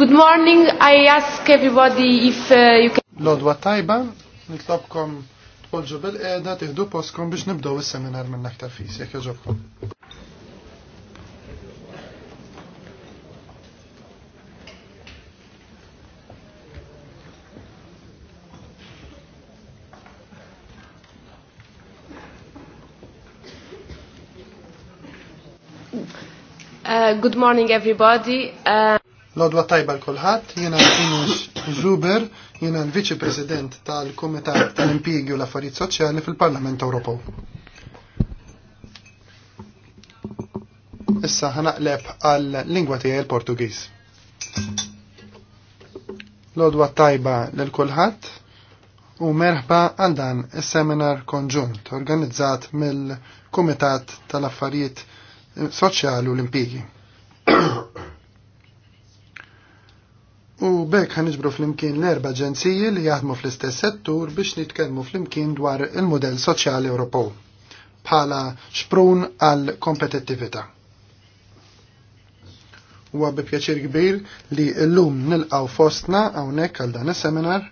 Good morning, I ask everybody if uh, you can... Lodwa tajba, nitlobkom tpoġġu bil-qeda tiħdu poskom biex nibdow il seminar minn aktar fis, jekk joġobkom. Uh, good morning everybody. Uh... Lodwa tajba l-kolħat, jena l-Inus Zuber, jena l-Viċi President tal-Komitat tal impigju u l-Affarijiet Soċjali fil-Parlament Ewropew. Issa ħanaqleb għal-lingwa tiegħi l-Portugiż. Lodwa tajba l-kulħadd u merħba għal dan is-seminar konġunt organizzat mill-Kumitat tal-Affarijiet Soċjali u l-Impigi. bekk ħan fl-imkien l-erba ġenziji li jaħdmu fl-istess settur biex nitkellmu fl-imkien dwar il-modell soċjali Ewropew bħala xprun għal kompetittività. Huwa bi pjaċir kbir li llum nilqgħu fostna hawnhekk għal dan is-seminar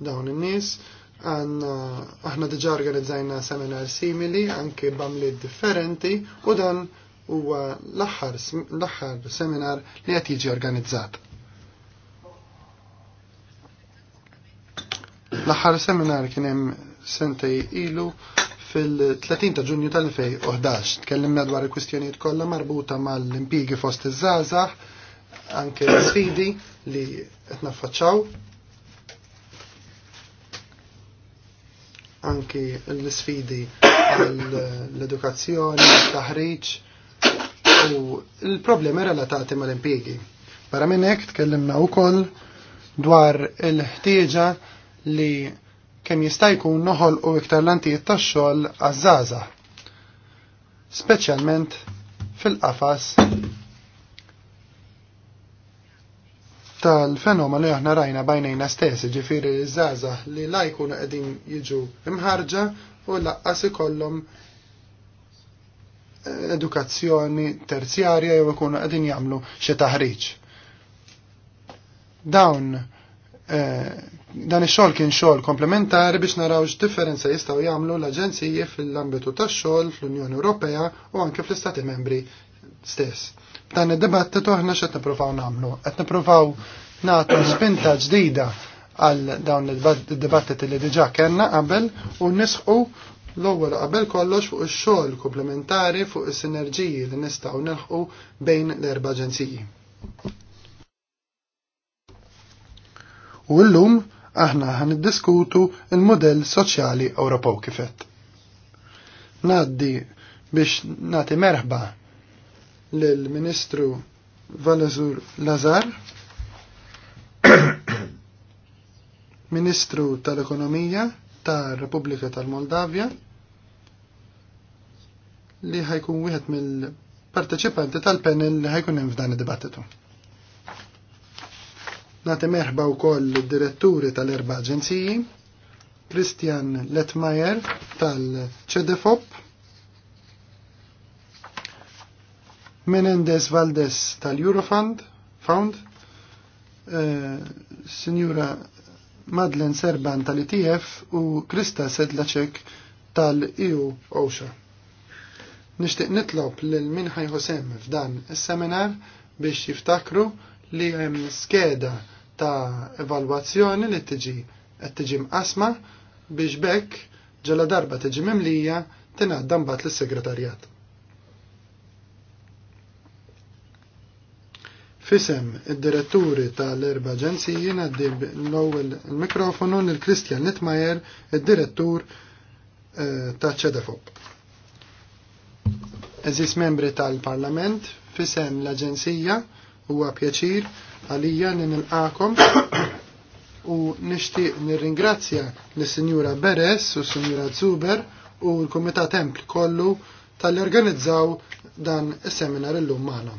dawn in-nies għanna aħna diġa organizzajna seminar simili anke bamli differenti u dan huwa l-aħħar seminar li qed jiġi organizzat. L-aħħar seminar kien hemm sentej ilu fil-30 ta' Ġunju tal-2011 tkellimna dwar il-kwistjonijiet kollha marbuta mal-impigi fost iż-żgħażagħ, anke sfidi li qed naffaċċaw. Anki l-sfidi għall-edukazzjoni, l-taħriġ, u l-problemi relatati mal-impjegi. Barra minn hekk tkellimna wkoll dwar il-ħtieġa li kemm jista' jkun noħolqu iktar l-antijiet tax-xogħol għaż-żgħażagħ, speċjalment fil-qafas tal-fenomenu li aħna rajna bajnejna stess, ġifiri żgħażagħ li la jkunu qegħdin jiġu imħarġa u laqqas ikollhom edukazzjoni terzjarja jew ikunu qegħdin jagħmlu xi taħriġ. Dawn eh, dan ix-xogħol kien xogħol komplementari biex naraw x'differenza jistgħu jagħmlu l-aġenziji fil-ambitu tax-xogħol fl-Unjoni Ewropea u anke fl-Istati Membri stess. Dan id-dibattitu aħna x'qed nippruvaw nagħmlu. Qed nippruvaw nagħtu spinta ġdida għal dawn id-dibattiti li diġà kellna qabel u nisħu L-ewwel qabel kollox fuq ix-xogħol komplementari fuq is-sinerġiji li nistgħu nelħqu bejn l-erba' aġenziji. U llum aħna ħan iddiskutu mudell modell soċjali Ewropew kifet. Naddi biex nagħti merħba lill-Ministru Valazur Lazar, Ministru tal-Ekonomija tar-Repubblika tal-Moldavja, li ħajkun wieħed mill-parteċipanti tal-panel li ħajkun hemm f'dan id-dibattitu. Nagħti merħba wkoll id-diretturi tal-erba' aġenziji, Christian Letmajer tal-ċedefop, Menendez Valdes tal-Eurofund, Found, uh, eh, Signora Madlen Serban tal-ITF u Krista Sedlacek tal-EU OSHA. Nixtieq nitlob lil min ħajħosem f'dan is-seminar biex jiftakru li hemm skeda ta' evalwazzjoni li tiġi qed tiġi mqasma biex bekk ġala darba tiġi mimlija tingħadda mbagħad lis-segretarjat. Fisem id-diretturi tal-erba ġenziji naddi l-ewwel il-mikrofonu lil Kristjan Nitmajer, id-direttur eh, ta' ċedefop. Eżis membri tal-Parlament, fisem l-Aġenzija, huwa pjaċir għalija li nilqakom u nixtieq nirringrazzja lis-Sinjura Beres u Sinjura Zuber u l-Kumitat Templ kollu tal-organizzaw dan is-seminar illum magħna.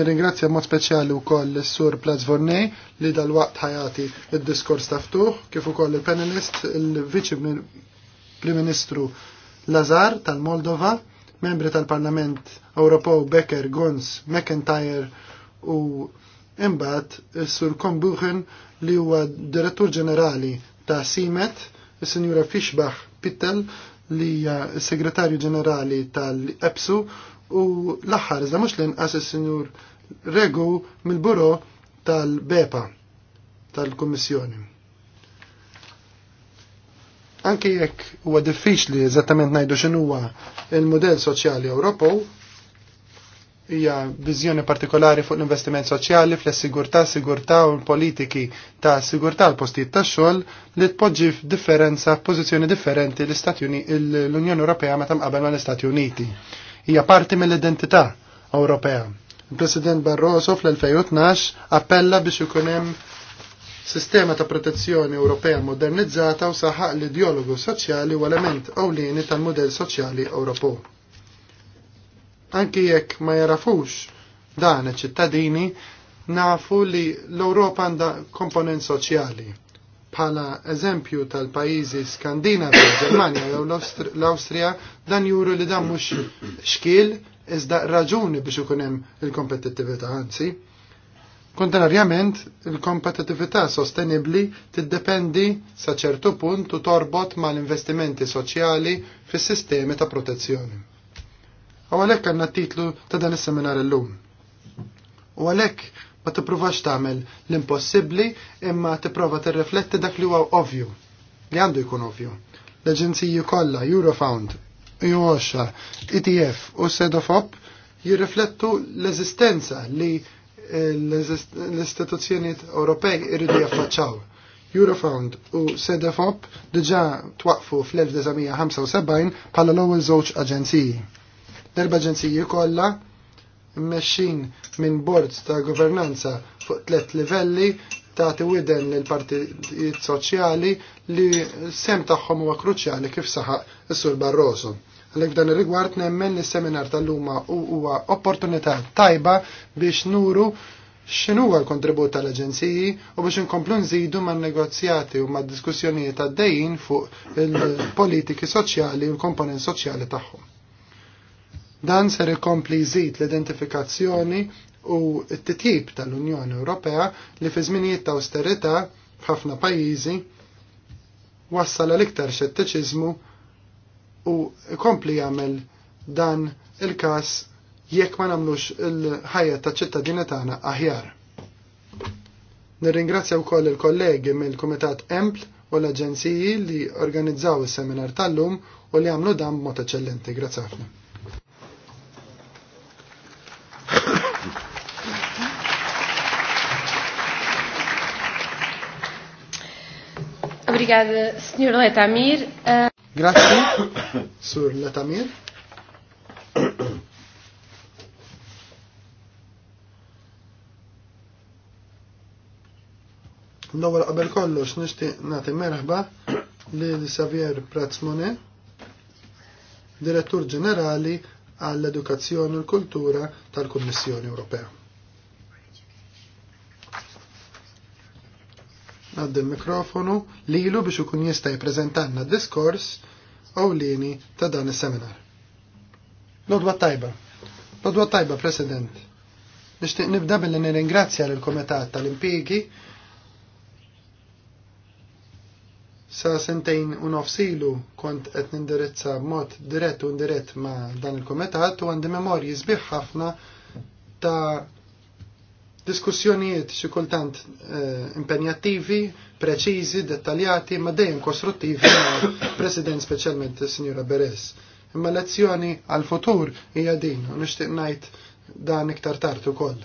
Nirringrazzja mod speċjali wkoll is-Sur Plaz Vornej li dal-waqt ħajati id-diskors taftuħ kif ukoll il-panelist il-Viċi Prim Ministru Lazar tal-Moldova membri tal-Parlament Ewropew Becker, Gons, McIntyre u imbagħad sur Kombuchen li huwa direttur ġenerali ta' Simet, is-Sinjura Fischbach Pittel li hija segretarju ġenerali tal-EPSU u l-aħħar iżda mhux l-inqas is-Sinjur Regu mill-Buro tal-BEPA tal-Kummissjoni. Anke jekk huwa diffiċli eżattament ngħidu x'inhuwa il-mudell soċjali Ewropew, hija viżjoni partikolari fuq l-investiment soċjali fl-sigurtà, sigurtà u l-politiki ta' sigurtà l postijiet ta' xogħol li tpoġġi f'differenza pożizzjoni differenti l-Unjoni Ewropea meta mqabel mal-Istati Uniti. Hija parti mill-identità Ewropea. Il-President Barroso fl-2012 appella biex ikun hemm Sistema ta' protezzjoni Ewropea modernizzata u saħaq l-ideologu soċjali u element ewlieni tal-modell soċjali Ewropew. Anki jekk ma jarafux dan iċ-ċittadini nafu li l-Ewropa għandha komponent soċjali. Bħala eżempju tal-pajjiżi Skandinavi, Ġermanja jew l-Awstrija dan juru li dan mhux xkiel iżda raġuni biex ikun hemm il-kompetittività anzi. Kontrarjament, il-kompetitività sostenibli tiddependi sa ċertu punt u torbot mal-investimenti soċjali fis sistemi ta' protezzjoni. Għalek għanna titlu ta' dan is-seminar l-lum. U għalek ma tipprovax tagħmel l-impossibbli imma tipprova rifletti dak li huwa ovvju. Li għandu jkun ovvju. L-aġenziji kollha Eurofound, EOSHA, ETF u Sedofop jirriflettu l-eżistenza li l-istituzzjonijiet Ewropej irridu jaffaċċaw. Eurofound u Sedefop diġa twaqfu fl-1975 bħala l-ewwel żewġ aġenziji. L-erba' aġenziji kollha mmexxin minn boards ta' governanza fuq tliet livelli tagħti widen lil partijiet soċjali li sem tagħhom huwa kruċjali kif saħaq is-Sur Barroso. Għalek dan ir-rigward nemmen li seminar tal-luma huwa opportunità tajba biex nuru x'inhu l-kontribut tal-aġenziji u biex inkomplu nżidu man-negozjati u mad-diskussjonijiet għaddejjin fuq il-politiki soċjali u l-komponent soċjali tagħhom. Dan ser ikompli jżid l-identifikazzjoni u t-titjib tal-Unjoni Ewropea li fi żminijiet ta' austerità f'ħafna pajjiżi wassal għal iktar xettiċiżmu u kompli jagħmel dan il-każ jekk ma nagħmlux il-ħajja taċ-ċittadini tagħna aħjar. Nirringrazzja wkoll il-kollegi mill-Kumitat Empl u l-Aġenziji li organizzaw is-seminar tal-lum u li għamlu dan b'mod eċċellenti. Grazzi ħafna. Obrigada, Sr. Letamir. Eh, Grazzi, sur Latamir. l qabel kollox nixtieq nagħti merħba lil Xavier Pratzmone, Direttur Ġenerali għall-Edukazzjoni u l-Kultura tal-Kummissjoni Ewropea. għaddim mikrofonu li ilu biex ukun jista' jippreżentanna diskors lini ta' dan is-seminar. Lodwa tajba. Lodwa tajba, President. Nixtieq nibda billi nirringrazzja lill kumitat tal-Impjiegi sa sentejn u nofsilu kont qed nindirizza b'mod dirett u indirett ma' dan il-kumitat u għandi memorji sbieħ ħafna ta' Diskussjonijiet xi kultant eh, impenjattivi, preċiżi, dettaljati, ma dejjem kostruttivi ma' President speċjalment is-Sinjura Beres. Imma lezzjoni għal futur hija din u nixtieq ngħid dan iktar tard ukoll.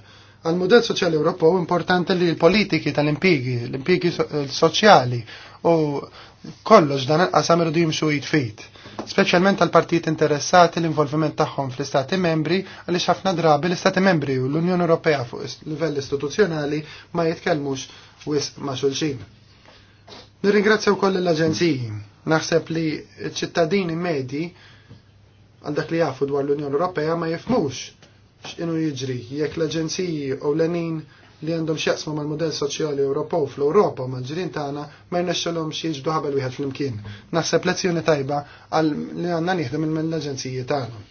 Għal mudell soċjali Ewropew importanti li l-politiki tal-impigi, l-impigi eh, soċjali u kollox dan qasam irdu jimxu jitfit speċjalment għal partit interessati l-involviment tagħhom fl-Istati membri għaliex ħafna drabi l-Istati membri u l-Unjoni Ewropea fuq livell istituzzjonali ma jitkellmux wis ma' xulxin. Nirringrazzja wkoll l-aġenziji. Naħseb li ċ-ċittadini medji għal dak li jafu dwar l-Unjoni Ewropea ma jifmux x'inhu jiġri jekk l-aġenziji u l-enin li għandhom x'jaqsma mal-modell soċjali Ewropew fl-Ewropa mal-ġirien tagħna ma jnexxilhom jiġdu ħabel wieħed flimkien. Naħseb lezzjoni tajba għal li għandna nieħdu minn mill-aġenziji tagħna.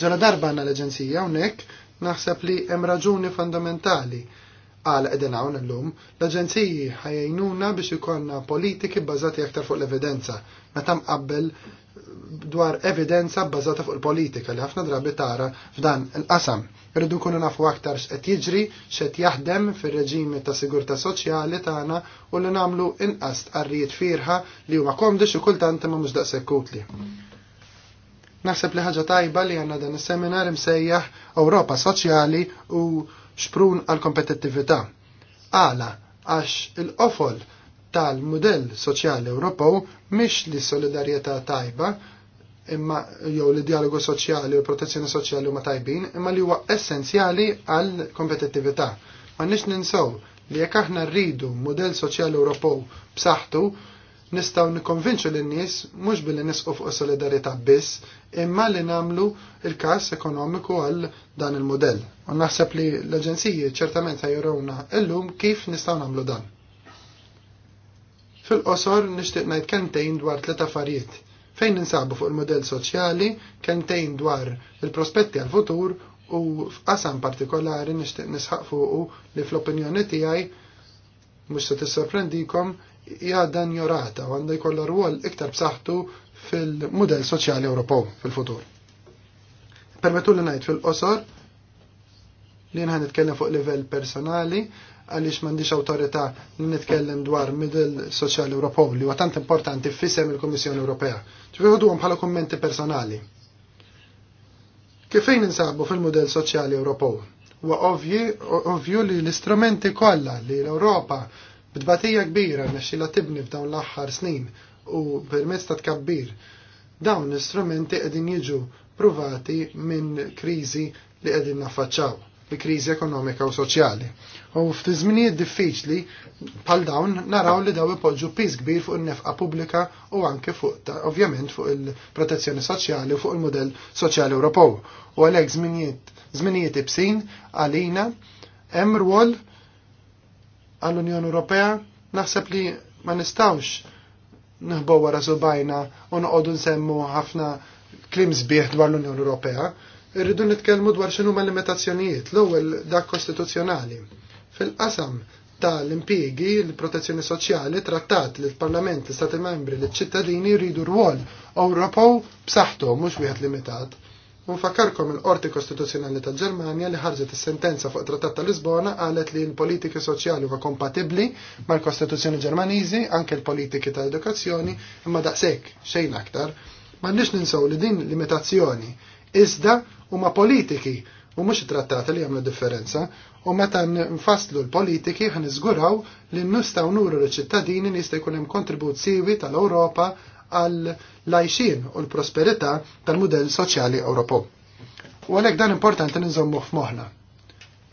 Ġala darba għandna l-aġenzija hawnhekk naħseb li hemm raġuni fondamentali għal qegħdin hawn illum l-aġenziji ħajjnuna biex ikollna politiki bbażati aktar fuq l-evidenza meta mqabbel dwar evidenza bbażata fuq il-politika li ħafna drabi tara f'dan il-qasam Rridu kunu nafu aktar x'qed jiġri, x'qed jaħdem fir-reġimi ta' sigurtà soċjali tagħna u li nagħmlu inqas tqarrijiet firħa li huma komdix u kultant ma mhux daqshekk utli. Naħseb li ħaġa tajba li għandna dan is-seminar imsejjaħ Ewropa Soċjali u xprun għal kompetittività. Għala, għax il-qofol tal mudell soċjali Ewropew mhix li solidarjetà tajba imma jew li dialogu soċjali u protezzjoni soċjali huma tajbin, imma li huwa essenzjali għal kompetittività. Ma nix ninsaw li jekk aħna rridu modell soċjali Ewropew b'saħħtu, nistgħu nikkonvinċu lin-nies mhux billi nisqu fuq solidarità biss, imma li nagħmlu il-każ ekonomiku għal dan il-modell. U naħseb li l-aġenziji ċertament jorawna illum kif nistgħu nagħmlu dan. Fil-qosor nixtieq ngħid kentejn dwar tliet affarijiet fejn ninsabu fuq il-modell soċjali, kentejn dwar il-prospetti għal-futur u f'qasam partikolari nixtieq nisħaq fuq li fl-opinjoni tiegħi mhux se tissorprendikom hija dan jorata u għandha jkollha rwol iktar b'saħħtu fil-mudell soċjali Ewropew fil-futur. Permettu li ngħid fil-qosor li nħan nitkellem fuq livell personali għaliex m'għandix awtorità li nitkellem dwar middle soċjali Europol, li huwa tant importanti fissem il-Kummissjoni Ewropea. għom bħala kummenti personali. Kifejn insabu fil-mudell soċjali Ewropew? Huwa ovvju li l-istrumenti kollha li l-Ewropa b'tbatija kbira nexxilha tibni f'dawn l-aħħar snin u permezz ta' tkabbir dawn l-istrumenti qegħdin jiġu pruvati minn kriżi li qegħdin naffaċċaw il-kriżi ekonomika u soċjali. U f'tizminijiet diffiċli bħal dawn naraw li daw ipoġġu pis kbir fuq in-nefqa pubblika u anke fuq ovvjament fuq il-protezzjoni soċjali u fuq il-modell soċjali Ewropew. U għalhekk żminijiet ibsin għalina hemm rwol għall-Unjoni Ewropea naħseb li ma nistgħux nħbow wara subajna u noqogħdu nsemmu ħafna klim sbieħ dwar l-Unjoni Ewropea. Irridu nitkellmu dwar x'inhu ma limitazzjonijiet l-ewwel dak kostituzzjonali. Fil-qasam tal-impjiegi, l-protezzjoni soċjali, trattat li l-Parlament, l-Stati membri, ċ ċittadini jridu rwol Ewropew b'saħħtu mhux wieħed limitat. Unfakarkom il-Qorti Kostituzzjonali ta' Ġermanja li ħarġet is-sentenza fuq Trattat ta' Lisbona qalet li l-politiki soċjali huwa kompatibbli mal-Kostituzzjoni Ġermaniżi anke l-politiki ta' edukazzjoni imma daqshekk xejn aktar. M'għandniex ninsew li din limitazzjoni iżda huma politiki u mhux trattati li jagħmlu differenza u meta nfasslu l-politiki ħan niżguraw li nistgħu nuru l-ċittadini nista' jkun hemm kontribut siwi tal-Ewropa għal lajxin u l-prosperità tal-mudell soċjali Ewropew. U għalhekk dan importanti ninżommu f'moħħna.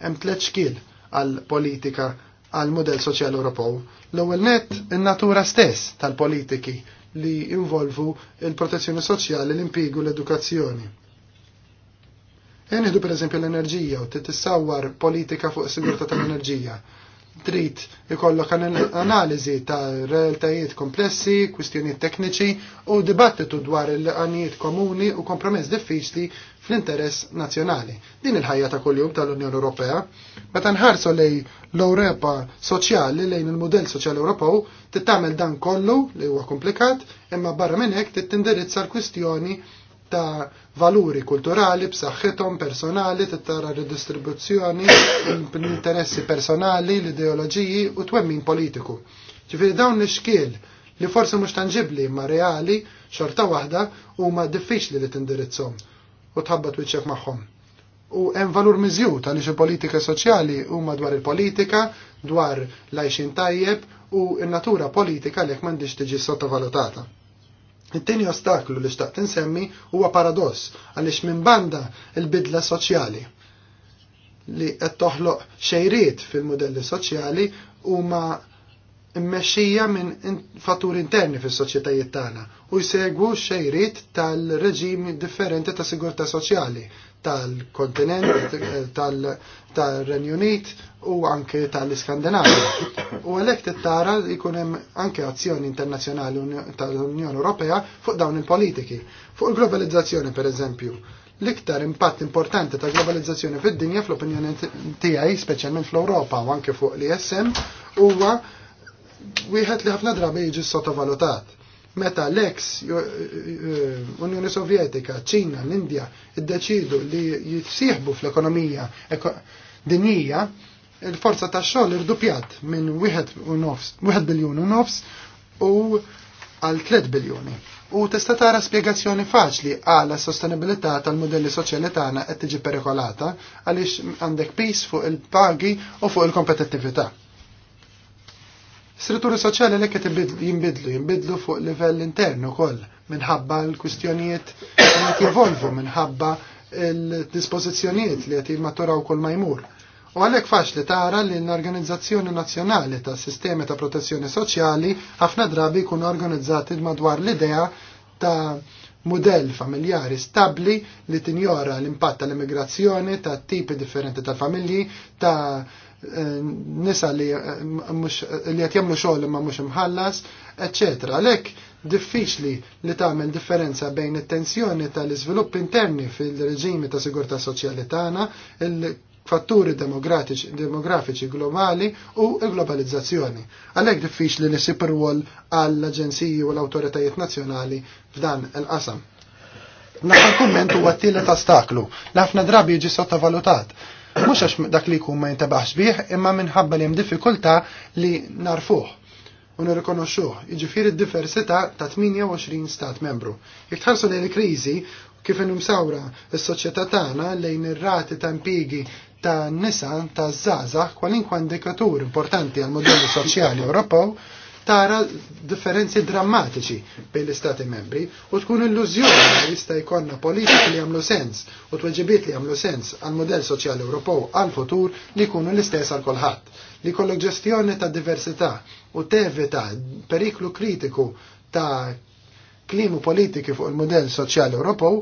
Hemm tliet xkiel għal politika għal mudell soċjali Ewropew. L-ewwel net in-natura stess tal-politiki li involvu il-protezzjoni soċjali, l-impiegu, l-edukazzjoni per pereżempju l-enerġija u titissawwar politika fuq sigurtà tal-enerġija. Trid ikollok analiżi ta' realtajiet komplessi, kwistjonijiet tekniċi u dibattitu dwar il-qanijiet komuni u kompromess diffiċli fl-interess nazzjonali. Din il-ħajja ta' kuljum tal-Unjoni Ewropea, meta nħarsu lej l-Ewropa soċjali lejn il-modell soċjali Ewropew, tittamel dan kollu li huwa komplikat, imma barra minn hekk tittindirizza l-kwistjoni ta' valuri kulturali b'saħħithom personali tittara redistribuzzjoni, l-interessi personali, l-ideoloġiji u twemmin politiku. Ġifieri dawn l-xkiel li forsi mhux tanġibli ma reali xorta waħda huma diffiċli li tindirizzhom u tħabbat wiċċek magħhom. U hemm valur miżjud tal il-politika soċjali huma dwar il-politika, dwar l-għajxin tajjeb u n-natura politika li jekk m'għandix tiġi sottovalutata. It-tieni ostaklu li xtaqt insemmi huwa paradoss għaliex minn banda il-bidla soċjali li qed toħloq xejriet fil-modelli soċjali huma mmexxija minn fatturi interni fis-soċjetajiet tagħna u jsegwu xejriet tal-reġimi differenti ta' sigurtà soċjali tal-kontinent, tal-Renju Unit u anke tal-Iskandinavja. U għalhekk tittara jkun hemm anke azzjoni internazzjonali tal-Unjoni Ewropea fuq dawn il-politiki. Fuq il-globalizzazzjoni pereżempju. L-iktar impatt importanti ta' globalizzazzjoni fid-dinja fl-opinjoni tiegħi, speċjalment fl-Ewropa u anke fuq l-ISM, huwa wieħed li ħafna drabi jiġi sottovalutat Meta l-ex eh, eh, Unjoni Sovjetika, ċina, l-Indja iddeċidu li jifsieħbu fl-ekonomija dinjija, il-forza ta' xogħol irdupjat minn 1 biljun u nofs u għal 3 biljuni. U tista' tara spjegazzjoni faċli għala sostenibilità tal-modelli soċjali tagħna qed tiġi perikolata għaliex għandek pis fuq il-pagi u fuq il-kompetittività. Strutturi soċjali li qed jinbidlu, jinbidlu fuq livell internu koll minħabba l-kwistjonijiet li jivolvu minħabba l-dispożizzjonijiet li qed jimmaturaw kull ma jmur. U għalhekk faċli tara li l-Organizzazzjoni Nazzjonali ta' Sistemi ta' Protezzjoni Soċjali ħafna drabi jkunu organizzati madwar l-idea ta' modell familjari stabli li tinjora l-impatt tal-immigrazzjoni, ta' tipi differenti tal-familji, ta' nisa li eh, li qed jagħmlu xogħol imma mhux imħallas, eċetera. Għalhekk diffiċli li tagħmel differenza bejn it-tensjoni tal-iżvilupp interni fil-reġimi ta' sigurtà soċjali tagħna, fatturi demografiċi globali u globalizzazzjoni. Għalhekk diffiċli li sipper wol għall-aġenziji u l-awtoritajiet nazzjonali f'dan il-qasam. Naħa kumment huwa t-tielet ostaklu, l-ħafna drabi jiġi sottovalutat Mhux għax dak li jkun ma jintabax bih, imma minħabba li hemm diffikultà li narfuh u nirrikonoxxuh, jiġifieri d-diversità ta' 28 stat membru. Jekk tħarsu li il-kriżi kif nimsawra s-soċjetà tagħna lejn ir-rati ta' impigi ta' nisa ta' żgħażagħ kwalinkwa indikatur importanti għal modelli soċjali Ewropew tara differenzi drammatiċi bejn l-istati membri u tkun illużjoni li jista' jkollna politiki li jagħmlu sens u tweġibiet li jagħmlu sens għal modell soċjali Ewropew għal futur li jkunu l-istess għal kulħadd li kollok ġestjoni ta' diversità u tevita periklu kritiku ta' klimu politiki fuq il-modell soċjali Ewropew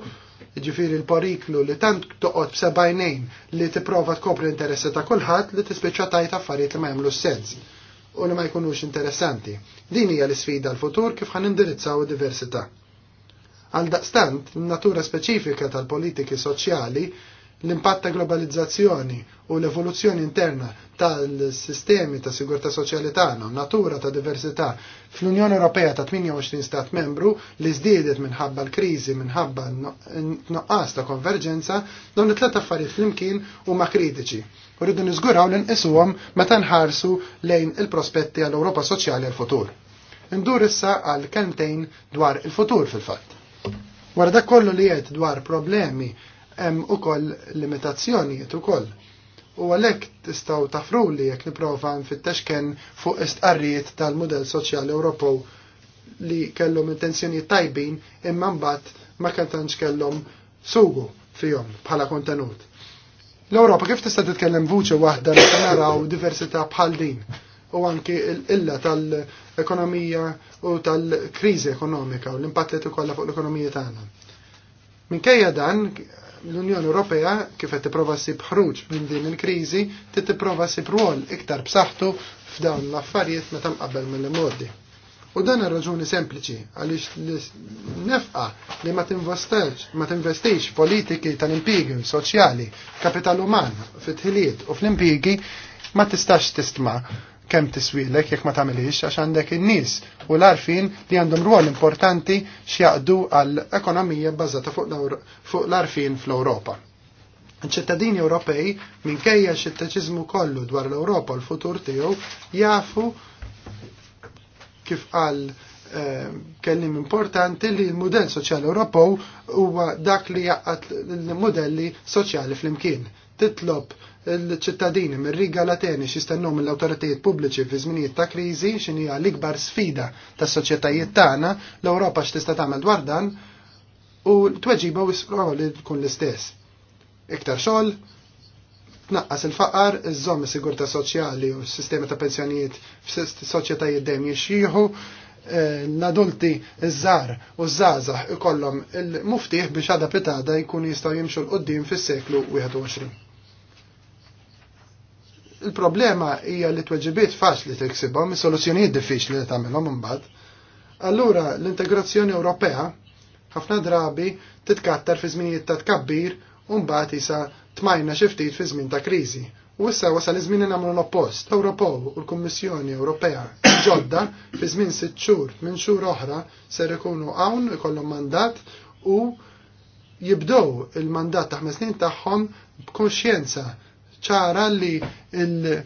ġifiri l poriklu li tant toqot b'sebajnejn li tipprova tkopri kopri interessi ta' kulħadd li tispiċċa tajt affarijiet li ma jagħmlu sens u li ma jkunux interessanti. Din hija l-isfida l-futur kif ħan indirizzaw id-diversità. Għal daqstant, natura speċifika tal-politiki soċjali, l-impatt ta' globalizzazzjoni u l-evoluzzjoni interna tal-sistemi ta' sigurta soċjali tagħna natura ta' diversità fl-Unjoni Ewropea ta' 28 stat membru li żdiedet minħabba l-kriżi minħabba n-noqqas ta' konverġenza dawn it-tlet affarijiet flimkien huma kritiċi u rridu niżguraw li nqisuhom meta nħarsu lejn il-prospetti għall europa Soċjali għal-futur. Ndur issa għal kelmtejn dwar il-futur fil-fatt. Wara dak kollu li qed dwar problemi hemm ukoll limitazzjonijiet ukoll. U għalhekk tistgħu tafru li jekk nipprova nfittex fuq istqarrijiet tal-mudell soċjali Ewropew li kellhom intenzjonijiet tajbin imma mbagħad ma kantantx kellhom sugu fihom bħala kontenut. L-Ewropa kif tista' titkellem vuċi waħda li naraw diversità bħal din u anki l-illa tal-ekonomija u tal-kriżi ekonomika u l-impatt li tikollha fuq l-ekonomija tagħna. Minkejja dan, l-Unjoni Ewropea kif qed tipprova ssib ħruġ minn din il-kriżi, titprova ssib rwol iktar b'saħħtu f'dawn l-affarijiet meta mqabbel mill-modi. U dan ir-raġuni sempliċi għaliex nefqa li ma tinvestix ma tinvestix politiki tal-impjigi soċjali, kapital uman, fit-ħiliet u fl-impjigi ma tistax tistma' kem tiswilek jekk ma tagħmilix għax għandek in-nies u l-arfin li għandhom rwol importanti x'jaqdu għall ekonomija bbażata fuq l-arfin fl-Ewropa. Iċ-ċittadini Ewropej minkejja x-xitteċiżmu kollu dwar l-Ewropa l-futur tiegħu jafu kif qal eh, kellim importanti li l-modell soċjali Ewropew huwa dak li jaqgħat l-modelli soċjali flimkien. Titlob l-ċittadini mir riga lateni x'jistennhom mill-awtoritajiet pubbliċi fi żminijiet ta' kriżi hija l-ikbar sfida tas-soċjetajiet tagħna l-Ewropa x'tista' tagħmel dwar dan u l-tweġiba wisqgħu li tkun l-istess. Iktar xogħol, tnaqqas il-faqar, iżżomm is-sigurtà soċjali u s-sistema ta' pensjonijiet f'soċjetajiet dejjem jixxieħu, eh, l-adulti iż-żar u ż-żaħ ikollhom il-muftiħ biex għadha pitada jkun jistgħu jimxu l-qudiem fis-seklu 21. Il-problema hija li tweġibiet faċli tiksibhom, is-soluzzjonijiet diffiċli li tagħmilhom imbagħad. Allura l-integrazzjoni Ewropea ħafna drabi titkattar fi żminijiet ta' tkabbir u mbagħad isa' tmajna xi ftit fi żmien ta' kriżi. U issa wasal iż-żmien nagħmlu l-oppost. Europol u l-Kummissjoni Ewropea ġodda fi żmien sitt xhur minn xhur oħra ser ikunu hawn ikollhom mandat u jibdew il-mandat ta' ħmes snin tagħhom b'kunxjenza ċara li l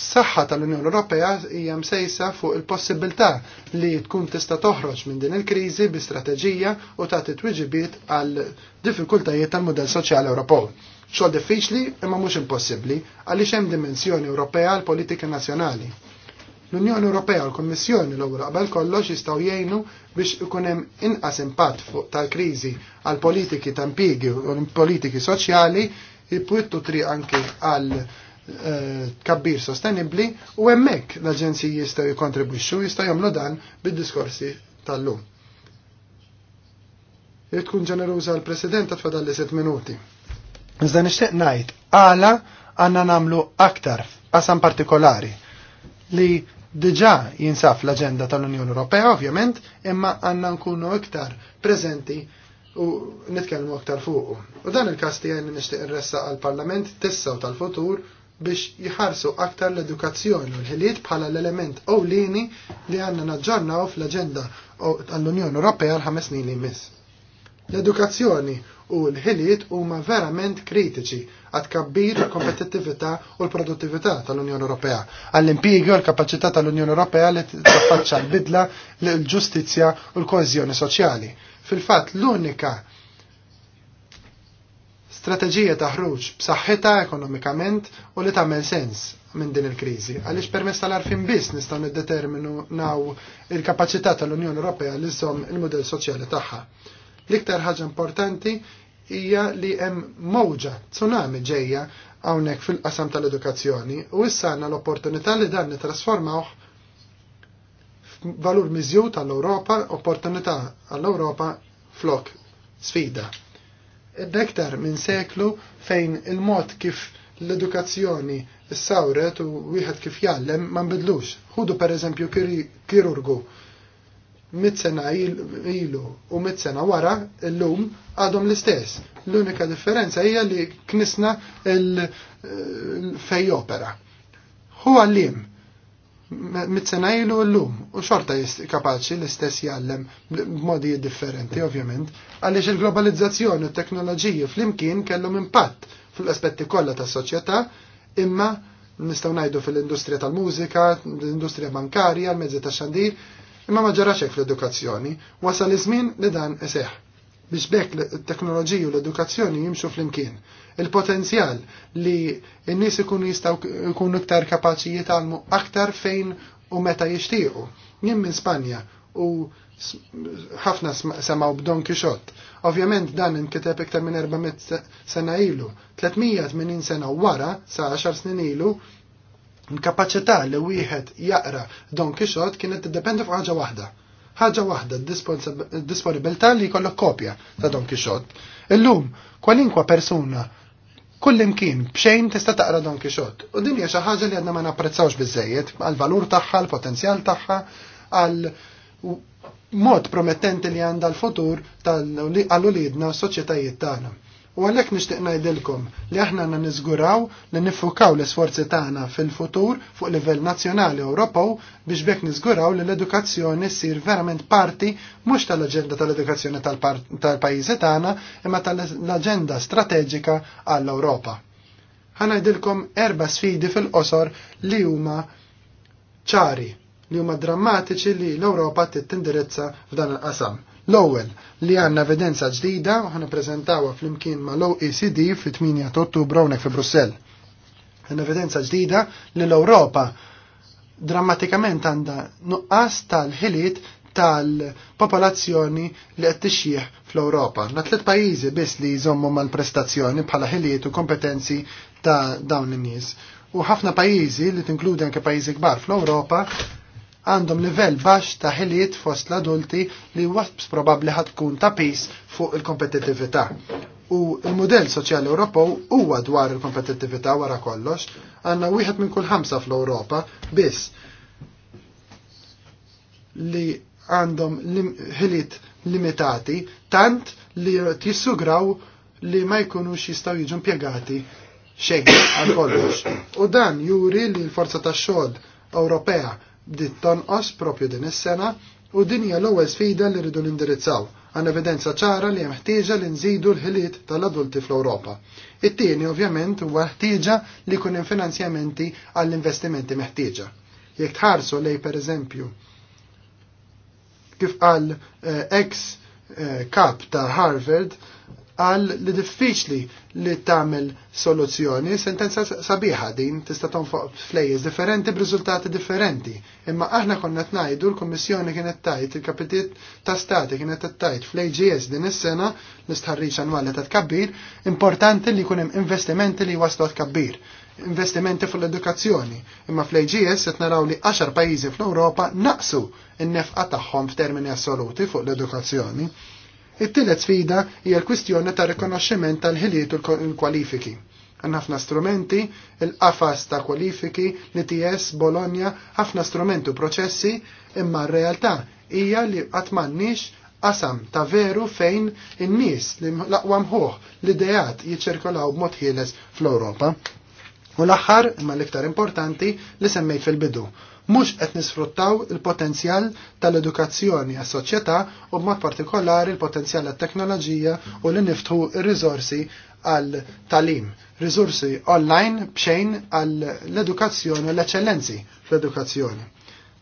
saħħa tal-Unjoni Ewropea hija msejsa fuq il-possibilità li tkun tista' toħroġ minn din il-kriżi bi strateġija u tagħti twiġibiet għal diffikultajiet tal-mudell soċjali Ewropew. Xogħol diffiċli imma mhux impossibbli għaliex hemm dimensjoni Ewropea għal politika nazzjonali. L-Unjoni Ewropea u l-Kummissjoni l-ewwel qabel kollox jistgħu jgħinu biex ikun hemm inqas impatt fuq tal-kriżi għal politiki ta' impjiegi u politiki soċjali jipwittu tri anke għal eh, kabbir sostenibbli u hemmhekk l-aġenziji jistgħu jikkontribwixxu jistgħu jagħmlu dan bid-diskorsi tal-lum. Jitkun tkun ġeneruża l-President għatfadalli 7 minuti. Iżda nixtieq ngħid għala għandna nagħmlu aktar f'qasam partikolari li diġà jinsaf l-aġenda tal-Unjoni Ewropea ovvjament, imma għandna nkunu iktar preżenti u nitkellmu aktar fuqu. U dan il-każ nishtiq nixtieq ressa għall-Parlament tissew tal-futur biex jħarsu aktar l-edukazzjoni u l-ħiliet bħala l-element ewlieni li għanna naġġornaw fl-aġenda tal unjoni Ewropea l-ħames snin li jmiss. L-edukazzjoni u l-ħiliet huma verament kritiċi għad kabbir il-kompetittività u l-produttività tal-Unjoni Ewropea, għall-impjegi u l-kapacità tal-Unjoni Ewropea li taffaċċa l-bidla l-ġustizzja u l-kohezjoni soċjali. Fil-fatt l-unika strateġija ta' ħruġ b'saħħitha ekonomikament u li tagħmel sens minn din il-kriżi. Għaliex permess tal-arfin biss nistgħu niddeterminu naw il-kapaċità tal-Unjoni Ewropea li żomm il-mudell soċjali tagħha. L-iktar ħaġa importanti hija li hemm mowġa tsunami ġejja hawnhekk fil-qasam tal-edukazzjoni u issa għandna l-opportunità li dan nitrasformawh f'valur miżju tal-Ewropa, opportunità għall-Ewropa flok sfida. Id-dektar minn seklu fejn il-mod kif l-edukazzjoni s-sawret u wieħed kif jallem ma nbidlux. Ħudu per eżempju kirurgu mit sena ilu u mit sena wara l-lum għadhom l-istess. L-unika differenza hija li knisna fej opera. Hu għallim mit sena ilu l-lum u xorta kapaċi l-istess jgħallem b'modi differenti ovvjament għaliex il-globalizzazzjoni u t-teknoloġiji fl-imkien kellhom impatt fl-aspetti kollha tas-soċjetà imma nistgħu ngħidu fil-industrija tal-mużika, l-industrija bankarja, l-mezzi tax-xandir, imma ma ġaraxek fl-edukazzjoni, wasal iż-żmien li dan iseħħ biex bekk l teknoloġija u l-edukazzjoni jimxu flimkien. Il-potenzjal li n-nies ikunu jistaw ikun iktar kapaċi jitalmu aktar fejn u meta jixtiequ. Jien minn Spanja u ħafna semaw b'Don Kixot. Ovvjament dan inkiteb iktar minn 400 sena ilu, 380 sena wara sa 10 snin ilu l-kapaċità li wieħed jaqra Don Kixot kienet tiddependi fuq ħaġa waħda. Ħaġa waħda disponibilità li jkollok kopja ta' Don Kixot. Illum, kwalinkwa persuna kull imkien bxejn tista' taqra Don Kixot. U din hija xi ħaġa li għandna ma napprezzawx biżejjed għall-valur tagħha, l-potenzjal tagħha, għal mod promettenti li għandha l-futur tal-għal-ulidna u s-soċjetajiet tagħna. U għalhekk nixtieq ngħidilkom li aħna għandna niżguraw li niffukaw l-isforzi tagħna fil-futur fuq livell nazzjonali Ewropew biex bek niżguraw li l-edukazzjoni ssir verament parti mhux tal-aġenda tal-edukazzjoni tal-pajjiżi tagħna imma tal-aġenda strateġika għall-Ewropa. Ħanajdilkom erba' sfidi fil-qosor li huma ċari li huma drammatiċi li l-Ewropa tittindirizza f'dan il-qasam. L-ewwel li għandna evidenza ġdida u ħana preżentawha flimkien ma' l-OECD fit-8 ta' Ottubru hawnhekk fi Brussell. Għandna evidenza ġdida li l-Ewropa drammatikament għandha nuqqas tal-ħiliet tal-popolazzjoni li qed tixjih fl-Ewropa. Na tliet pajjiżi biss li jżommu mal-prestazzjoni bħala ħiliet u kompetenzi ta' dawn in-nies. U ħafna pajjiżi li tinkludi anke pajjiżi kbar fl-Ewropa għandhom livell baxx ta' ħiliet fost l-adulti li wasps probabli ħatkun tkun ta' pis fuq il kompetitivita U il-modell soċjali Ewropew huwa dwar il kompetitività wara kollox, għandna wieħed minn kull ħamsa fl-Ewropa biss li għandhom ħiliet limitati tant li tissugraw li ma jkunux jistgħu jiġu impjegati xejn għal kollox. U dan juri li l-forza tax-xogħol Ewropea dit tonqos propju din is-sena u din hija l-ewwel sfida li rridu nindirizzaw għan evidenza ċara li hemm ħtieġa li nżidu l-ħiliet tal-adulti fl-Ewropa. It-tieni ovvjament huwa ħtieġa li jkun hemm finanzjamenti għall-investimenti meħtieġa. Jekk tħarsu lej pereżempju kif qal eh, ex eh, kap ta' Harvard qal li diffiċli li tagħmel soluzzjoni, sentenza sabiħa din tista' tonfoq flejjes differenti b'riżultati differenti. Imma aħna konna tnajdu l-Kummissjoni kienet tajt il-Kapitiet ta' Stati kienet tajt fl-AGS din is-sena l-istħarriġ annwali ta' tkabbir, importanti li jkun hemm investimenti li waslu tkabbir investimenti fl-edukazzjoni. Imma fl-AGS qed naraw li 10 pajjiżi fl-Ewropa naqsu n-nefqa tagħhom f'termini assoluti fuq l-edukazzjoni. It-tielet sfida hija l-kwistjoni ta' rikonoxximent tal-ħiliet u l-kwalifiki. Għan ħafna strumenti, il-qafas ta' kwalifiki, l-ITS, Bologna, ħafna strumenti u proċessi, imma r-realtà hija li qatt m'għandniex qasam ta' veru fejn in-nies li laqwa mħuħ l ideat jiċċirkolaw b'mod ħieles fl-Ewropa. U l-aħħar, imma l-iktar importanti, li semmejt fil-bidu mhux qed nisfruttaw il-potenzjal tal-edukazzjoni għas-soċjetà u b'mod partikolari il-potenzjal għat-teknoloġija u li niftħu ir-riżorsi għal talim, riżorsi online bxejn għall edukazzjoni u l-eċellenzi fl-edukazzjoni.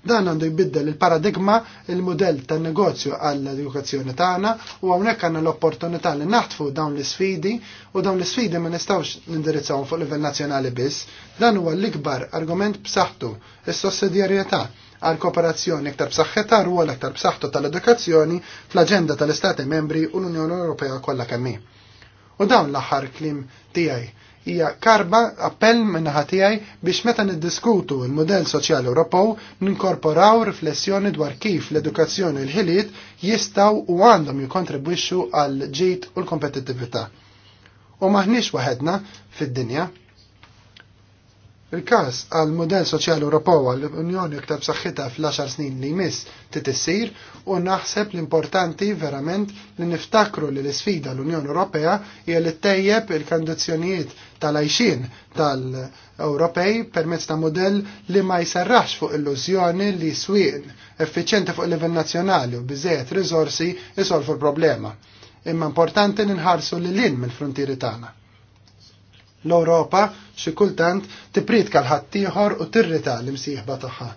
Dan għandu jbiddel il-paradigma il-modell tan negozju għall-edukazzjoni tagħna u hawnhekk għandna l-opportunità li naħtfu dawn l-isfidi u dawn l-isfidi ma nistgħux nindirizzawhom fuq livell nazzjonali biss. Dan huwa l-ikbar argument b'saħħtu is-sussidjarjetà għal kooperazzjoni iktar b'saħħetha rwol aktar b'saħħtu tal-edukazzjoni fl-aġenda tal-Istati membri u l-Unjoni Ewropea kollha kemm U dawn l-aħħar klim tiegħi hija karba appell minnaħa tiegħi biex meta niddiskutu l-modell soċjali Ewropew ninkorporaw riflessjoni dwar kif l-edukazzjoni l-ħiliet jistgħu u għandhom jikontribwixxu għal ġid u l-kompetittività. U maħniex waħedna fid-dinja. Il-kas għal modell soċjali Ewropew għall unjoni ktab Saħħita fl-10 snin li jmiss titissir u naħseb l-importanti verament li niftakru li l-isfida l-Unjoni Ewropea hija li tejjeb il kandizzjonijiet tal-għajxin tal-Ewropej permezz ta' modell li ma jserraħx fuq illużjoni li swin effiċjenti fuq livell nazzjonali u biżejjed riżorsi isolfu l-problema. Imma importanti ninħarsu li lin mill-frontieri tagħna. L-Ewropa xi kultant tipritka l-ħaddieħor u tirrita l-imsieħba tagħha,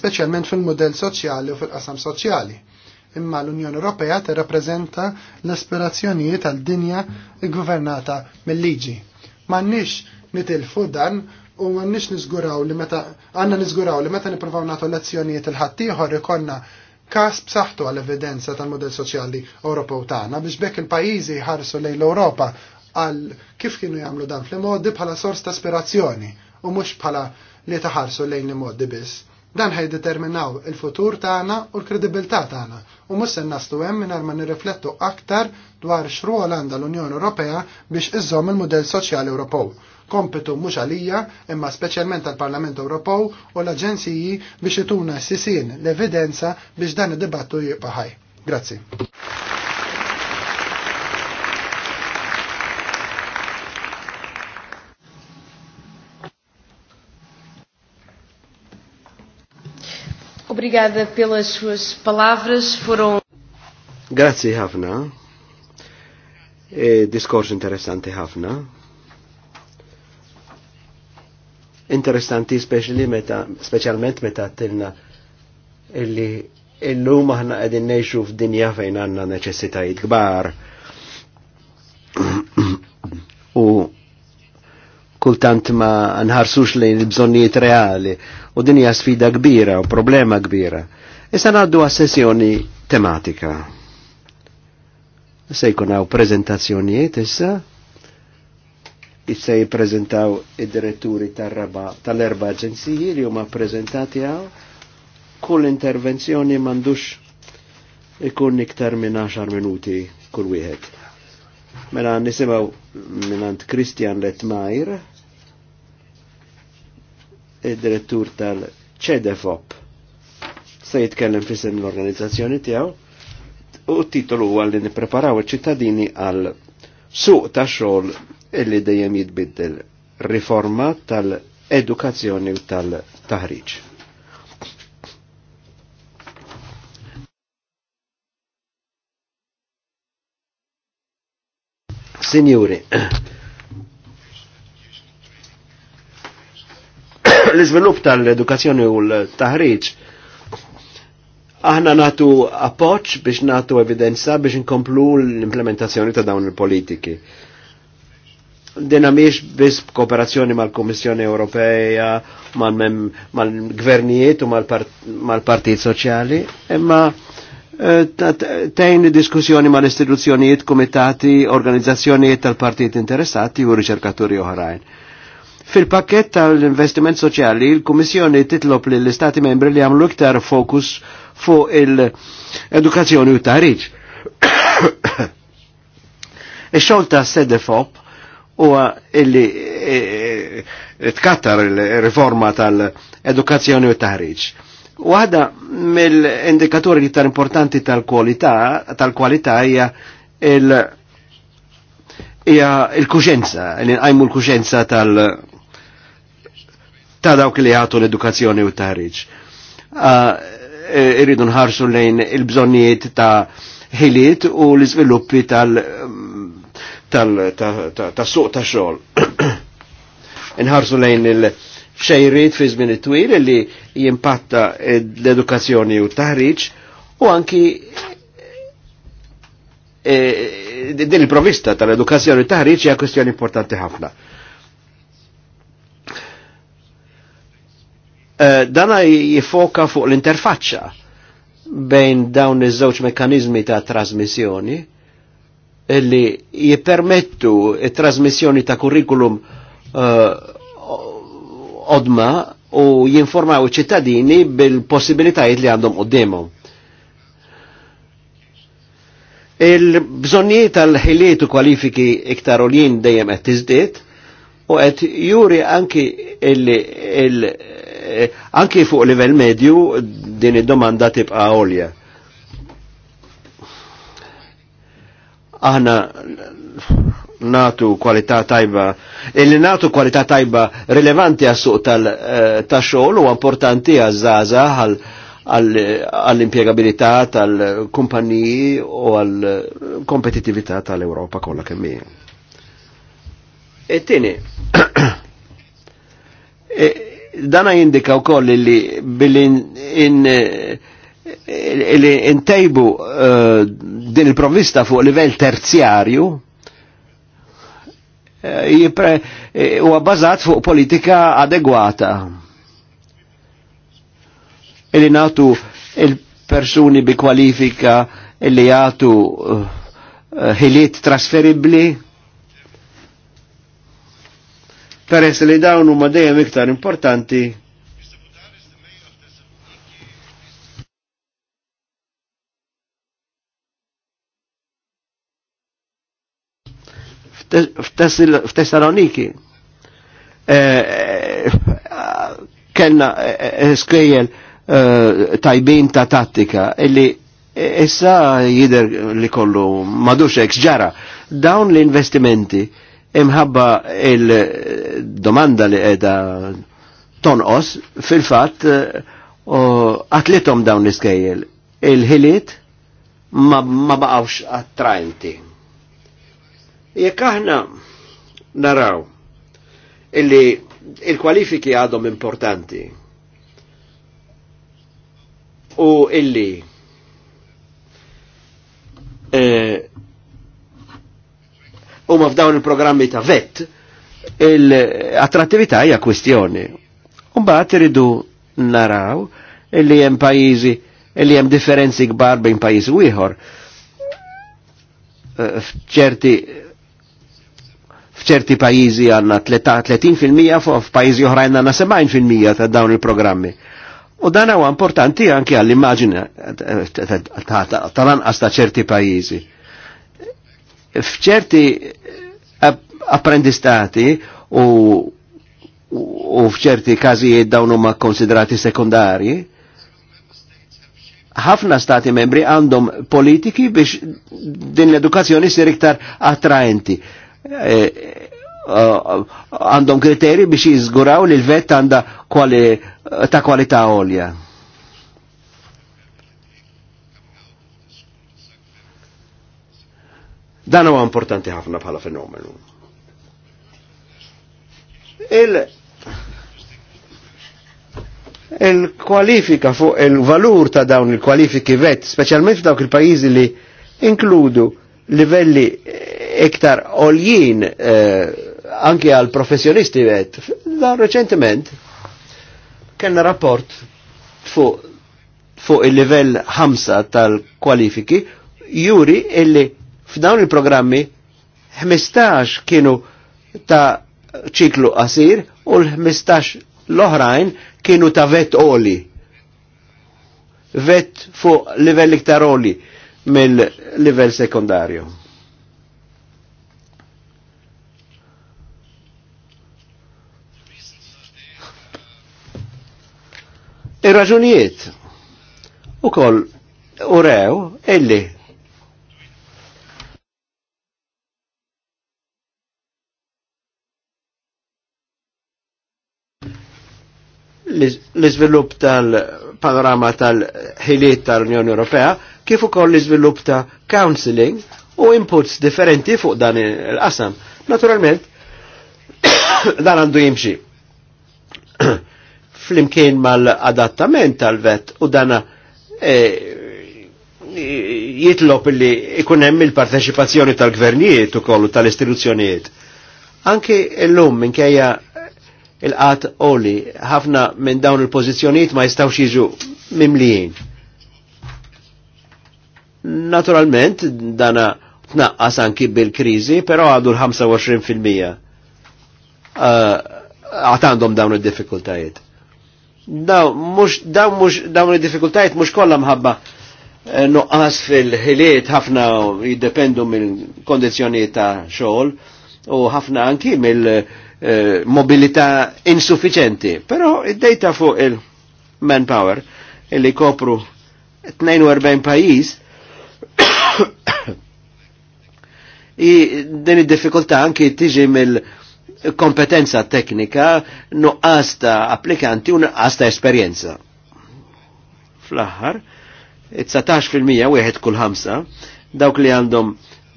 speċjalment fil-modell soċjali u fil-qasam soċjali imma l-Unjoni Ewropea tirrappreżenta l-aspirazzjonijiet għal dinja gvernata mill-liġi. M'għandniex nitilfu dan u m'għandniex niżguraw li meta għandna niżguraw li meta nippruvaw nagħtu lezzjonijiet il-ħaddieħor ikonna kas b'saħħtu għall-evidenza tal model soċjali Ewropew tagħna biex bekk il-pajjiżi jħarsu lejn l-Ewropa għal kif kienu jagħmlu dan fl-modi bħala sors ta' aspirazzjoni u mhux bħala li taħarsu lejn l-modi biss Dan determinaw il-futur tagħna u l-kredibilità tagħna u mhux se naslu hemm mingħajr ma nirriflettu aktar dwar x'ru għandha l-Unjoni Ewropea biex iżżomm il-mudell soċjali Ewropew. Kompitu mhux għalija imma speċjalment tal-Parlament Ewropew u l-Aġenziji biex ituna s-sisin l-evidenza biex dan id-dibattu jibqa' Grazzi. Obrigada pelas suas palavras, foram... Grazie ħafna. E, discorso interessante, ħafna. Interessanti speċjalment meta specialment meta tilna illi illum aħna qegħdin ngħixu f'dinja fejn għandna neċessitajiet kbar kultant ma nħarsux lejn il-bżonnijiet reali u din hija sfida kbira u problema kbira. Issa ngħaddu għas sessjoni tematika. Se jkun hawn preżentazzjonijiet issa Issa jippreżentaw id-diretturi tal-erba aġenziji li huma ppreżentati għaw kull intervenzjoni m'għandux ikun iktar minn 10 minuti kull wieħed Mela nisimaw minant Christian Letmajr, id-direttur tal-ċedefop. Se jitkellem fisem l-organizzazzjoni tiegħu u titolu huwa li nippreparaw ċittadini għal suq ta' xogħol illi dejjem jitbiddel riforma tal-edukazzjoni u tal-taħriġ. Sinjuri. L-izvilup tal-edukazzjoni u l-taħriġ aħna natu appoċ biex natu evidenza biex nkomplu l-implementazzjoni ta' dawn il-politiki. Dina miex biex kooperazzjoni mal-Komissjoni Ewropeja, mal-gvernijiet u mal-partijiet soċjali, imma e Eh, tejn diskussjoni ma' l-istituzzjonijiet, komitati, organizzazzjonijiet tal-partijiet interessati u riċerkaturi oħrajn. Fil-pakket tal-investiment soċjali, il-Kummissjoni titlob li l-Istati membri li għamlu iktar fokus fuq il-edukazzjoni u tariċ. Ix-xogħol ta' SEDEFOP huwa illi eh, eh, tkattar il-riforma tal-edukazzjoni u tariġ Waħda mill-indikatori li tal importanti tal-kwalità tal-kwalità hija il hija il-kuxenza, li l-kuxenza tal ta' dawk li għatu l-edukazzjoni u t-taħriġ. Ah, eh, irridu nħarsu lejn il-bżonnijiet ta' ħiliet u l-iżviluppi tal tal-suq ta' xogħol. Nħarsu lejn il- xejrit fi żmien twil li jimpatta l-edukazzjoni u taħriġ u anki e, din il-provista tal-edukazzjoni u taħriġ hija kwestjoni importanti ħafna. E, dana jifoka fuq l-interfaċċa bejn dawn iż-żewġ mekanizmi ta' trasmissjoni li jippermettu it-trasmissjoni ta' kurrikulum uh, e, odma u jinformaw ċittadini bil-possibilitajiet li għandhom qoddimhom. Il-bżonnijiet tal-ħiliet u kwalifiki iktar u jien dejjem qed tiżdied u qed juri anki il, il eh, anki fuq livell medju din id-domanda tibqa' għolja. Aħna natu kwalità tajba, illi natu kwalità tajba rilevanti għassuq tal-xogħol eh, u importanti għazzaza għall-impiegabilità tal-kumpaniji u għall-kompetitività tal-Ewropa kollha kemm hija. It-tieni, e, dana jindika wkoll li billi eh, intejbu eh, din il-provvista fuq livell terzjarju, Eh, eh, huwa bażat fuq politika adegwata. Illi natu il-persuni bi kwalifika illi jagħtu eh, ħiliet trasferibli. peress li dawn huma dejjem iktar importanti f'Tessaloniki. Eh, eh, kellna eh, skejjel tajbin ta' tattika illi issa jider li kollu madux eks ġara. Dawn l-investimenti imħabba il-domanda li edha tonqos fil-fat għatlitom dawn l-iskejjel. Il-ħiliet ma, ma baqawx attraenti. Jekk aħna naraw illi il-kwalifiki għadhom importanti u illi eh, u ma f'dawn il-programmi ta' vet, l-attrattività hija kwestjoni. Mbagħad iridu naraw illi hemm pajjiżi illi hemm differenzi kbar bejn pajjiż u ieħor. Eh, f'ċerti f'ċerti pajjiżi għandna 30% fuq f'pajjiżi oħrajn għandna 70% ta' dawn il-programmi. U dan huwa importanti anke għall-immaġine tal-anqas ta' ċerti pajjiżi. F'ċerti eh, apprendistati u u f'ċerti każijiet dawn huma konsidrati sekundarji, ħafna stati membri għandhom politiki biex din l-edukazzjoni sir iktar attraenti Eh, eh, għandhom kriteri biex jizguraw li l-vet għanda ta' kwalità olja. Dan huwa importanti ħafna bħala fenomenu. Il il-kwalifika fuq il-valur ta' dawn il-kwalifiki vet, specialment f'dawk il pajizi li inkludu livelli eh, iktar oljin eh, anke għal professjonisti għed. da reċentiment kena rapport fuq fu il-livell 5 tal-kwalifiki juri illi f'dawn il-programmi 15 kienu ta' ċiklu qasir u l-15 l-oħrajn kienu ta' vet oli. Vet fuq level iktar oli mill-livell sekundarju. il raġunijiet U koll u rew illi l-izvilup tal-panorama tal-ħiliet tal-Unjoni Ewropea, kif ukoll l-izvilup ta' counseling u inputs differenti fuq dan il-qasam. Naturalment, dan għandu jimxi flimkien mal-adattament tal-vet u dana e, eh, jitlop li ikun hemm il-parteċipazzjoni tal-gvernijiet u kollu tal-istituzzjonijiet. Anki l-lum minkejja il-qat oli ħafna minn dawn il-pożizzjonijiet ma jistaw jiġu mimlijin. Naturalment dana tnaqqas anki bil-krizi, però għadu l-25% eh, Għatandom għandhom dawn il-diffikultajiet. Daw mux daw mux daw li difikultajt mhux kolla mħabba eh, nuqqas fil-ħiliet ħafna jiddependu minn kondizjoni ta' xogħol u ħafna anki mill-mobilità eh, insuffiċenti. Però id-dejta fuq il-manpower illi kopru 42 pajjiż din id-diffikultà anki tiġi mill- kompetenza teknika, nuqqas ta' applikanti u nuqqas ta' esperjenza. Fl-aħħar, 19% wieħed kull ħamsa dawk li għandhom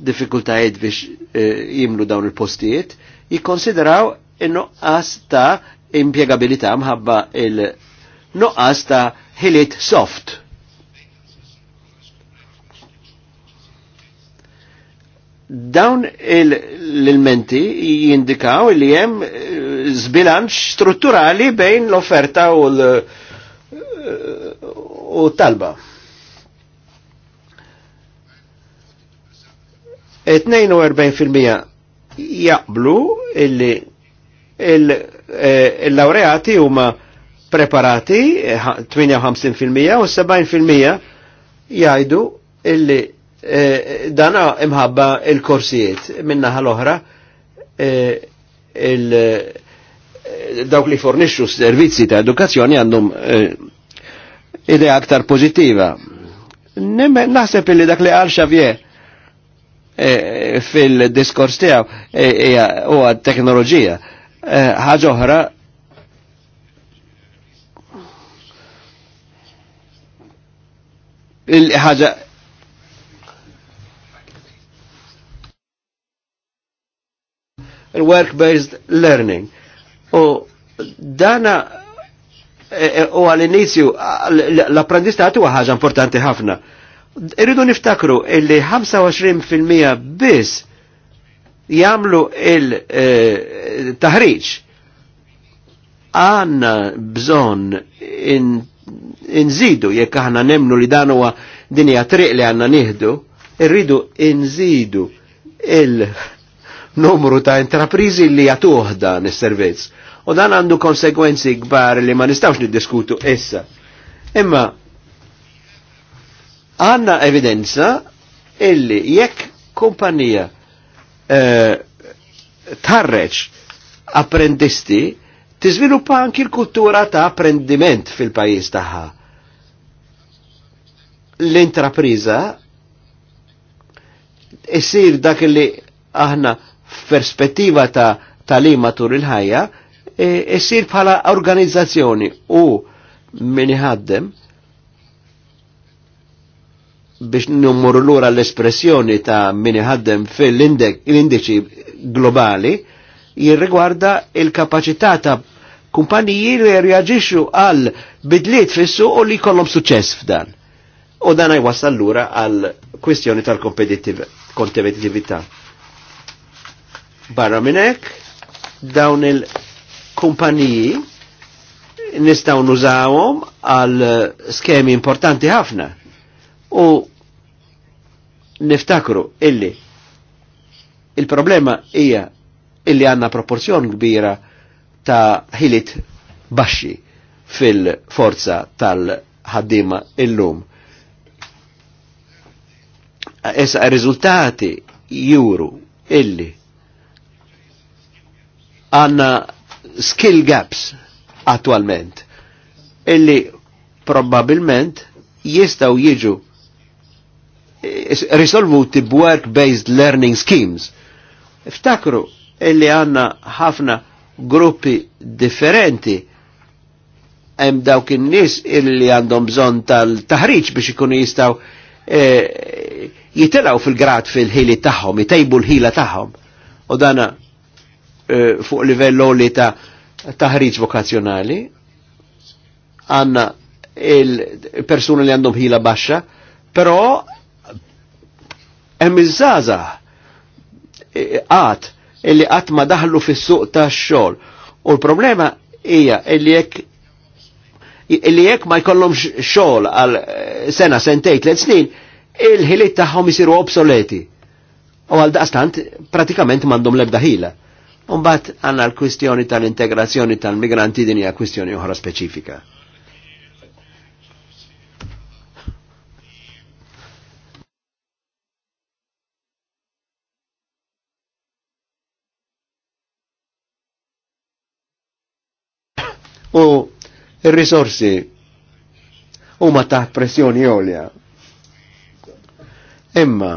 diffikultajiet biex eh, jimlu dawn il-postijiet, jikkonsideraw in-nuqqas ta' impiegabilità mħabba il-nuqqas ta' ħiliet soft Dawn l-elementi jindikaw li jem eh, zbilanċ strutturali bejn l-offerta u l-talba. E 42% jaqblu illi eh, il-laureati huma preparati 58% eh, u 70% jgħidu illi Eh, dana imħabba il-korsijiet minna l-oħra eh, eh, dawk li fornixxu servizzi ta' edukazzjoni għandhom idea aktar pozittiva. Naħseb li dak li għal Xavier fil-diskors tiegħu huwa teknoloġija. Ħaġa oħra il-ħaġa il-work-based learning. U dana e, e, u għal-inizju l-apprendistat huwa ħaġa importanti ħafna. Irridu niftakru illi 25% biss jamlu il-taħriġ. E, għanna bżon inżidu jekk aħna nemnu li dan huwa dinja triq li għanna nieħdu, irridu inżidu il- numru ta' intraprizi li jatuh dan is-servizz. U dan għandu konsekwenzi kbar li ma nistawx niddiskutu issa. Imma għanna evidenza illi jekk kumpanija eh, tarreċ apprendisti tiżviluppa anki l-kultura ta' apprendiment fil-pajis tagħha. L-intrapriża isir dak li aħna perspettiva ta' talim matur il-ħajja, e, issir e, bħala organizzazzjoni u min ħaddem biex numru l-ura l-espressjoni ta' min ħaddem fil-indiċi globali jirrigwarda il-kapacità ta' kumpaniji li reagisġu għal bidliet fissu u li kollom suċess f'dan. U dan għaj l-ura għal kwistjoni tal-kompetitività. Barra minnek, dawn il-kumpaniji nistaw nużawhom għal eh, skemi importanti ħafna. U niftakru illi il-problema hija illi għanna proporzjon kbira ta' ħilit baxxi fil-forza tal-ħaddima illum. il riżultati juru illi għanna skill gaps attualment illi probabilment jistaw jiġu eh, risolvuti b-work-based learning schemes. Iftakru illi għanna ħafna gruppi differenti hemm dawk in-nies illi għandhom bżonn tal-taħriġ biex ikunu jistgħu eh, jitilgħu fil-grad fil-ħili tagħhom, jtejbu l-ħila tagħhom. U dana Eh, fuq livell li ta' taħriġ vokazzjonali, għanna il-persuna li għandhom ħila baxxa, però hemm iż-żaża qatt eh, illi qatt ma daħlu fis-suq tax-xogħol. U l-problema hija illi jekk illi jekk ma jkollhomx xogħol għal eh, sena, sentej, tliet snin, il-ħiliet tagħhom isiru obsoleti. U għal daqstant pratikament m'għandhom l-ebda ħila. Umbat għanna l-kwistjoni tal-integrazzjoni tal-migranti din hija kwistjoni oħra speċifika. U il-risorsi ma taħt pressjoni għolja. Imma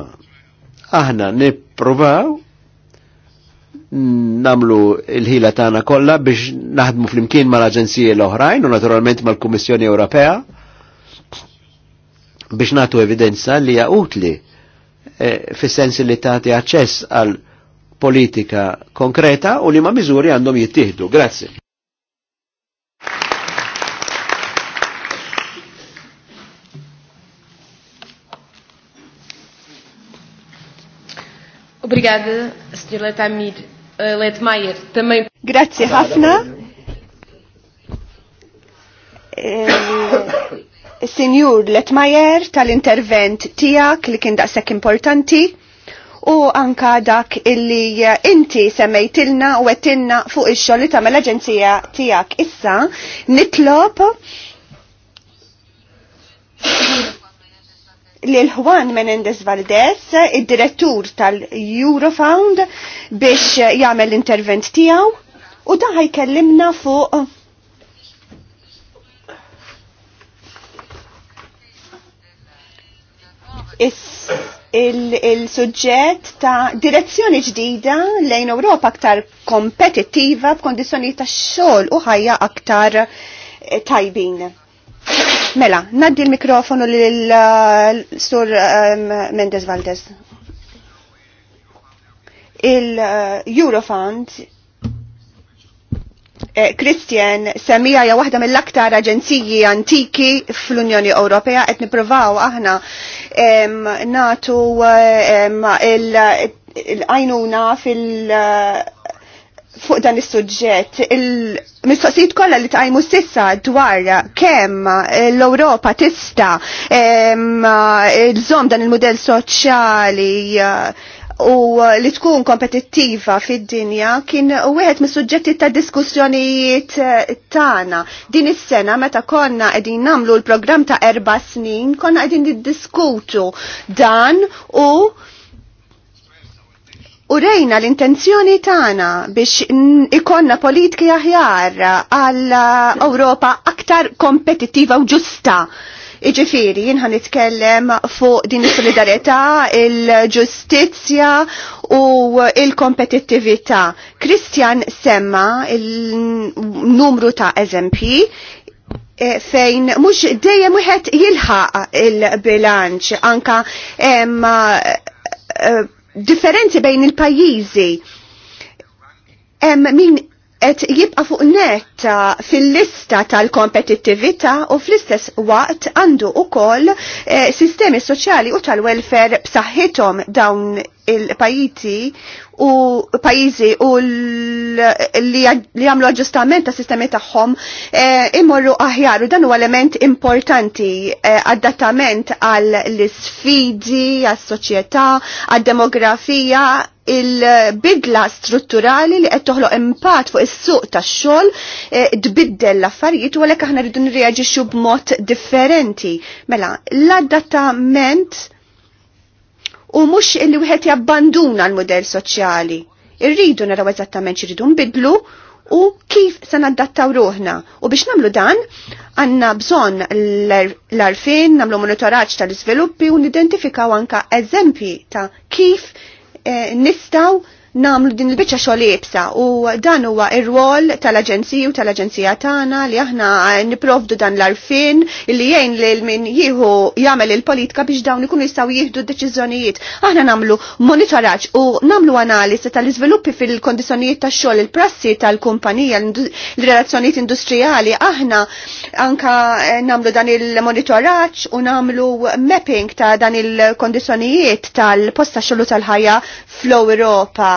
aħna nipprovaw namlu il-ħila tagħna kollha biex naħdmu flimkien mal-aġenziji l-oħrajn u naturalment mal-Kummissjoni Ewropea biex natu evidenza li hija utli e, fis-sens li tagħti aċċess għal politika konkreta u li ma miżuri għandhom jittieħdu. Grazzi. Obrigada, Sr. Letamir. Eh, Letmajer, Grazie ħafna. Eh, Senjur Letmajer tal-intervent tijak li kien daqsek importanti u anka dak illi eh, inti semmejtilna u għetilna fuq il-xol li tamel aġenzija tijak issa nitlob lil Juan Menendez Valdez, id-direttur tal-Eurofound, biex jagħmel l-intervent tiegħu u da ħajkellimna fuq il suġġett il ta' direzzjoni ġdida lejn Ewropa aktar kompetittiva f'kondizzjoni ta' xogħol u ħajja aktar eh, tajbin. Mela, naddi l-mikrofonu l-sur uh, um, Mendes Valdez. Il-Eurofund uh, Kristjan eh, semija hija waħda mill-aktar aġenziji antiki fl-Unjoni Ewropea qed nippruvaw aħna natu eh, l-għajnuna fil- uh, fuq dan is-suġġett il-mistoqsijiet kollha li tqajmu sissa dwar kemm l-Ewropa tista' żomm dan il-mudell soċjali u li tkun kompetittiva fid-dinja kien wieħed mis-suġġetti ta' diskussjonijiet eh, tagħna. Din is-sena meta konna qegħdin nagħmlu l-programm ta' erba' snin, konna qegħdin niddiskutu dan u U rejna l-intenzjoni tagħna biex ikonna politiki aħjar għal Ewropa aktar kompetittiva u ġusta. Iġifiri, jinħan nitkellem fuq din il-solidarieta, il-ġustizja u il-kompetittivita. Kristjan semma il-numru ta' eżempji e, fejn mux dejjem wieħed jilħaq il-bilanċ anka em, differenzi bejn il-pajjiżi. Hemm min qed jibqa' fuq net eh, fil-lista tal-kompetittività u fl-istess waqt għandu ukoll eh, sistemi soċjali u tal-welfare b'saħħithom dawn il-pajjiżi u pajizi u li għamlu aġġustament ta' sistemi tagħhom eh, immorru aħjar u dan huwa element importanti eh, adattament għal l-sfidi, għas-soċjetà, għad-demografija il-bidla strutturali li qed toħloq fuq is-suq tax-xogħol eh, tbiddel l-affarijiet u għalek aħna rridu nirreaġixxu b'mod differenti. Mela, l-adattament u mhux illi wieħed jabbanduna l-modell soċjali. Irridu naraw eżattament x'iridu nbidlu u kif se nadattaw ruħna. U biex nagħmlu dan, għandna bżonn l-arfin, nagħmlu monitoraġġ tal izviluppi u nidentifikaw anka eżempji ta' kif eh, nistaw namlu din il-bicċa xogħol ibsa u dan huwa ir-rwol tal-aġenziji u tal-aġenzija tagħna li aħna niprovdu dan l-arfin li jgħin lil min jieħu jagħmel il-politika biex dawn ikunu jistgħu jieħdu d-deċiżjonijiet. Aħna namlu monitoraġġ u namlu analiżi tal-iżviluppi fil-kondizzjonijiet tax-xogħol il-prassi tal-kumpanija l-relazzjonijiet industrijali aħna anka eh, namlu dan il-monitoraġġ u namlu mapping ta' dan il-kondizzjonijiet tal-posta xogħol tal-ħajja fl-Ewropa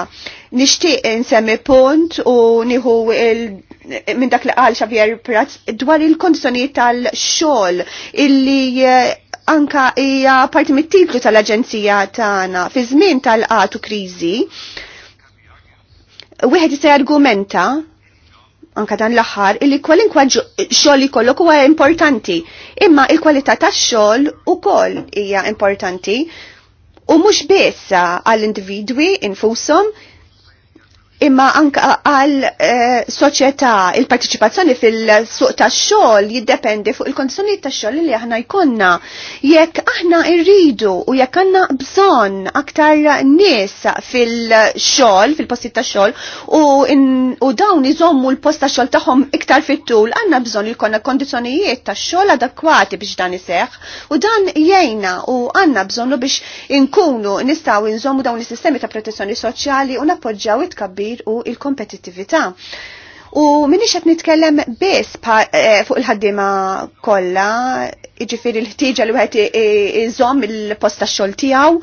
Nixtieq nsemmi punt u nieħu minn dak li qal Xavier Prats dwar il-kondizzjonijiet tal-xogħol illi eh, anka hija parti mit-titlu tal-Aġenzija tagħna fi żmien tal-qatu kriżi. Wieħed jista' argumenta anka dan l-aħħar illi kwalinkwa xogħol ikollok huwa importanti, imma il-kwalità tax-xogħol ukoll hija importanti u mhux biss għall-individwi infushom imma anka għal eh, soċjetà il-partiċipazzjoni fil-suq tax-xogħol jiddependi fuq il-kondizzjonijiet tax-xogħol li aħna jkollna. Jekk aħna rridu u jekk għandna bżonn aktar nies fil-xogħol, fil-postijiet tax-xogħol u, dawn iżommu l-post tax-xogħol tagħhom iktar fit-tul, għandna bżonn li jkollna kondizzjonijiet tax-xogħol adekwati biex dan iseħħ u dan jgħinna u għandna bżonnu biex inkunu nistgħu nżommu dawn is-sistemi ta' protezzjoni soċjali u nappoġġjaw it tkabbir u il kompetitivita U minix qed nitkellem biss eh, fuq il-ħaddiema kollha, jiġifieri l ħtijġa li wieħed iżom il-posta xogħol tiegħu.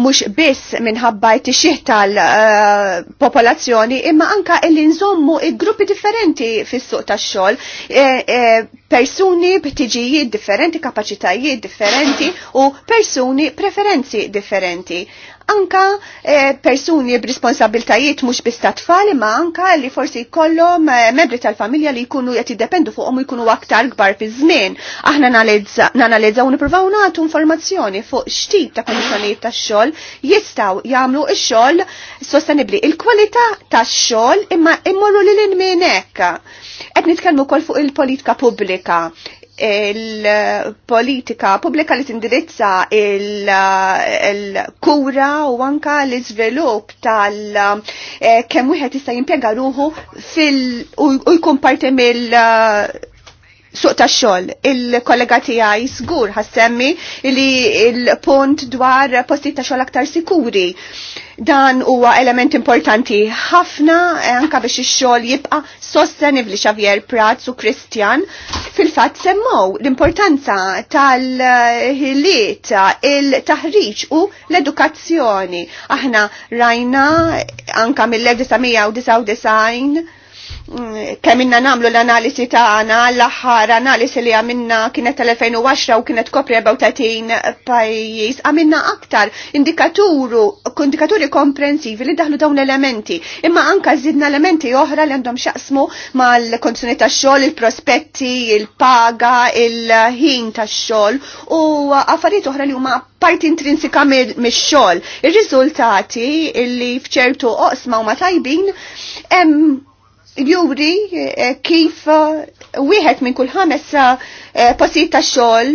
Mhux biss minħabba t tal-popolazzjoni, imma anka illi nżommu il-gruppi differenti fis-suq tax-xogħol, eh, eh, persuni b'tiġijiet differenti, kapaċitajiet differenti u persuni preferenzi differenti anka eh, persuni b'responsabiltajiet mhux biss ta' tfal anka li forsi jkollhom eh, membri tal-familja li jkunu qed jiddependu fuqhom jkunu aktar kbar fi Aħna nanalizzaw u nippruvaw nagħtu informazzjoni fuq x'tip ta' kondizzjonijiet tax-xogħol jistgħu jagħmlu x-xogħol sostenibbli. Il-kwalità tax-xogħol imma immorru lil min hekk. Qed nitkellmu wkoll fuq il-politika pubblika il-politika pubblika li tindirizza il-kura il u anka l izvelop tal- eh, kemm wieħed jista' jimpjega ruħu fil- u jkun parti mill- suq ta' xol, il-kollega tijaj sgur ħassemmi li il-punt dwar posti ta' xol aktar sikuri. Dan huwa element importanti ħafna eh, anka biex ix-xogħol jibqa' sostenibli Xavier Pratz u Kristjan fil-fatt semmow l-importanza tal-ħiliet, il-taħriġ u l-edukazzjoni. Aħna rajna anka mill-1999 kemmina namlu l-analisi taħna, l-axħar analisi li għamilna kienet tal-2010 u kienet kopri 34 pajis, għamilna aktar indikaturu, indikaturi komprensivi li daħlu dawn l-elementi. Imma anka zidna elementi oħra li għandhom xaqsmu mal-kondizjoni ta' xol, il-prospetti, il-paga, il-ħin ta' xol u affarijiet oħra li huma parti intrinsika mix-xogħol. Ir-riżultati li fċertu oqsma huma tajbin juri eh, kif eh, wieħed minn kull ħames eh, postijiet ta' xogħol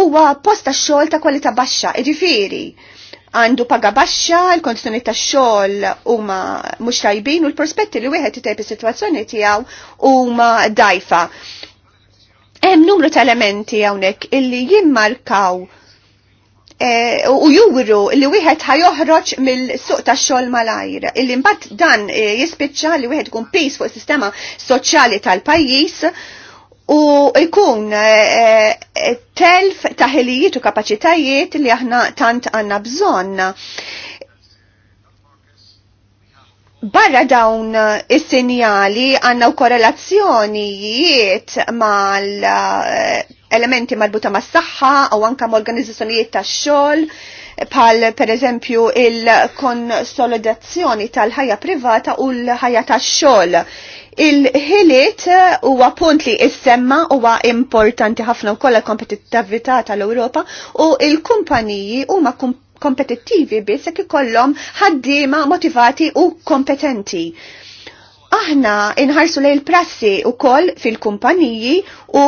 huwa post ta' xogħol ta' kwalità baxxa, jiġifieri għandu paga baxxa, il-kondizjoni ta' xogħol huma mhux tajbin u l-prospetti li wieħed itejb is-sitwazzjoni tiegħu huma dajfa. Hemm numru ta' elementi hawnhekk illi jimmarkaw Eh, u juru li wieħed ħajoħroġ mill-suq tax-xogħol malajr. Illi mbagħad dan eh, jispiċċa li wieħed ikun pis fuq is-sistema soċjali tal-pajjiż u jkun eh, telf ta' ħilijiet u kapaċitajiet li aħna tant għandna bżonn. Barra dawn eh, is-sinjali għanna u korrelazzjonijiet mal eh, elementi marbuta mas saħħa u anka mal organizzazzjonijiet tax xogħol pal per eżempju il-konsolidazzjoni tal-ħajja privata u l-ħajja tax xogħol. Il-ħiliet huwa punt li issemma huwa importanti ħafna wkoll kompetittività tal-Ewropa u il-kumpaniji huma kumpaniji kompetittivi biss jekk ikollhom ħaddiema motivati u kompetenti. Aħna inħarsu lejn prassi wkoll fil-kumpaniji u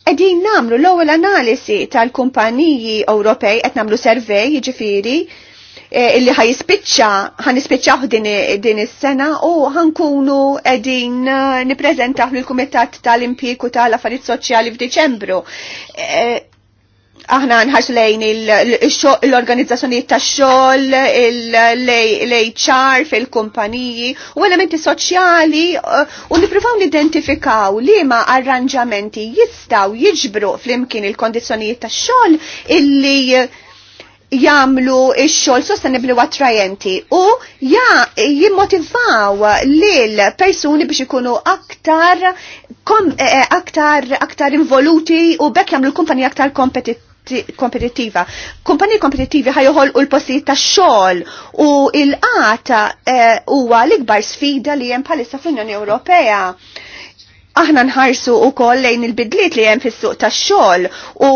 qegħdin namlu l-ewwel analisi tal-kumpaniji Ewropej qed namlu servej jiġifieri eh, illi ħan ħanispiċċaħ din is-sena u ħankunu qegħdin eh, nippreżentaħ lill-Kumitat tal impiku tal-Affarijiet Soċjali f'Diċembru. Eh, aħna nħarsu lejn l-organizzazzjonijiet ta' xogħol, l-HR fil-kumpaniji u elementi soċjali uh, u nippruvaw nidentifikaw li ma arranġamenti jistaw jiġbru flimkien il-kondizzjonijiet ta' xogħol illi uh, jamlu ix-xogħol sostenibbli u attrajenti u ja jimmotivaw lil persuni biex ikunu aktar kom, eh, eh, aktar aktar involuti u bekk jagħmlu l-kumpanija aktar kompetitiv kompetitiva. Kumpani kompetittivi ħajoħol u l-postijiet ta' xogħol u il-qata eh, huwa l-ikbar sfida li hemm bħalissa fl-Unjoni Ewropea. Aħna nħarsu wkoll lejn il-bidliet li hemm fis-suq tax-xogħol u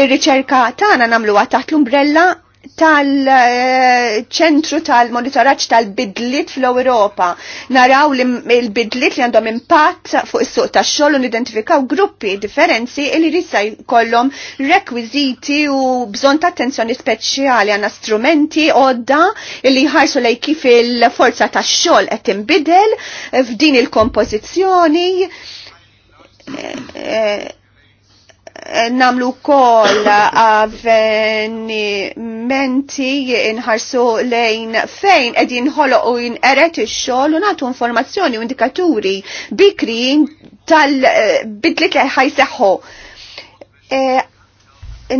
ir-riċerka tagħna nagħmluha taħt l-umbrella tal-ċentru tal-monitoraċ tal-bidlit fl-Europa. Naraw li il-bidlit li għandhom impatt fuq is-suq tax-xogħol u nidentifikaw gruppi differenzi li rissa jkollhom rekwiżiti u bżonn ta' attenzjoni speċjali għandna strumenti għodda li jħarsu lej kif il-forza tax-xogħol qed tinbidel f'din il-kompożizzjoni. Eh, eh, namlu kol avvenimenti inħarsu lejn fejn edin ħolo u inqeret ix-xogħol u nagħtu informazzjoni u indikaturi bikri tal-bidlit li ħajseħħu. E,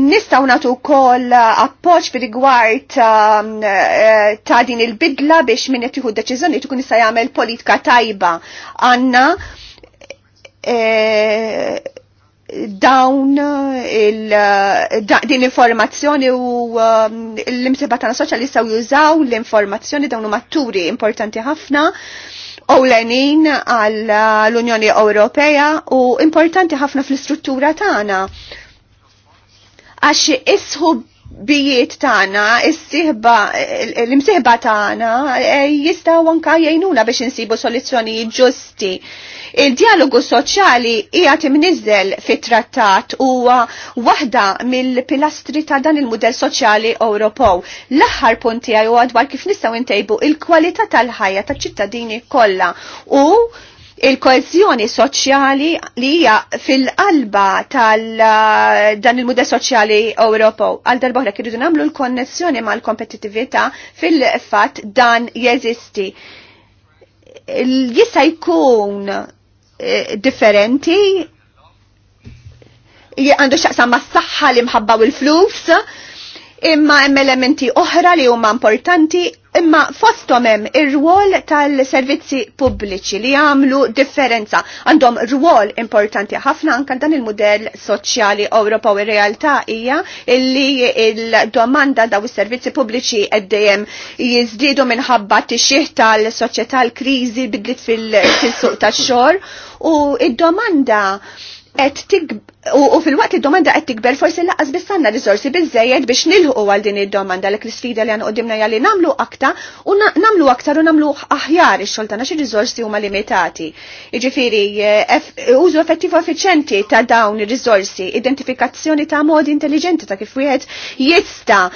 Nistaw natu kol appoċ fi rigward um, eh, ta' din il-bidla biex minn qed jieħu deċiżjoni tkun jista' jagħmel politika tajba. Għandna eh, dawn il, da, din informazzjoni u um, l-imsiba tana soċjalista u jużaw l-informazzjoni dawn matturi importanti ħafna l-enin għall unjoni Ewropea u importanti ħafna fl-istruttura tagħna. Għax isħub bijiet tagħna, s sihba l-imsihba tagħna e, jistgħu anka jgħinuna biex insibu soluzzjoni ġusti. Il-dialogu soċjali hija timniżel fit-trattat huwa waħda mill-pilastri ta' dan il-mudell soċjali Ewropew. L-aħħar punti għaj dwar kif nistgħu ntejbu il-kwalità tal-ħajja taċ-ċittadini kollha u il-koezjoni soċjali li hija fil-qalba tal-dan uh, il-mudell soċjali Ewropew. Għal darba irridu nagħmlu l-konnessjoni mal-kompetittività fil-fatt dan jeżisti. Jista' jkun eh, differenti għandu xaqsam ma s-saxħa li mħabbaw il-flus, imma hemm elementi oħra li huma importanti imma fostom hemm ir-rwol tal-servizzi pubbliċi li jagħmlu differenza. Għandhom rwol importanti ħafna anke dan il-mudell soċjali Ewropa u r-realtà hija illi il-domanda daw is-servizzi pubbliċi għaddejjem jiżdiedu minħabba tixih tal-soċjetà l-kriżi bidlit fil-suq tax-xogħol u id-domanda qed U, fil-waqt li domanda qed tikber forsi laqas biss risorsi biżejjed biex nilħu għal din id-domanda l l-sfida li għandna qudiemna jalli nagħmlu aktar u nagħmlu aktar u nagħmlu aħjar ix-xogħol tagħna xi riżorsi huma limitati. Jiġifieri eh, użu effettiv effiċenti ta' dawn ir-riżorsi, identifikazzjoni ta' modi intelligenti ta' kif wieħed jista'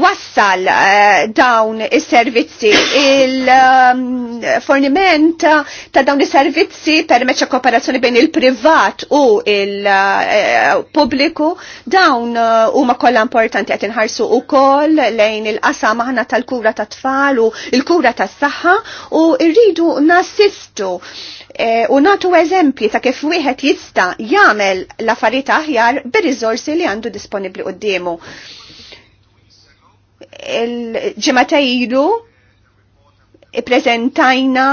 wassal eh, dawn is-servizzi il-forniment ehm, ta' dawn is-servizzi permezz kooperazzjoni bejn il-privat u il- eh, Eh, eh, pubbliku dawn eh, huma kollha importanti qed inħarsu wkoll lejn il-qasam aħna tal-kura tat-tfal u l-kura tas-saħħa u rridu nassistu u natu eżempji ta' kif wieħed jista' jagħmel l-affarijiet aħjar bir-riżorsi li għandu disponibbli qudiemu. Il-ġimgħa prezentajna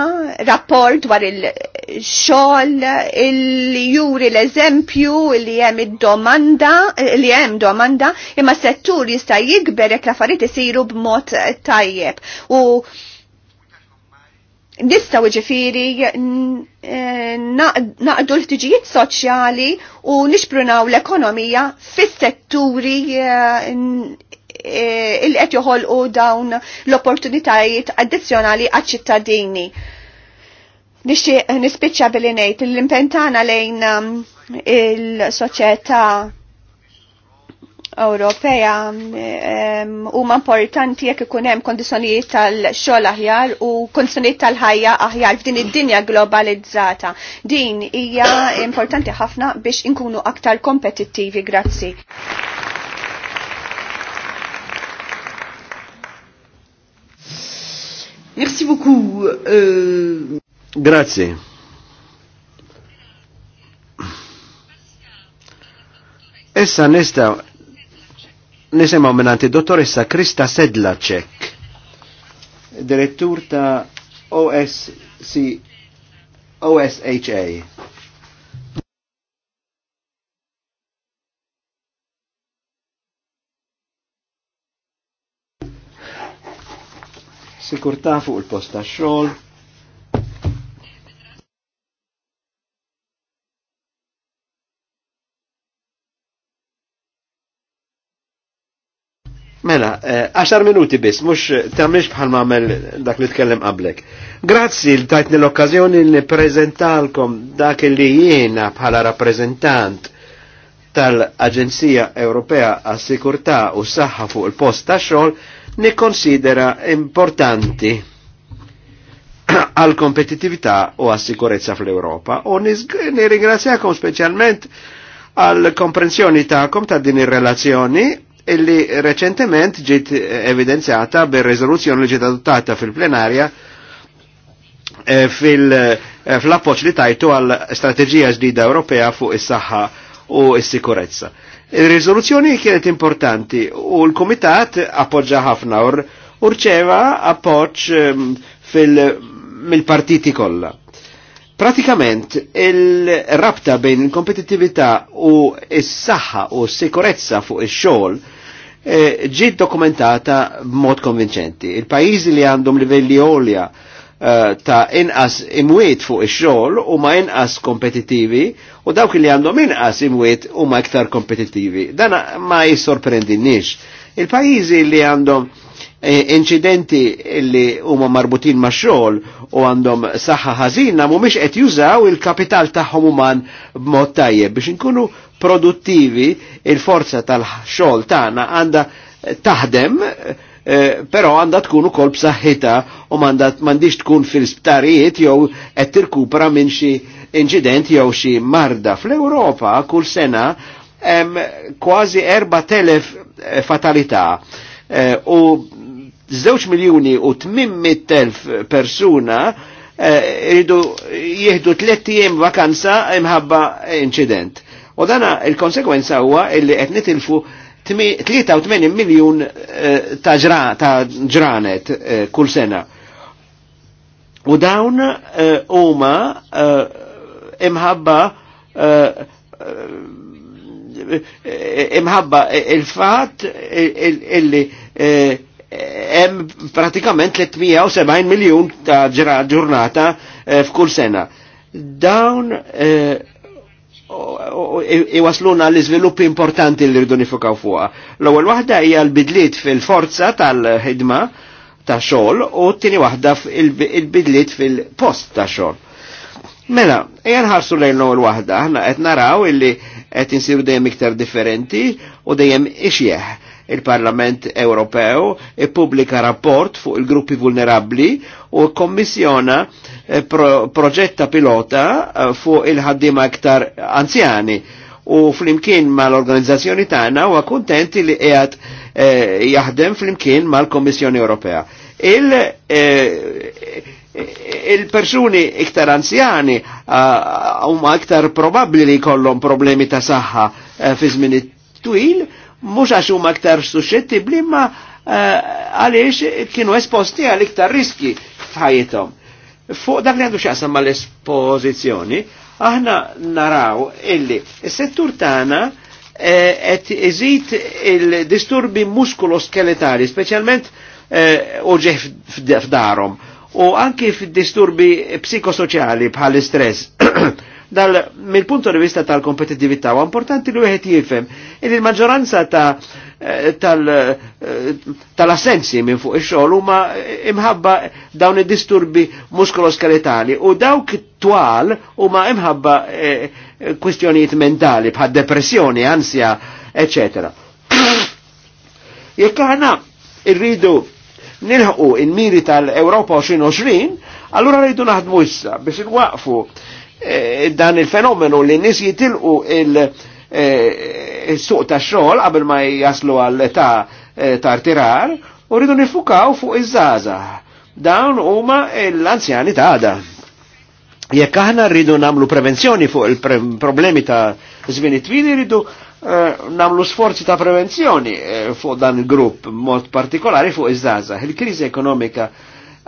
rapport dwar il-xol il-juri l-eżempju li jem id-domanda li jem domanda imma settur jista' jikber ek l-affarijiet isiru b'mod tajjeb u nistaw ġifiri naqdu l-ħtiġijiet soċjali u nixprunaw l-ekonomija fis-setturi Eh, il-qed joħolqu dawn l-opportunitajiet addizzjonali għaċ-ċittadini. Nixtieq nispiċċa billi ngħid l-impentana lejn um, il-soċjetà Ewropea um, huma importanti jekk ikun hemm kondizzjonijiet tal-xogħol aħjar u kondizzjonijiet tal-ħajja aħjar f'din id-dinja globalizzata. Din hija importanti ħafna biex inkunu aktar kompetittivi. Grazzi. Merci beaucoup. Euh... Grazie. Essa nesta ne sema minnanti dottoressa Krista Sedlacek, direttur ta' OSC, OSHA. sikurtà fuq il-post tax-xogħol, Mela, 10 eh, minuti biss, mux eh, tamlix bħal mamel dak li tkellem qablek. Grazzi li tajtni l-okkazjoni li prezentalkom dak li jiena bħala rappresentant tal-Aġenzija Ewropea għas sikurtà u s-saħħa fuq il-post ta' xogħol nikkonsidera importanti għal kompetitività u għal sikurezza fl-Europa. U nirringrazzjakom specialment għal komprensjoni ta'kom ta' din ir-relazzjoni illi reċentement ġiet evidenzjata bir rezoluzzjoni li ġiet adottata fil-plenarja e, fil-appoċ e, li tajtu għal strategija ġdida Ewropea fuq is-saħħa u s-sikurezza. Il-rizoluzzjoni kienet importanti u l-Komitat appoġġa ħafna u rċeva appoġġ ehm, fil partiti kollha. Pratikament il-rabta bejn il-kompetittività u s-saħħa u s-sikurezza fuq ix-xogħol eh, ġiet dokumentata b'mod konvinċenti. Il-pajjiżi li għandhom livelli olja Eh, ta' inqas imwiet fuq ix-xogħol huma inqas kompetittivi u dawk li għandhom inqas imwiet huma iktar kompetittivi. Dan ma jissorprendinniex. Il-pajjiżi li għandhom eh, inċidenti li huma marbutin ma' xogħol u għandhom saħħa ħażina mhumiex qed jużaw il-kapital tagħhom uman b'mod tajjeb biex inkunu produttivi il-forza tal-xogħol tagħna għandha taħdem pero eh, però għandha tkun kolb saħħita u m'għandix tkun fil-sptarijiet jew qed tirkupra minn xi inċident jew xi marda. Fl-Ewropa kull sena hemm kważi 4000 eh, fatalità eh, u Żewġ miljuni u 800.000 persuna jridu jieħdu tliet ijiem vakanza imħabba incident. U dana il-konsekwenza huwa illi qed nitilfu 83 miljon eh, ta' ġranet eh, kull sena. U dawn eh, huma imħabba imħabba il-fat illi hemm pratikament 370 miljun ta' ġurnata f'kull sena. Dawn iwasluna l-izviluppi importanti li rridu nifukaw fuqa. L-ewwel waħda hija l-bidliet fil-forza tal-ħidma ta' xogħol u t-tieni waħda il-bidliet fil-post ta' xogħol. Mela, ejja nħarsu lejn l-ewwel waħda, aħna qed naraw illi qed insiru dejjem iktar differenti u dejjem ixjeħ Il-Parlament Ewropew ippubblika rapport fuq il-gruppi vulnerabbli u kommissjona eh, proġetta pilota eh, fuq il-ħaddiema iktar anzjani u flimkien mal-organizzazzjoni tagħna huwa kuntenti li qiegħed eh, jaħdem flimkien mal-Kommissjoni Ewropea. Eh, il-persuni il iktar anzjani huma uh, iktar probabbli li jkollhom problemi ta' saħħa uh, fi żmien twil mhux għax huma aktar suscettibbli ma eh, għaliex kienu esposti għal iktar riski f'ħajjithom. Fuq dak li għandu x'aqsam mal-espożizzjoni, aħna naraw illi s settur tagħna eh, qed iżid il-disturbi muskuloskeletali, speċjalment eh, uġeħ f'darhom u anki f'disturbi psikosoċjali bħal istress Dal mill-punto di vista tal-kompetittività u importanti li wieħed jifhem il il-maġġoranza ta' eh, eh, tal-assenzi minn fuq ix-xogħol huma imħabba dawn id-disturbi muskoloskeletali u dawk twal huma imħabba eh, kwistjonijiet mentali b'ħad depressjoni, ansja, eccetera. Jekk aħna irridu nilħu il-miri tal-Europa 2020, allura rridu naħdmu issa biex nwaqfu Eh, dan il-fenomenu li nis jitilqu il-suq eh, ta' xol qabel ma jaslu għal ta' eh, tartirar u rridu nifukaw fuq iż-żaza. Dawn huma l-anzjani ta' għada. Jekk aħna rridu namlu prevenzjoni fuq il-problemi ta' żmien twili rridu namlu sforzi ta' prevenzjoni fuq dan il-grupp, mod partikolari fuq iż-żaza. Il-kriżi ekonomika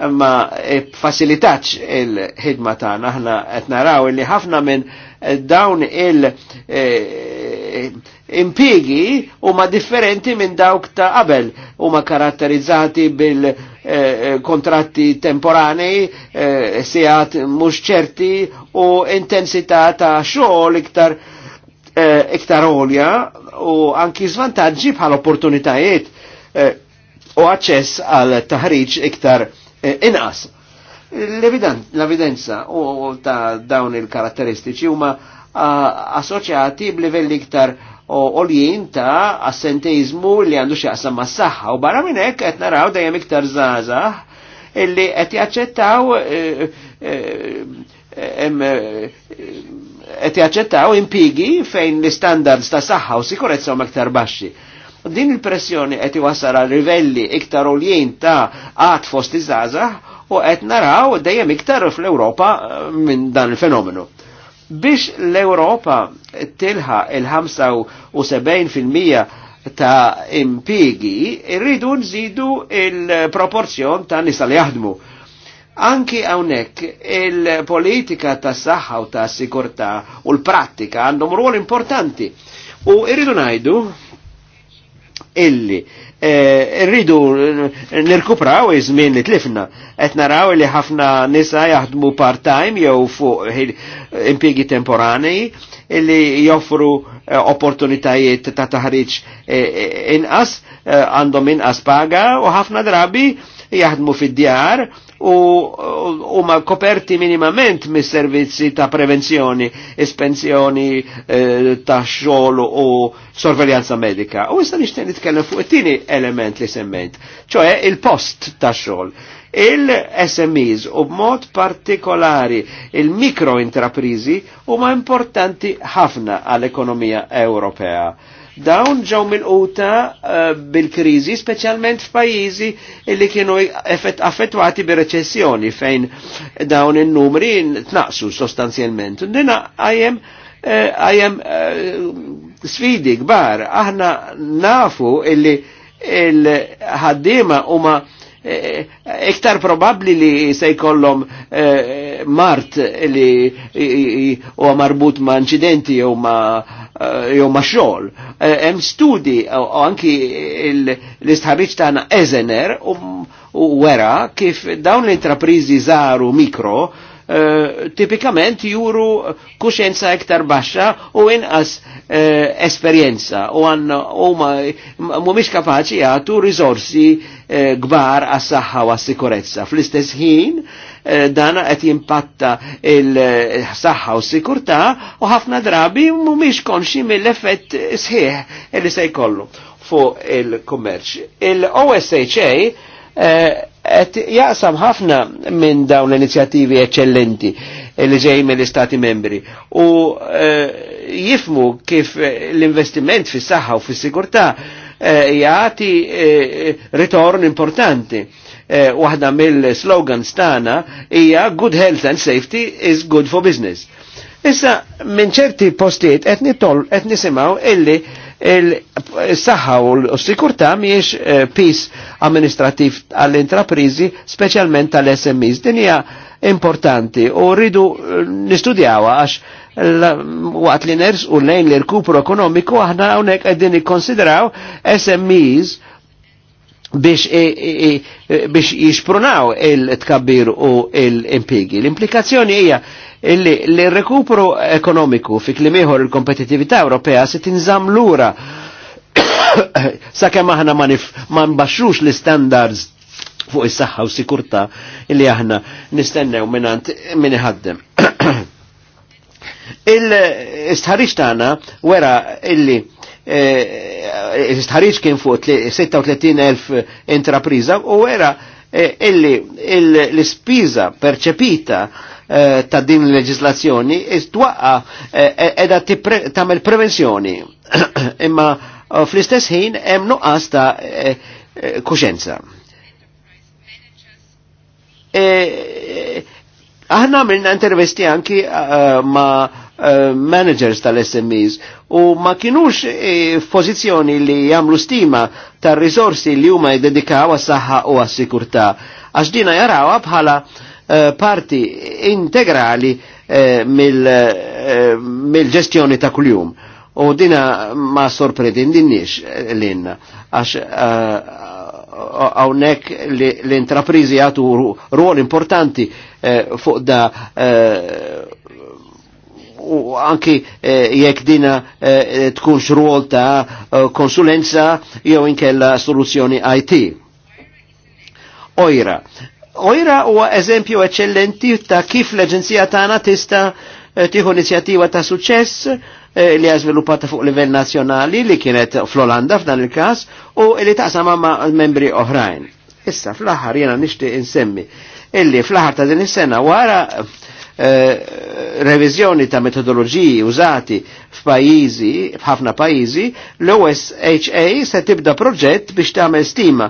ma e, facilitax il-ħidma tagħna aħna qed naraw li ħafna minn e, dawn il- e, impigi huma differenti minn dawk ta' qabel huma karatterizzati bil kontratti temporanei, sigħat mhux ċerti u intensità ta' xogħol iktar iktar olja u anki zvantaġġi bħal opportunitajiet u aċċess għal taħriġ iktar Eh, inqas. L-evidenza u ta' dawn il-karatteristiċi huma assoċjati b'livelli iktar oljien ta' assenteizmu li għandu xaqsam ma' s-saxħa u barra minn hekk qed naraw dejjem iktar żgħażagħ illi qed jaċċettaw eh, eh, qed jaċċettaw impigi fejn l-istandards ta' saħħa u sikurezza huma iktar baxxi. Din il-pressjoni qed iwassal għal livelli iktar oljien ta' għad fost iż u qed naraw dejjem iktar fl-Ewropa eh, minn dan il-fenomenu. Biex l-Ewropa tilħa il-75% ta' impigi, irridu nżidu il-proporzjon ta' nisa li jaħdmu. Anki għawnek il-politika ta' saħħa u ta' sikurta u l-prattika għandhom ruol importanti. U irridu najdu illi eh, rridu nirkupraw iż-żmien li tlifna. Qed naraw li ħafna nisa jaħdmu part-time jew fuq impjegi temporanei illi joffru eh, opportunitajiet ta' taħriġ eh, inqas għandhom inqas paga u ħafna drabi jaħdmu fid-djar u huma koperti minimament mis-servizzi ta' prevenzjoni, espensjoni eh, ta' xogħol u sorveljanza medika. U issa nixtieq nitkellem fuq it-tieni element li semmejt, ċoe il-post ta' xogħol. Il-SMEs u b'mod partikolari il-mikrointraprizi huma importanti ħafna għall-ekonomija Ewropea Dawn ġew mill-quta eh, bil-kriżi, specialment f'pajjiżi li kienu affettwati bi reċessjoni fejn dawn in-numri tnaqsu sostanzjalment. Dina għajem uh, eh, eh, sfidi kbar, aħna nafu illi il-ħaddima huma iktar probabli li se jkollhom mart li huwa marbut ma' inċidenti u ma' Eh, jew ma' xogħol. Eh, hemm studi u eh, anki l-istħarriġ tagħna Ezener u wera kif dawn l-intrapriżi żaru mikro tipikament juru kuxenza iktar baxxa u inqas esperjenza u għanna u mumiex kapaċi għatu risorsi gbar għas saħħa u għas sikurezza. Fl-istess ħin, Eh, dana qed jimpatta il-saħħa u s-sikurtà u ħafna drabi mhumiex konxi mill-effett sħiħ li se jkollu fuq il-kummerċ. Il-OSHA eh, qed jaqsam ħafna minn dawn l-inizjattivi eccellenti li ġej mill-Istati membri u eh, jifmu kif l-investiment fis-saħħa u fis-sigurtà jagħti ritorn importanti Eh, waħda mill-slogans tagħna hija good health and safety is good for business. Issa minn ċerti postijiet qed nitol qed nisimgħu illi il-saħħa u l-sikurtà miex eh, pis amministrativ għall-intraprizi, speċjalment tal-SMEs. Din hija importanti u rridu eh, nistudjawa għax waqt li ners u lejn l-irkupru ekonomiku aħna hawnhekk qegħdin nikkonsidraw SMEs biex, e, e, biex jixprunaw il-tkabbir u l-impigi. Il tkabbir u l impigi l implikazzjoni hija li l-rekupru ekonomiku fi klimiħor il-kompetitività Ewropea se tinżam lura sakemm aħna ma nbaxxux l-standards fuq is-saħħa u sikurtà li aħna nistennew minant min iħaddem. il istħarix tagħna wera illi il-istħarriċ eh, kien fuq 36.000 eh, intrapriza u għera eh, illi l spiza perċepita ta' din l-leġislazzjoni istwaqqa edha tamel prevenzjoni imma fl-istess ħin hemm nuqqas ta' kuxenza. Aħna għamilna intervesti anki ma' Eh, managers tal-SMEs u ma kienux eh, f-pozizjoni li jamlu stima tar-risorsi li huma jiddedikaw għas-saħħa u għas sikurta għax jaraw bħala eh, parti integrali mill-ġestjoni ta' kuljum. U dina ma sorpredin sorprendinniex l-inna, għax għawnek l-intraprizi għatu ruol importanti fuq da u anki eh, jekk dina eh, tkun xruol ta' eh, konsulenza jew inkella soluzzjoni IT. Ojra. Ojra huwa eżempju eccellenti ta' kif l-Aġenzija tagħna tista' tieħu inizjattiva ta' suċċess li ha żviluppata fuq livell nazzjonali li kienet fl-Olanda f'dan il-każ u li taqsam ma' membri oħrajn. Issa fl-aħħar jiena nixtieq insemmi illi fl-aħħar ta' din is-sena wara Eh, revizjoni ta' metodoloġiji użati f'pajjiżi, f'ħafna pajjiżi, l-OSHA se tibda proġett biex tagħmel stima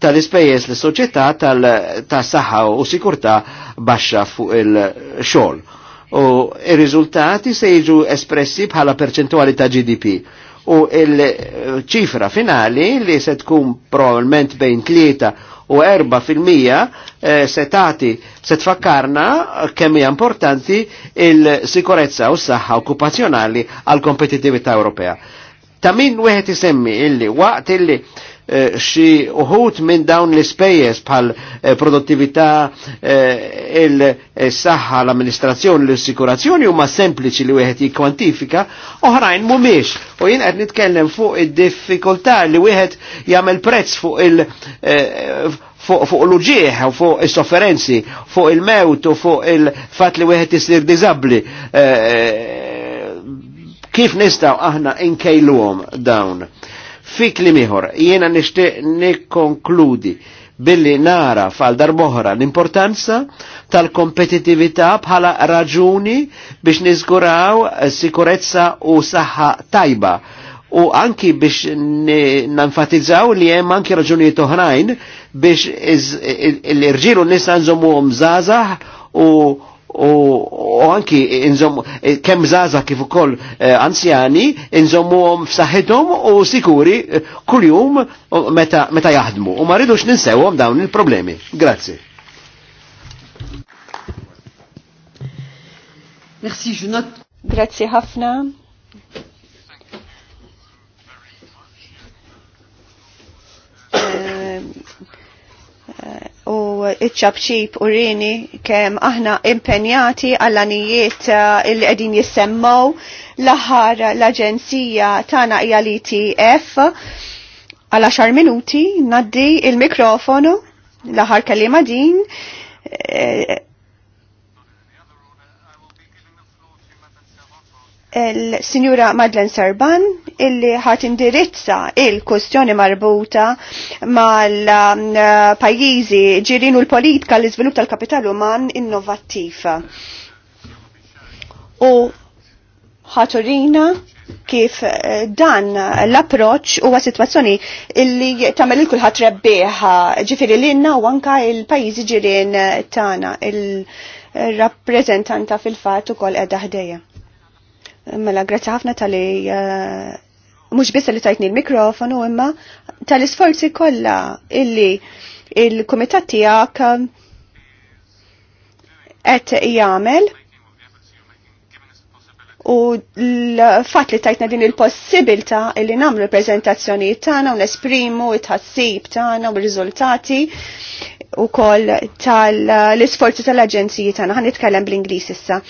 tal-ispejjeż l soċjetà tal-saħħa u sikurtà baxxa fuq il-xogħol. U ir-riżultati se jiġu espressi bħala perċentwali ta' GDP. U il-ċifra finali li se tkun probabbilment bejn tlieta u erba fil-mija eh, se tati se tfakkarna kemm hija importanti il-sikurezza u s-saħħa okkupazzjonali għal kompetitività Ewropea. Ta' min wieħed isemmi illi waqt illi Eh, xi uħut minn dawn l-ispejjeż bħal eh, produttività eh, il-saħħa l-amministrazzjoni l-assikurazzjoni huma sempliċi li wieħed jikkwantifika, oħrajn mhumiex. U jien qed nitkellem fuq id-diffikultà li wieħed jagħmel prezz fuq il- fuq l-uġieħ, fuq is-sofferenzi, fuq il-mewt u fuq il-fat li wieħed isir diżabbli. Kif nistaw aħna inkejluhom dawn? Fik li miħor, jiena nishti nikkonkludi billi nara fal darboħra l-importanza tal-kompetitività bħala raġuni biex nizguraw sikurezza u saħħa tajba u anki biex nanfatizzaw li hemm anki raġunijiet oħrajn biex l irġilu u nisa u u anki inżommu e, kem zaza kif ukoll e, anzjani għom f'saħħithom u sikuri e, kuljum meta meta jaħdmu u ma rridux ninsewhom dawn il-problemi. Grazzi. Merci, Junot. Grazzi ħafna. Uh, uh, u iċċabċib u rini kem aħna impenjati għall-anijiet eh, il qegħdin jissemmaw l-aħħar l-Aġenzija tana hija l-ITF għal 10 minuti naddi il-mikrofonu l kalima din eh, il-Sinjura Madlen Sarban illi ħat indirizza il-kustjoni marbuta mal-pajjiżi um, ġirinu l-politika l-iżvilupp tal-kapital uman innovattiv. U ħaturina kif eh, dan l-approċ huwa situazzjoni illi tagħmel il kulħadd rebbieħa l-inna u anka il-pajjiżi ġirin tagħna il-rappreżentanta fil-fatt ukoll kol ħdejja. Mela, grazzi ħafna tali eh, mux biss li tajtni l-mikrofonu imma tal-isforzi kolla illi il-komitat tijak et eh, jgħamil u l-fat li tajtna din il-possibilta illi namlu l-prezentazzjoni tana u nesprimu u tħassib tana u r-riżultati u koll tal-isforzi tal-agenziji tana Għan nitkellem bl-Inglis issa.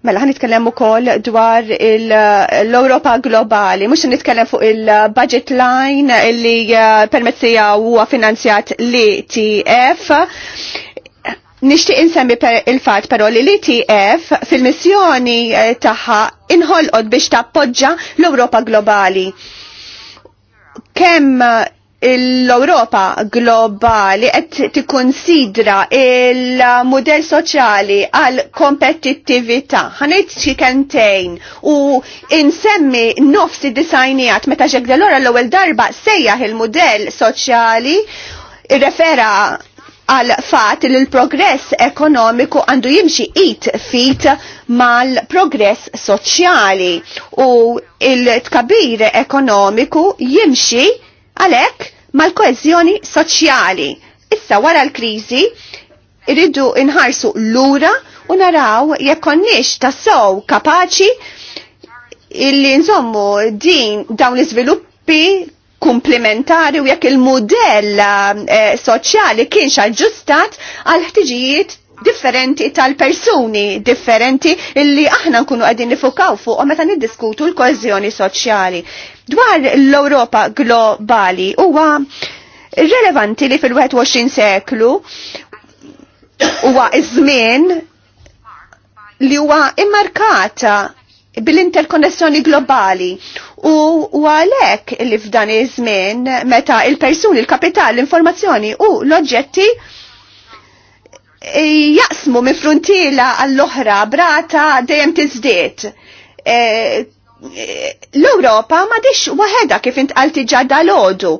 Mela, għan nitkellem u koll dwar l-Europa globali, mux nitkellem fuq il-budget line li eh, permezzija huwa finanzjat l-ETF. Nishti insemmi per il-fat però li l-ETF fil-missjoni eh, taħħa inħolqot biex tappoġġa l-Europa globali. Kemm l-Europa globali qed tikkonsidra il model soċjali għal kompetittività. Ħanejt xi kentejn u insemmi nofs id-disajnijat meta ġek delora l-ewwel darba sejjaħ il model soċjali irrefera għal fat li l-progress ekonomiku għandu jimxi it fit mal-progress soċjali u il-tkabir ekonomiku jimxi Għalhekk mal koezjoni soċjali. Issa wara l-kriżi irridu inħarsu lura u naraw jekk konniex tassew kapaċi illi nżommu din dawn l-iżviluppi komplementari u jekk il-modell eh, soċjali kienx aġġustat għal ħtiġijiet differenti tal-persuni differenti illi aħna nkunu għedin nifukaw fuq u meta niddiskutu l-koezjoni soċjali. Dwar l-Europa globali huwa relevanti li fil-21 seklu huwa iż-żmien li huwa immarkata bil-interkonnessjoni globali u għalek li f'dan iż-żmien meta il-persuni, il-kapital, l-informazzjoni u l-oġġetti jaqsmu minn frontiera għall-oħra brata dejjem tiżdied. Eh, l-Europa ma dix waħeda kif għalti ġadda l ħodu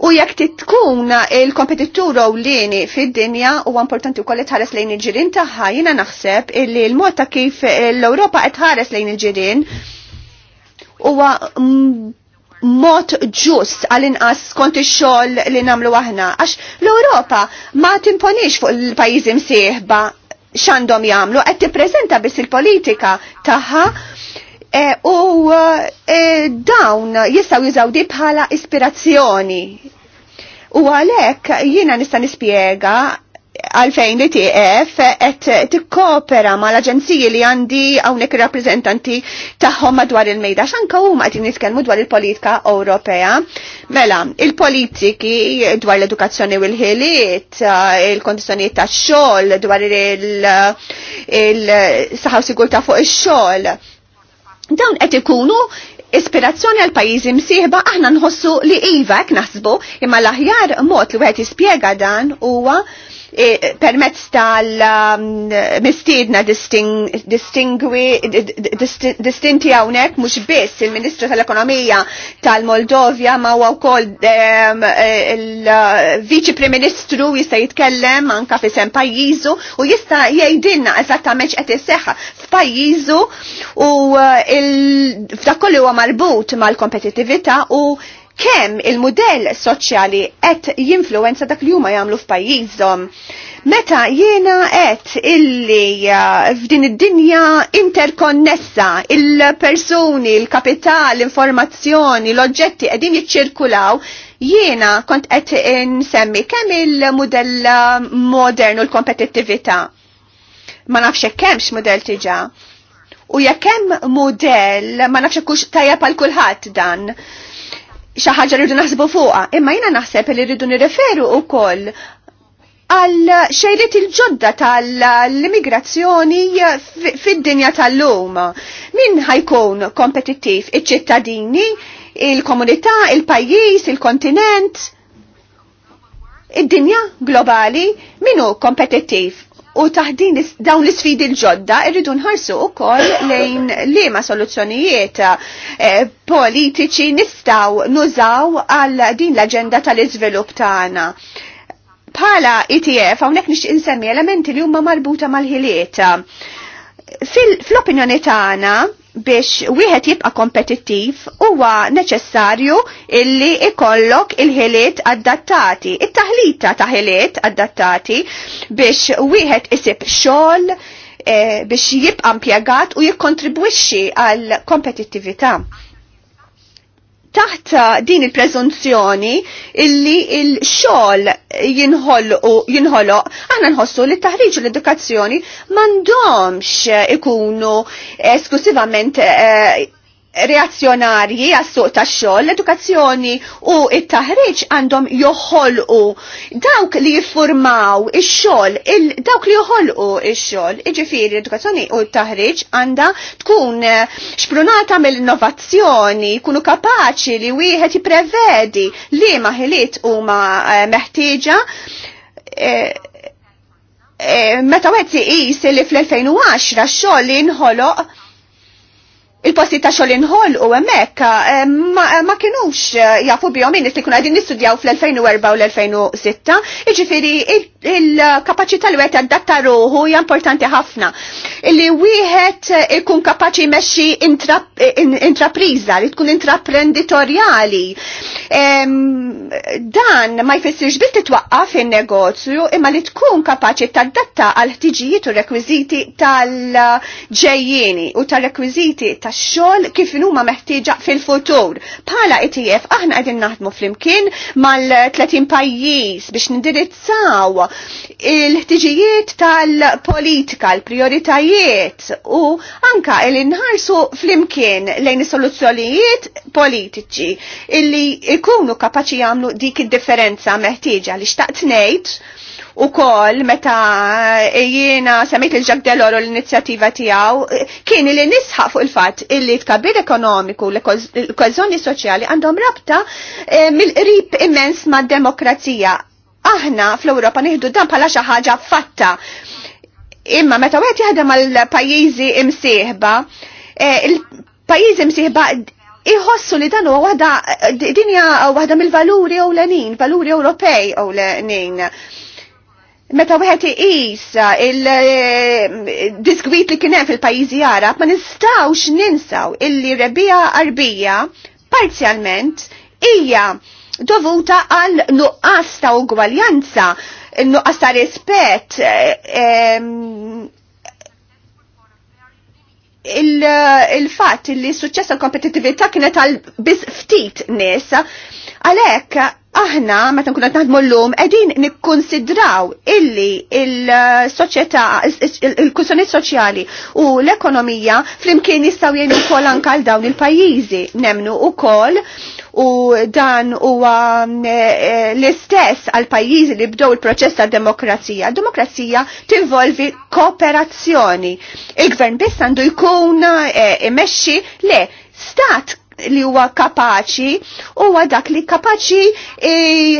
U jekk titkun il-kompetitur ewlieni fid-dinja huwa importanti wkoll tħares lejn il-ġirien tagħha, jiena naħseb li l-mod ta' kif l-Ewropa qed tħares lejn il-ġirien huwa mod ġust għal-inqas skont ix-xogħol li nagħmlu aħna. Għax l-Ewropa ma timponix fuq il-pajjiżi msieħba x'għandhom jagħmlu, qed tippreżenta biss il-politika tagħha E, u e, dawn jistaw jużawdi bħala ispirazzjoni. U għalek jiena nista nispiega għalfejn li TF et tikkopera ma l-aġenziji li għandi għawnek rappresentanti taħħom madwar il-mejda. Xanka u ma għatin niskelmu dwar il-politika Ewropea. Mela, il-politiki dwar l-edukazzjoni u l-ħiliet, il kondizjoni ta' xol, dwar il-saħaw sigurta fuq il-xol Dawn qed ikunu ispirazzjoni għal pajjiżi msieħba aħna nħossu li iva hekk naħsbu imma l-aħjar mod li wieħed jispjega dan huwa E, permezz tal-mistiedna um, distingwi distinti hawnhekk mhux biss il-Ministru tal-Ekonomija tal-Moldovja ma huwa wkoll e, il-Viċi uh, Prim Ministru jista' jitkellem anka sem pajjiżu u jista' jgħidilna eżattament x'qed iseħħa f'pajjiżu u uh, f'dak kollu huwa marbut mal-kompetittività u kemm il-modell soċjali qed jinfluenza dak li huma jagħmlu f'pajjiżhom. Meta jiena qed illi uh, f'din id-dinja interkonnessa, il-persuni, il-kapital, l-informazzjoni, l-oġġetti qegħdin jiċċirkulaw, jiena kont qed insemmi kemm il mudell uh, modern u l-kompetittività. Ma nafx kemmx mudell tiġà. U jekk hemm mudell ma nafx kux tajja pal kulħadd dan xi ħaġa rridu naħsbu fuqha, imma jiena naħseb li rridu nirreferu wkoll għal xejriet il-ġodda tal-immigrazzjoni fid-dinja tal-lum. Min ħajkun kompetittiv? Iċ-ċittadini, il-komunità, il-pajjiż, il-kontinent? Id-dinja globali minu kompetittiv? U taħdin dawn l-sfidi l-ġodda irridu nħarsu u koll lejn ma soluzzjonijiet eh, politiċi nistaw nużaw għal din l-agenda tal-izvilup tagħna. Pala ETF hawnhekk nix insemmi elementi li huma marbuta mal-ħiliet. Fl-opinjoni tagħna biex wieħed jibqa' kompetittiv huwa neċessarju illi ikollok il-ħiliet adattati, it-taħlita ta' ħiliet adattati biex wieħed isib xogħol eh, biex jibqa' impjegat u jikkontribwixxi għal kompetittività taħt din il-prezunzjoni illi il-xol jinħolo, għanna nħossu li taħriġ l-edukazzjoni mandomx ikunu esklusivament eh, reazzjonarji għas-suq tax-xogħol, l-edukazzjoni u it-taħriġ għandhom joħolqu dawk li jiffurmaw ix-xogħol, dawk li joħolqu ix-xogħol. Iġifieri l-edukazzjoni u t-taħriġ għandha tkun xprunata eh, mill-innovazzjoni, jkunu kapaċi li wieħed jipprevedi li maħiliet huma eh, meħtieġa eh, meta wieħed iqis li fl-2010 x-xogħol li il-posti ta' xogħol inħol u hemmhekk eh, eh, ma kinux eh, jafu bihom min li kuna għedin nistudjaw fl-2004 u l-2006, jiġifieri il-kapaċità li għet għaddatta ruħu hija importanti ħafna. Li wieħed ikun kapaċi meċi intrapriża li tkun intraprenditorjali. Dan ma jfissirx bil titwaqqaf il negozju imma li tkun kapaċi tadatta għal ħtiġijiet u rekwiżiti tal-ġejjieni u tal-rekwiżiti ta' tax-xogħol kif huma meħtieġa fil-futur. Bħala ETF aħna qegħdin naħdmu flimkien mal-30 pajjiż biex nindirizzaw il-ħtiġijiet tal-politika, l-prioritajiet u anka il-inħarsu flimkien lejn is-soluzzjonijiet politiċi illi ikunu kapaċi jagħmlu dik id-differenza meħtieġa li xtaqt ngħid u kol meta jiena semmejt il-ġak deloro l-inizjativa tijaw kien li nisħaq fuq il-fat illi tkabbir ekonomiku l-kozzjoni soċjali għandhom rabta eh, mill-qrib immens ma' demokrazija. Aħna fl-Europa nieħdu dan bħala xi ħaġa fatta. Imma meta wieħed jaħdem għal pajjiżi imsieħba, eh, il-pajjiżi imsieħba iħossu li dan huwa waħda dinja waħda mill-valuri ewlenin, valuri Ewropej ewlenin. Valuri Meta wieħed iqis eh, il-diskwit eh, li kien hemm fil-pajjiżi Arab ma nistgħux ninsaw illi rebija qarbija parzjalment hija dovuta għal nuqqas ta' ugwaljanza, nuqqas ta' rispett eh, il-fatt li s-suċċess tal kienet għal biss ftit nies, għalhekk aħna meta nkunu qed naħdmu llum qegħdin nikkonsidraw illi il-soċjetà il-kussjonijiet soċjali u l-ekonomija flimkien jistgħu jgħinu wkoll anke għal dawn il-pajjiżi nemnu wkoll u dan huwa eh, eh, l-istess għal pajjiżi li bdew il-proċess ta' demokrazija. Demokrazija tinvolvi kooperazzjoni. Il-gvern biss għandu jkun eh, imexxi le stat li huwa kapaċi huwa dak li kapaċi e,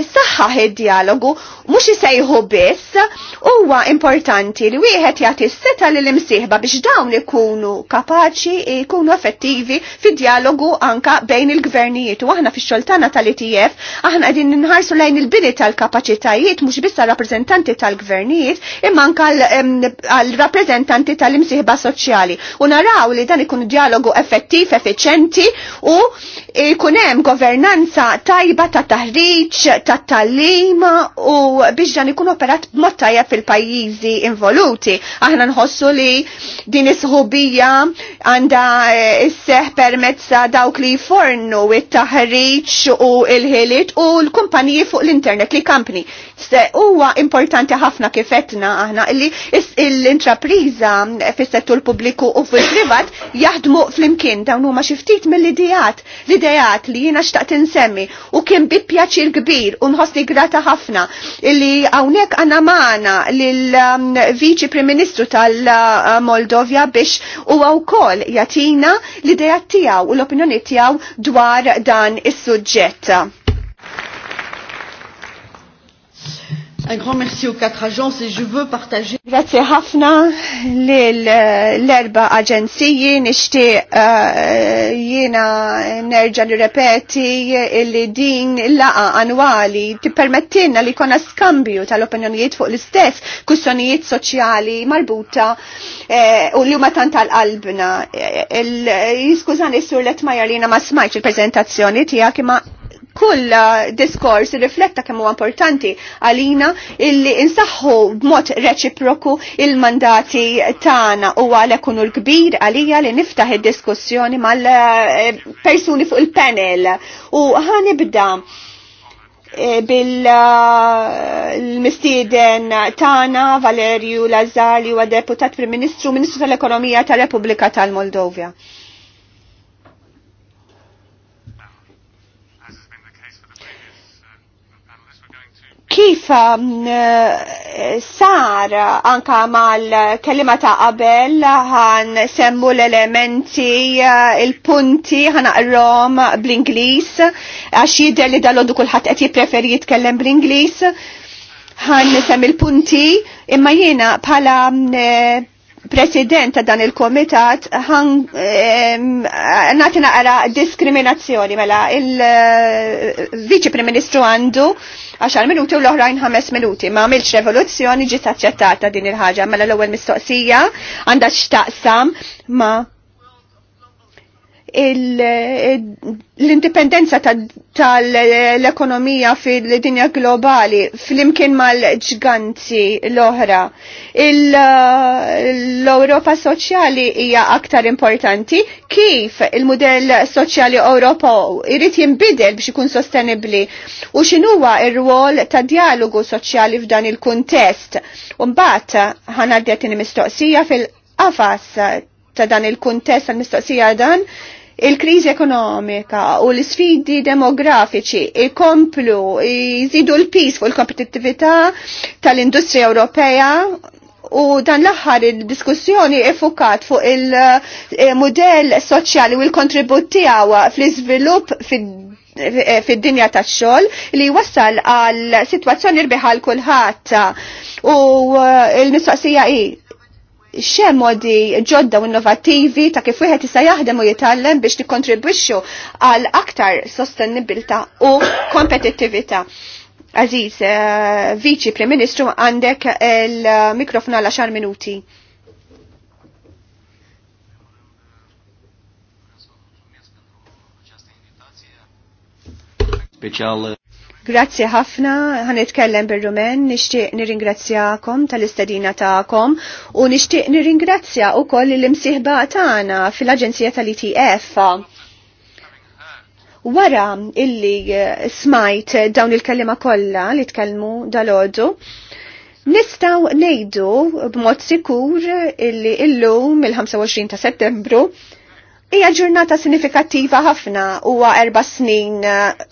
saħħaħ id-dialogu mhux isejħu biss huwa importanti li wieħed jagħti s-seta lil imsieħba biex dawn ikunu kapaċi ikunu effettivi fid-dialogu anka bejn il-gvernijiet u aħna fix-xoltana tal-ITF aħna qegħdin ninħarsu lejn il-bini tal-kapaċitajiet mhux biss rappreżentanti tal-gvernijiet imma anka għal-rappreżentanti tal-imsieħba soċjali u naraw li dan ikun dialogu effettiv, effiċenti u jkunem governanza tajba ta' taħriċ, ta' tallim u biex dan ikun operat mod tajjeb fil-pajjiżi involuti. Aħna nħossu li din is għanda għandha eh, isseħ permezz dawk li fornu it-taħriċ u l-ħiliet u l-kumpaniji fuq l-internet li kampni Se huwa importanti ħafna kifetna aħna illi l-intrapriża fis-settur pubbliku u fil-privat jaħdmu flimkien dawn huma xi ftit mill-idejat l-idejat li jiena xtaqt insemmi u kien bi pjaċir kbir u nħossni grata ħafna illi hawnhekk għandna magħna lill-Viċi um, Prim Ministru tal-Moldovja biex huwa wkoll jatina l-idejat tiegħu u l-opinjoni tiegħu dwar dan is-suġġett Un grand merci aux quatre agences et je veux partager. Grazie ħafna eh, l-erba aġenziji nishti eh, jena nerġa li repeti li din laqa annwali permettina li kona skambju tal-opinjonijiet fuq l-istess kussjonijiet soċjali marbuta eh, u li huma tant tal-qalbna. Jiskużani sur Letmajer li jiena ma smajċ il-prezentazzjoni tijak ma kull diskors rifletta kemm huwa importanti għalina illi insaħħu b'mod reċiproku il-mandati tagħna u għalhekk unu l-kbir għalija li niftaħ id-diskussjoni mal-persuni eh, fuq il-panel u ħanibda eh, bil-mistieden eh, tana Valerju Lazzali u deputat prim-ministru, ministru tal-ekonomija tal-Repubblika tal-Moldovja. tal ekonomija tal ekonomija tal repubblika tal moldovja kif um, eh, sar anka mal-kelima ta' qabel ħan semmu l-elementi, eh, il-punti, ħan rom bl-Inglis, għax jider li dal-għoddu kullħat għet jipreferi jitkellem bl-Inglis, ħan semmu l punti imma jena pala eh, president ta' dan il-komitat natina naqra diskriminazzjoni mela il-viċi prim-ministru għandu 10 minuti u l-oħrajn 5 minuti. Ma għamilx revoluzzjoni ġiet aċċettata din il-ħaġa mela l-ewwel mistoqsija għandha x'taqsam ma' l-indipendenza tal-ekonomija fil-dinja globali fl-imkien mal-ġganzi l-oħra. L-Europa soċjali hija aktar importanti kif il-modell soċjali Ewropew irid jinbidel biex ikun sostenibbli u x'inhuwa r-rwol ta' dialogu soċjali f'dan il-kuntest. Mbagħad ħanadja tieni mistoqsija fil-qafas ta' dan il-kuntest tal-mistoqsija dan il-kriżi ekonomika u l-sfidi demografiċi ikomplu jżidu l-pis fuq il-kompetittività tal-industrija Ewropea u dan l-aħħar il-diskussjoni effukat fuq il-modell soċjali u l-kontribut tiegħu fl-iżvilupp fid-dinja tax-xogħol li wassal għal sitwazzjoni rbiħal kulħadd. U uh, l-mistoqsija hi xe modi ġodda u innovativi ta' kif wieħed jista' jaħdem u jitgħallem biex nikkontribwixxu għal aktar sostenibilità u kompetittività. Aziz, eh, Viċi Prim Ministru għandek il-mikrofon għal xar minuti. Special eh, Grazzi ħafna, itkellem bil-Rumen, nishtiq nirringrazzjakom tal-istedina ta'kom u nishtiq nirringrazzja u koll l imsihba ta'na fil-Aġenzija tal-ITF. Wara illi smajt dawn il-kellima kollha li tkellmu dal-ħodu, nistaw nejdu b'mod sikur illi illum il-25 ta' settembru Ija ġurnata sinifikattiva ħafna huwa erba' snin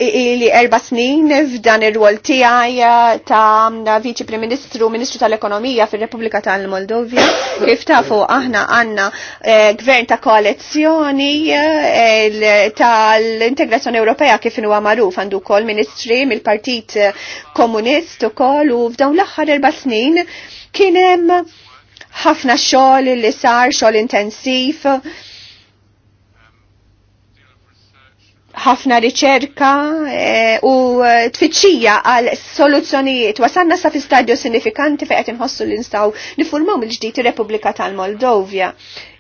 ili erba' snin f'dan ir-rwol tiegħi eh, ta' Viċi Prim Ministru, Ministru tal-Ekonomija fir-Repubblika tal-Moldovja. Kif tafu aħna għandna eh, gvern ta' koalizzjoni eh, tal-integrazzjoni Ewropea kif inhu magħruf għandu wkoll ministri mill-Partit Komunist ukoll u f'dawn l-aħħar erba' snin kien hemm ħafna xogħol li sar xogħol intensiv ħafna riċerka e, u tfittxija għal soluzzjonijiet. Wasanna sa fi stadju sinifikanti fejn qed inħossu li nistaw nifurmaw mill-ġdid ir-Repubblika tal-Moldovja.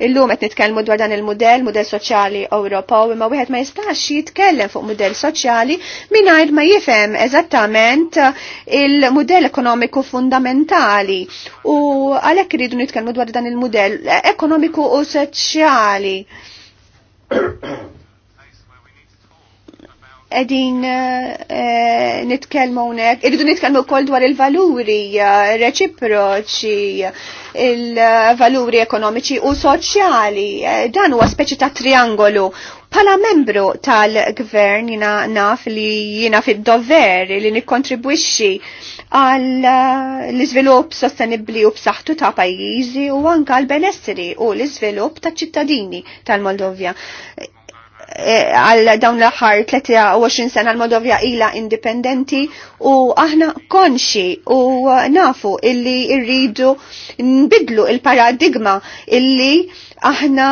Illum qed nitkellmu dwar dan il-mudell, mudell soċjali Ewropew, imma wieħed ma jistax jitkellem fuq mudell soċjali mingħajr ma jifhem eżattament il-mudell ekonomiku fundamentali. U għalhekk iridu nitkellmu dwar dan il-mudell ekonomiku u soċjali edin e, nitkelmu unek, irridu nitkelmu kol dwar il-valuri eh, reċiproċi, il-valuri ekonomiċi u soċjali, dan huwa speċi ta' triangolu. Pala membru tal-gvern jina naf li jina fid-dover li nikkontribwixxi għal l-izvilup sostenibli u b'saħħtu ta' pajjiżi u anke għal benessri u l-izvilup ta' ċittadini tal-Moldovja. Eh, għal dawn l-aħħar 23 sena l-Modovja ila indipendenti u aħna konxi u nafu illi irridu nbidlu il-paradigma illi aħna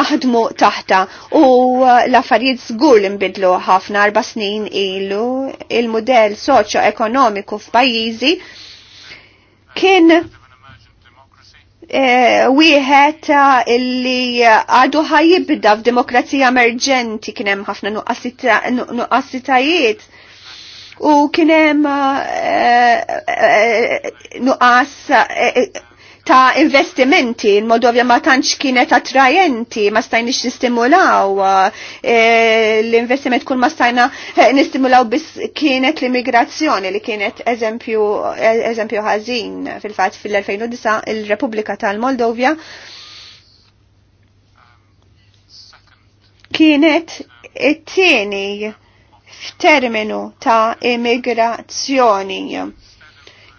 naħdmu taħta u eh, l-affarijiet żgur li nbidlu ħafna arba snin ilu il-modell soċo ekonomiku f'pajjiżi kien Eh, wieħed eh, illi eh, għadu ħajibda f'demokrazija emerġenti kien hemm ħafna nuqqasitajiet u kien hemm nuqqas ta' investimenti, il-Moldovja ma tantx kienet attrajenti, ma stajniex nistimulaw, eh, l-investiment kull ma stajna eh, nistimulaw biss kienet l-immigrazzjoni li kienet eh, eżempju ħażin fil-fatt fil-2009 il-Repubblika tal-Moldovja kienet it-tieni f'terminu ta' immigrazzjoni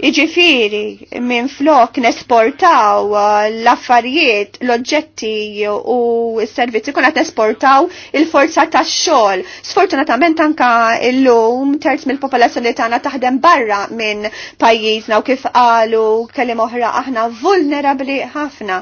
Iġifiri, minn flok nesportaw uh, l-affarijiet, l-oġġetti u s-servizzi kuna nesportaw il-forza ta' xol. Sfortunatament anka l-lum terz mill-popolazzjoni tagħna taħdem barra minn pajjiżna u kif qalu kellim oħra aħna vulnerabli ħafna.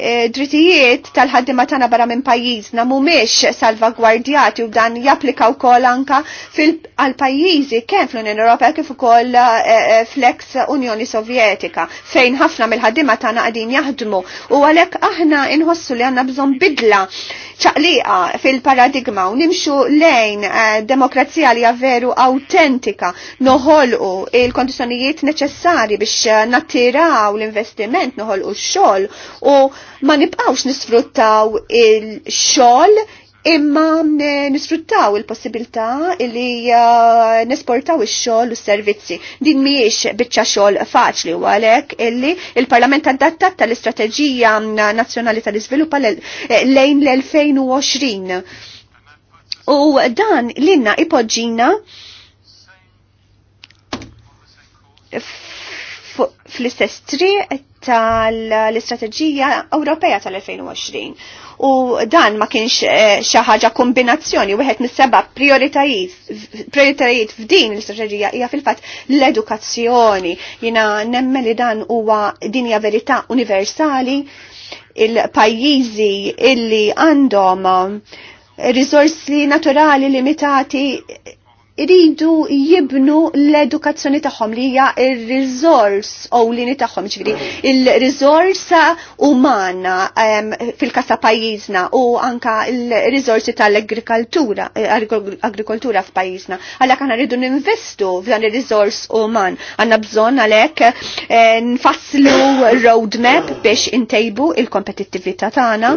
Eh, drittijiet tal-ħaddima tagħna barra minn pajjiżna mhumiex salvagwardjati u dan japplika wkoll anka fil pajjiżi kemm fl-Unjoni Europea kif ukoll eh, eh, flex Unjoni Sovjetika fejn ħafna mill-ħaddima tagħna għadin jaħdmu u għalhekk aħna inħossu li għandna bżonn bidla ċaqliqa fil-paradigma u nimxu lejn demokrazija li veru autentika noħolqu il-kondizjonijiet neċessari biex nattiraw l-investiment noħolqu x-xogħol u ma nibqawx nisfruttaw il-xol imma nisfruttaw il-possibilità li eh, nesportaw ix-xogħol u s-servizzi. Din mhijiex biċċa xogħol faċli u għalhekk illi il-Parlament adattat tal-Istrateġija Nazzjonali tal-Iżvilupp eh, lejn l-2020. U dan l-inna ipoġġina fl-istess triq tal-istrateġija Ewropea tal-2020. U dan ma kienx eh, xi ħaġa kombinazzjoni wieħed mis-seba' prioritajiet f'din l-istrateġija hija fil-fatt l-edukazzjoni. Jiena nemmen li dan huwa dinja verità universali il-pajjiżi illi għandhom risorsi naturali limitati iridu jibnu l-edukazzjoni tagħhom li hija ir-riżors ewlieni tagħhom, ġifieri il-riżorsa umana um, fil-kasa pajjiżna u anka l-riżorsi tal-agrikoltura eh, agrikoltura f'pajjiżna. Għalhekk aħna rridu ninvestu f'dan ir-riżors uman. Għandna bżonn għalhekk eh, nfasslu roadmap biex intejbu il-kompetittività tagħna.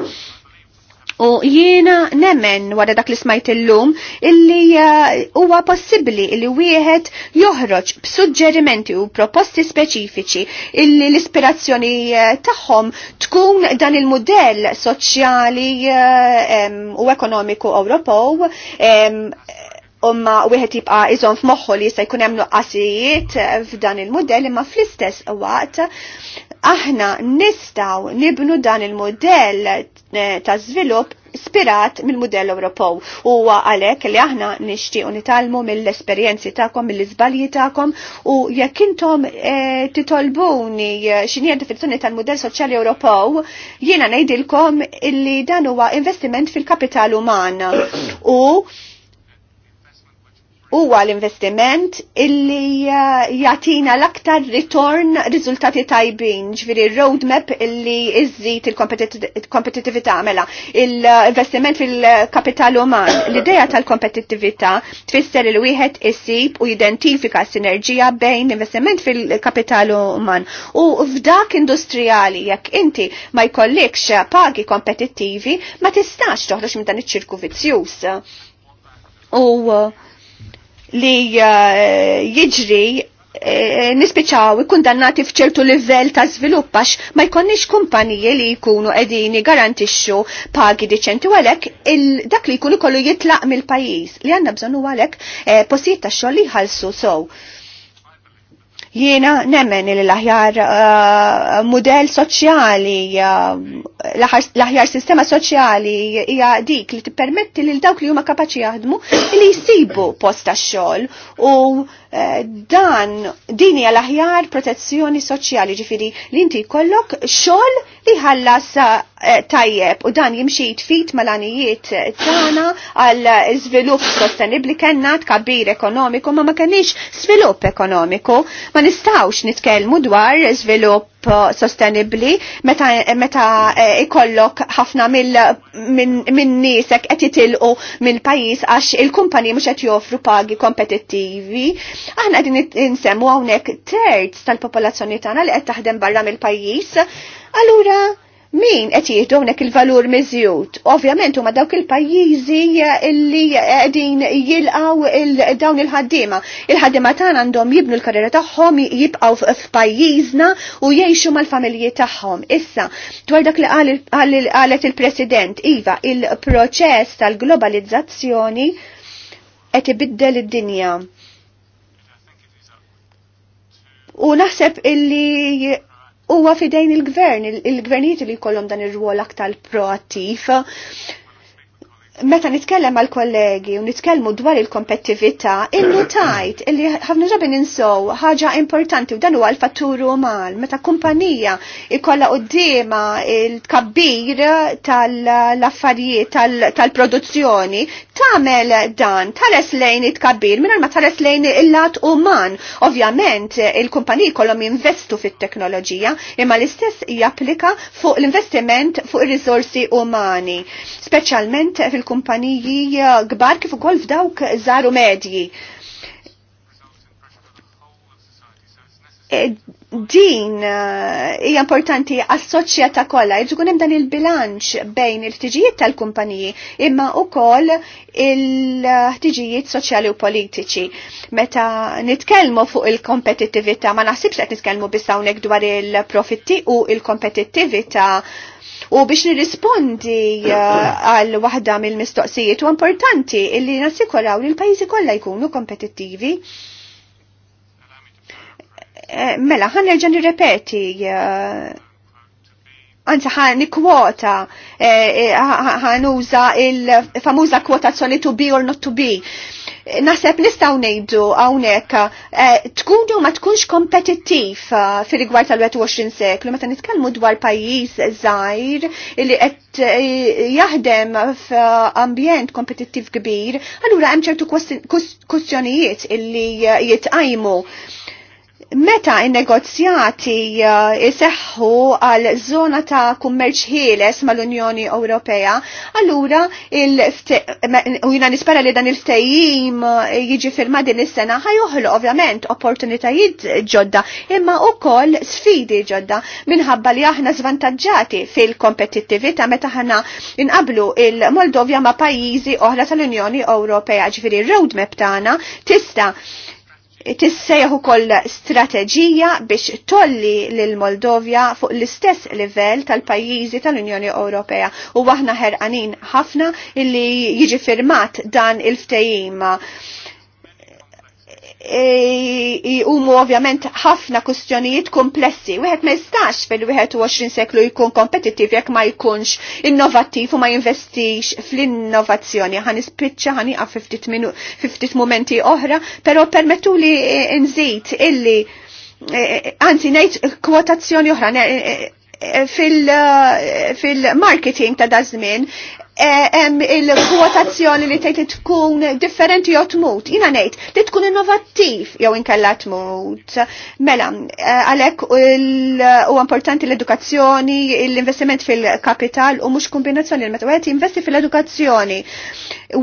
U jiena nemmen wara dak li smajt illum illi uh, huwa uh, possibbli illi wieħed joħroġ b'suġġerimenti u proposti speċifiċi illi l-ispirazzjoni uh, tagħhom tkun dan il-mudell soċjali uh, um, u ekonomiku Ewropew um, umma wieħed jibqa' iżon f'moħħu li jista' jkun hemm nuqqasijiet eh, f'dan il-mudell imma fl-istess waqt aħna nistgħu nibnu dan il-mudell eh, ta' żvilupp spirat mill-mudell Ewropew. Huwa għalhekk li aħna nixtiequ nitalmu mill-esperjenzi tagħkom, mill-iżbalji tagħkom u jekk intom e, titolbuni x'inhi definizzjoni tal-mudell soċjali Ewropew, jiena ngħidilkom illi dan huwa investiment fil-kapital uman. U huwa l-investiment illi uh, jatina l-aktar ritorn riżultati tajbin, ġviri roadmap illi iżżid il-kompetitività mela, il-investiment fil-kapital uman. L-ideja tal kompetitivita tfisser il wieħed isib u jidentifika sinerġija bejn investiment fil-kapital uman. U f'dak industrijali jekk inti ma jkollikx pagi kompetittivi ma tistax toħroġ minn dan iċ-ċirku vizzjuż. U uh, li uh, jiġri eh, nispiċaw ikkundannati fċertu livell ta' svilupp ma jkonniex kumpaniji li jkunu edini garantixxu pagi diċenti u għalhekk dak li jkunu kollu jitlaq mill-pajjiż li għandna bżonn għalek għalhekk eh, postijiet ta' xogħol li jħallsu sow. So Jiena nemmen li l-aħjar uh, model soċjali, uh, l-aħjar sistema soċjali hija dik li tippermetti lil dawk li huma kapaċi jaħdmu li jsibu posta xogħol u dan din hija l-aħjar protezzjoni soċjali ġifiri li inti jkollok xogħol li ħallas eh, tajjeb u dan jimxi jitfit mal tana eh, tagħna għal żvilupp sostenibbli kellna tkabbir ekonomiku ma ma kenix żvilupp ekonomiku ma nistawx nitkellmu dwar żvilupp sviluppo eh, sostenibbli meta meta eh, ikollok ħafna minn nisek qed jitilqu mill-pajjiż għax il-kumpani mhux qed joffru pagi kompetittivi. Aħna qegħdin insemmu hawnhekk terz tal-popolazzjoni tagħna li qed taħdem barra mill-pajjiż. Allura min qed jieħdu hawnhekk il-valur miżjud. Ovvjament huma dawk il-pajjiżi eh, illi eh, qegħdin jilqgħu dawn il-ħaddiema. Il-ħaddiema tagħna għandhom jibnu l-karriera tagħhom jibqgħu f'pajjiżna u jgħixu mal-familji tagħhom. Issa, dwar dak li qalet il-President iva, il-proċess tal-globalizzazzjoni qed ibiddel id-dinja. U naħseb illi huwa fidejn il-gvern, il-gvernijiet li jkollhom dan ir-rwol aktar proattiv meta nitkellem għal kollegi u nitkellmu dwar il-kompettività, illu tajt, illi ħafna ġabin ninsow ħaġa importanti u dan huwa l-fattur uman. Meta kumpanija ikolla dima il-kabbir tal-affarijiet tal-produzzjoni, tagħmel dan, tal-es lejn it-kabbir, minna ma tal-es lejn il-lat uman. Ovvjament, il-kumpaniji kollom jinvestu fit-teknoloġija, imma l-istess japplika fuq l-investiment fuq ir-risorsi umani, speċjalment fil il kumpaniji kbar eh, kif ukoll f'dawk żaru medji. Eh, din eh, hija importanti assoċja ta' kollha, jiġu hemm dan il-bilanċ bejn il-ħtiġijiet tal-kumpaniji imma wkoll il-ħtiġijiet soċjali u politiċi. Meta nitkellmu fuq il-kompetittività ma naħsibx qed nitkellmu biss hawnhekk dwar il-profitti u il-kompetittività il kompetittività U biex nirrispondi eh, għal waħda mill-mistoqsijiet u importanti illi nassikolaw li l-pajjiżi kollha jkunu kompetittivi. Eh, mela, ħan nerġa' nirrepeti eh, Anzi, ħan kwota, ħan uża il-famuża kwotazzjoni to be or not to be. Naseb nistaw nejdu għawnek eh, tkunu ma tkunx kompetittiv eh, fil rigward tal-21 seklu meta nitkellmu dwar pajjiż żgħir li qed eh, jaħdem f'ambjent kompetittiv kbir, allura hemm ċertu kwistjonijiet illi jitqajmu. Meta il-negozjati jiseħħu eh, għal zona ta' kummerċ ħieles mal-Unjoni Ewropea, allura u jina nispera li dan il-ftejjim eh, jiġi firma din is-sena ħajoħlu ovvjament opportunitajiet ġodda imma ukoll sfidi ġodda minħabba li aħna zvantaġġati fil-kompetittività meta ħana inqablu il-Moldovja ma' pajjiżi oħra tal-Unjoni Ewropea, ġifieri roadmap tagħna tista' tissejħu koll strategija biex tolli l-Moldovja fuq l-istess livell tal-pajjiżi tal-Unjoni Ewropea u waħna ħerqanin ħafna illi jiġi firmat dan il-ftejim jqumu e, ovvjament ħafna kustjonijiet komplessi. Wieħed ma jistax fil-21 seklu jkun kompetittiv jekk ma jkunx innovattiv u ma jinvestix fl-innovazzjoni. Ħan ispiċċa ħan iqa' 50 momenti oħra, però permettu li e, nżid illi e, anzi ngħid kwotazzjoni oħra fil-marketing ta' dażmin hemm eh, il-kwotazzjoni li tgħid li tkun differenti jew tmut. Jiena ngħid li tkun innovattiv jew inkella tmut. Mela, eh, għalhekk huwa importanti l-edukazzjoni, l-investiment fil-kapital u mhux kombinazzjoni meta wieħed jinvesti fil-edukazzjoni.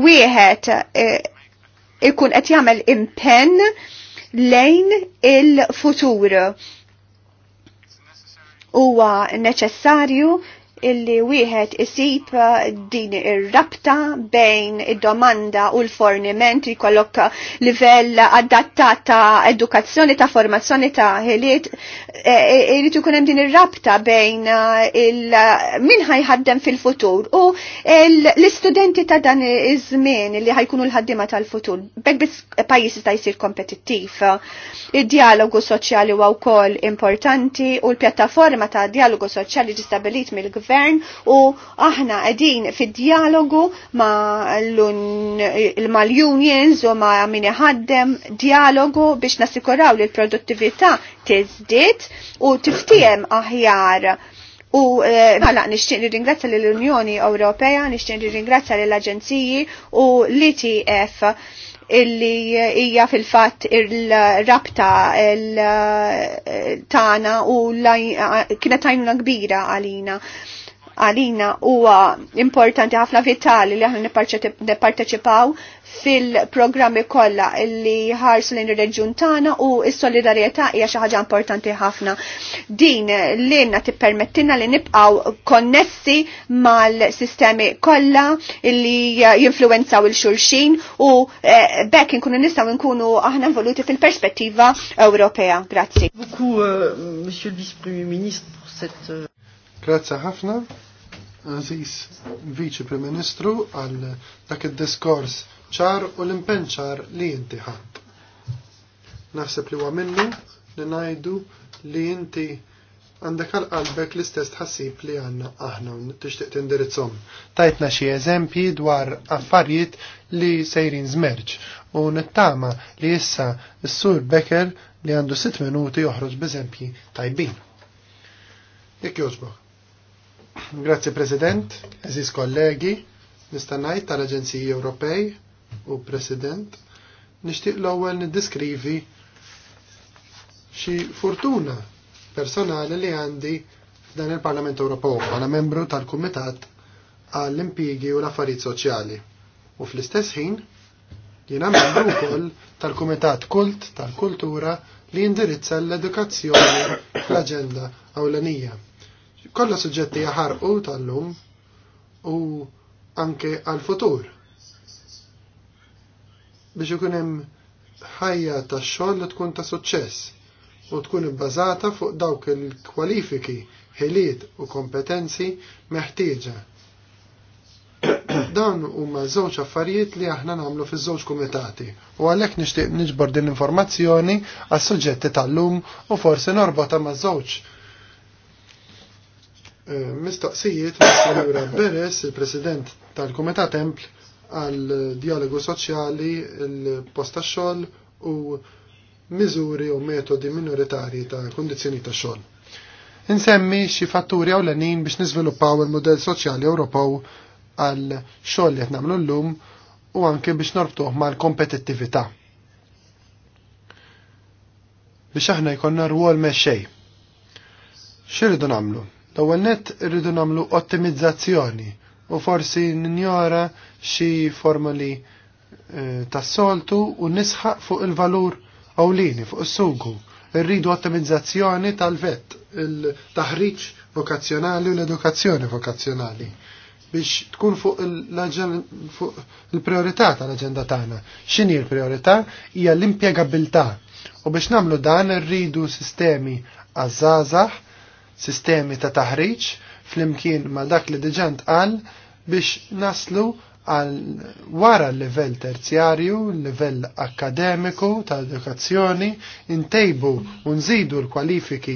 Wieħed eh, ikun qed jagħmel impenn lejn il-futur. Huwa neċessarju illi wieħed isib uh, din ir-rabta bejn id-domanda u l-forniment jkollok livell adattat ta' edukazzjoni ta' formazzjoni ta' ħiliet e, e, irid ikun hemm din ir-rabta bejn uh, il min ħajħaddem fil-futur u l-istudenti ta' dan iż-żmien li ħajkunu l-ħaddiema tal-futur. Bekk biss pajjiż ta' jsir kompetittiv. Id-dialogu soċjali huwa wkoll importanti u l-pjattaforma ta' dialogu soċjali ġistabilit mill-gvern il gvern u aħna qegħdin fid-dialogu mal-unions u ma' min ħaddem dialogu biex nassikuraw li l-produttività tizdit u tiftijem aħjar. U għala eh, nixtieq nirringrazzja lill unjoni Ewropea, nixtieq nirringrazzja lill aġenziji u l-ITF illi hija fil-fatt il-rabta il eh, tana u kienet għajnuna kbira għalina għalina huwa importanti ħafna vitali li aħna nipparteċipaw fil-programmi kollha li ħarsu lejn ir-reġjun tagħna u s-solidarjetà hija xi ħaġa importanti ħafna. Din lilna tippermettilna li nibqgħu konnessi mal-sistemi kollha li jinfluwenzaw il-xulxin u eh, bekk inkunu nistgħu nkunu aħna involuti fil-perspettiva Ewropea. Grazzi. Beaucoup, euh, Monsieur le Vice-Premier Ministre, pour cette euh, Grazzi ħafna, Aziz Vice Prim Ministru, għal dak id-diskors ċar u l-impenn ċar li inti ħadd. Naħseb li huwa minnu li ngħidu li inti għandek għal qalbek l-istess tħassib li għanna aħna u tixtieq tindirizzhom. Tajtna xi eżempji dwar affarijiet li sejrin żmerġ u nittama li issa s-sur Becker li għandu 6 minuti joħroġ b'eżempji tajbin. Jekk jogħġbok. Grazzi President, eżis kollegi, Knight tal-Aġenziji Ewropej u President, nishtiq l-ewwel niddiskrivi xi fortuna personali li għandi f'dan il-Parlament Ewropew bħala membru tal-Kumitat għall-impjigi u l-affarijiet soċjali. U fl-istess ħin jiena membru wkoll tal-Kumitat Kult tal-Kultura li jindirizza l-edukazzjoni fl-aġenda awlanija. Kolla suġġetti jaħarqu tal-lum u anke għal-futur. Biex ikun hemm ħajja tax-xogħol li tkun ta' suċċess u tkun ibbażata fuq dawk il-kwalifiki, ħiliet u kompetenzi meħtieġa. Dawn huma żewġ affarijiet li aħna nagħmlu fiż-żewġ kumitati u għalhekk nixtieq niġbor din l-informazzjoni għas-suġġetti tal-lum u forsi norbota ma' żewġ mistoqsijiet mis-Sinjura Beres, il-President tal kumeta Templ għal dialogu soċjali, il-posta xogħol u miżuri u metodi minoritarji ta' kundizzjoni ta' xogħol. Insemmi xi fatturi ewlenin biex niżviluppaw il-modell soċjali Ewropew għal xogħol li qed nagħmlu llum u anke biex norbtuh mal-kompetittività. Biex aħna jkollna rwol mexxej. Xirridu nagħmlu? L-ewwel nett irridu nagħmlu ottimizzazzjoni u forsi ninjora xi formuli eh, tas-soltu u nisħaq fuq il-valur awlini, fuq is-sugu. Irridu ottimizzazzjoni tal-vett, il-taħriġ vokazzjonali u l-edukazzjoni vokazzjonali biex tkun fuq il-priorità tal-aġenda tagħna. X'inhi l-priorità hija l-impjegabilità. U biex nagħmlu dan irridu sistemi għażażaħ sistemi ta' taħriġ flimkien ma' dak li diġant għal biex naslu għal wara l-livell terzjarju, l-livell akademiku ta' edukazzjoni, intejbu u nżidu l-kwalifiki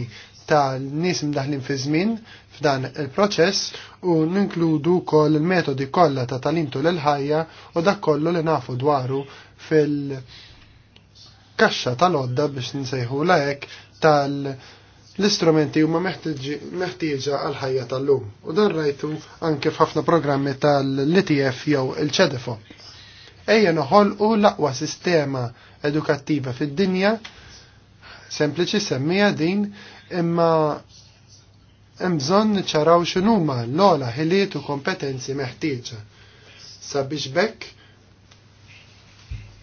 ta' nis mdaħlin fi żmien f'dan il-proċess u ninkludu kol il-metodi kollha ta' talintu l-ħajja u dak kollu li nafu dwaru fil- kaxxa tal-odda biex nsejħu lajek tal- L-istrumenti huma meħtieġa għal ħajja tal-lum u dan rajtu anke f'ħafna programmi tal itf jew il-ċedefo. Ejja noħolqu l-aqwa sistema edukattiva fid-dinja, sempliċi semmija din, imma hemm bżonn niċċaraw x'inhuma l-ogħla ħiliet u kompetenzi meħtieġa. Sabiex bekk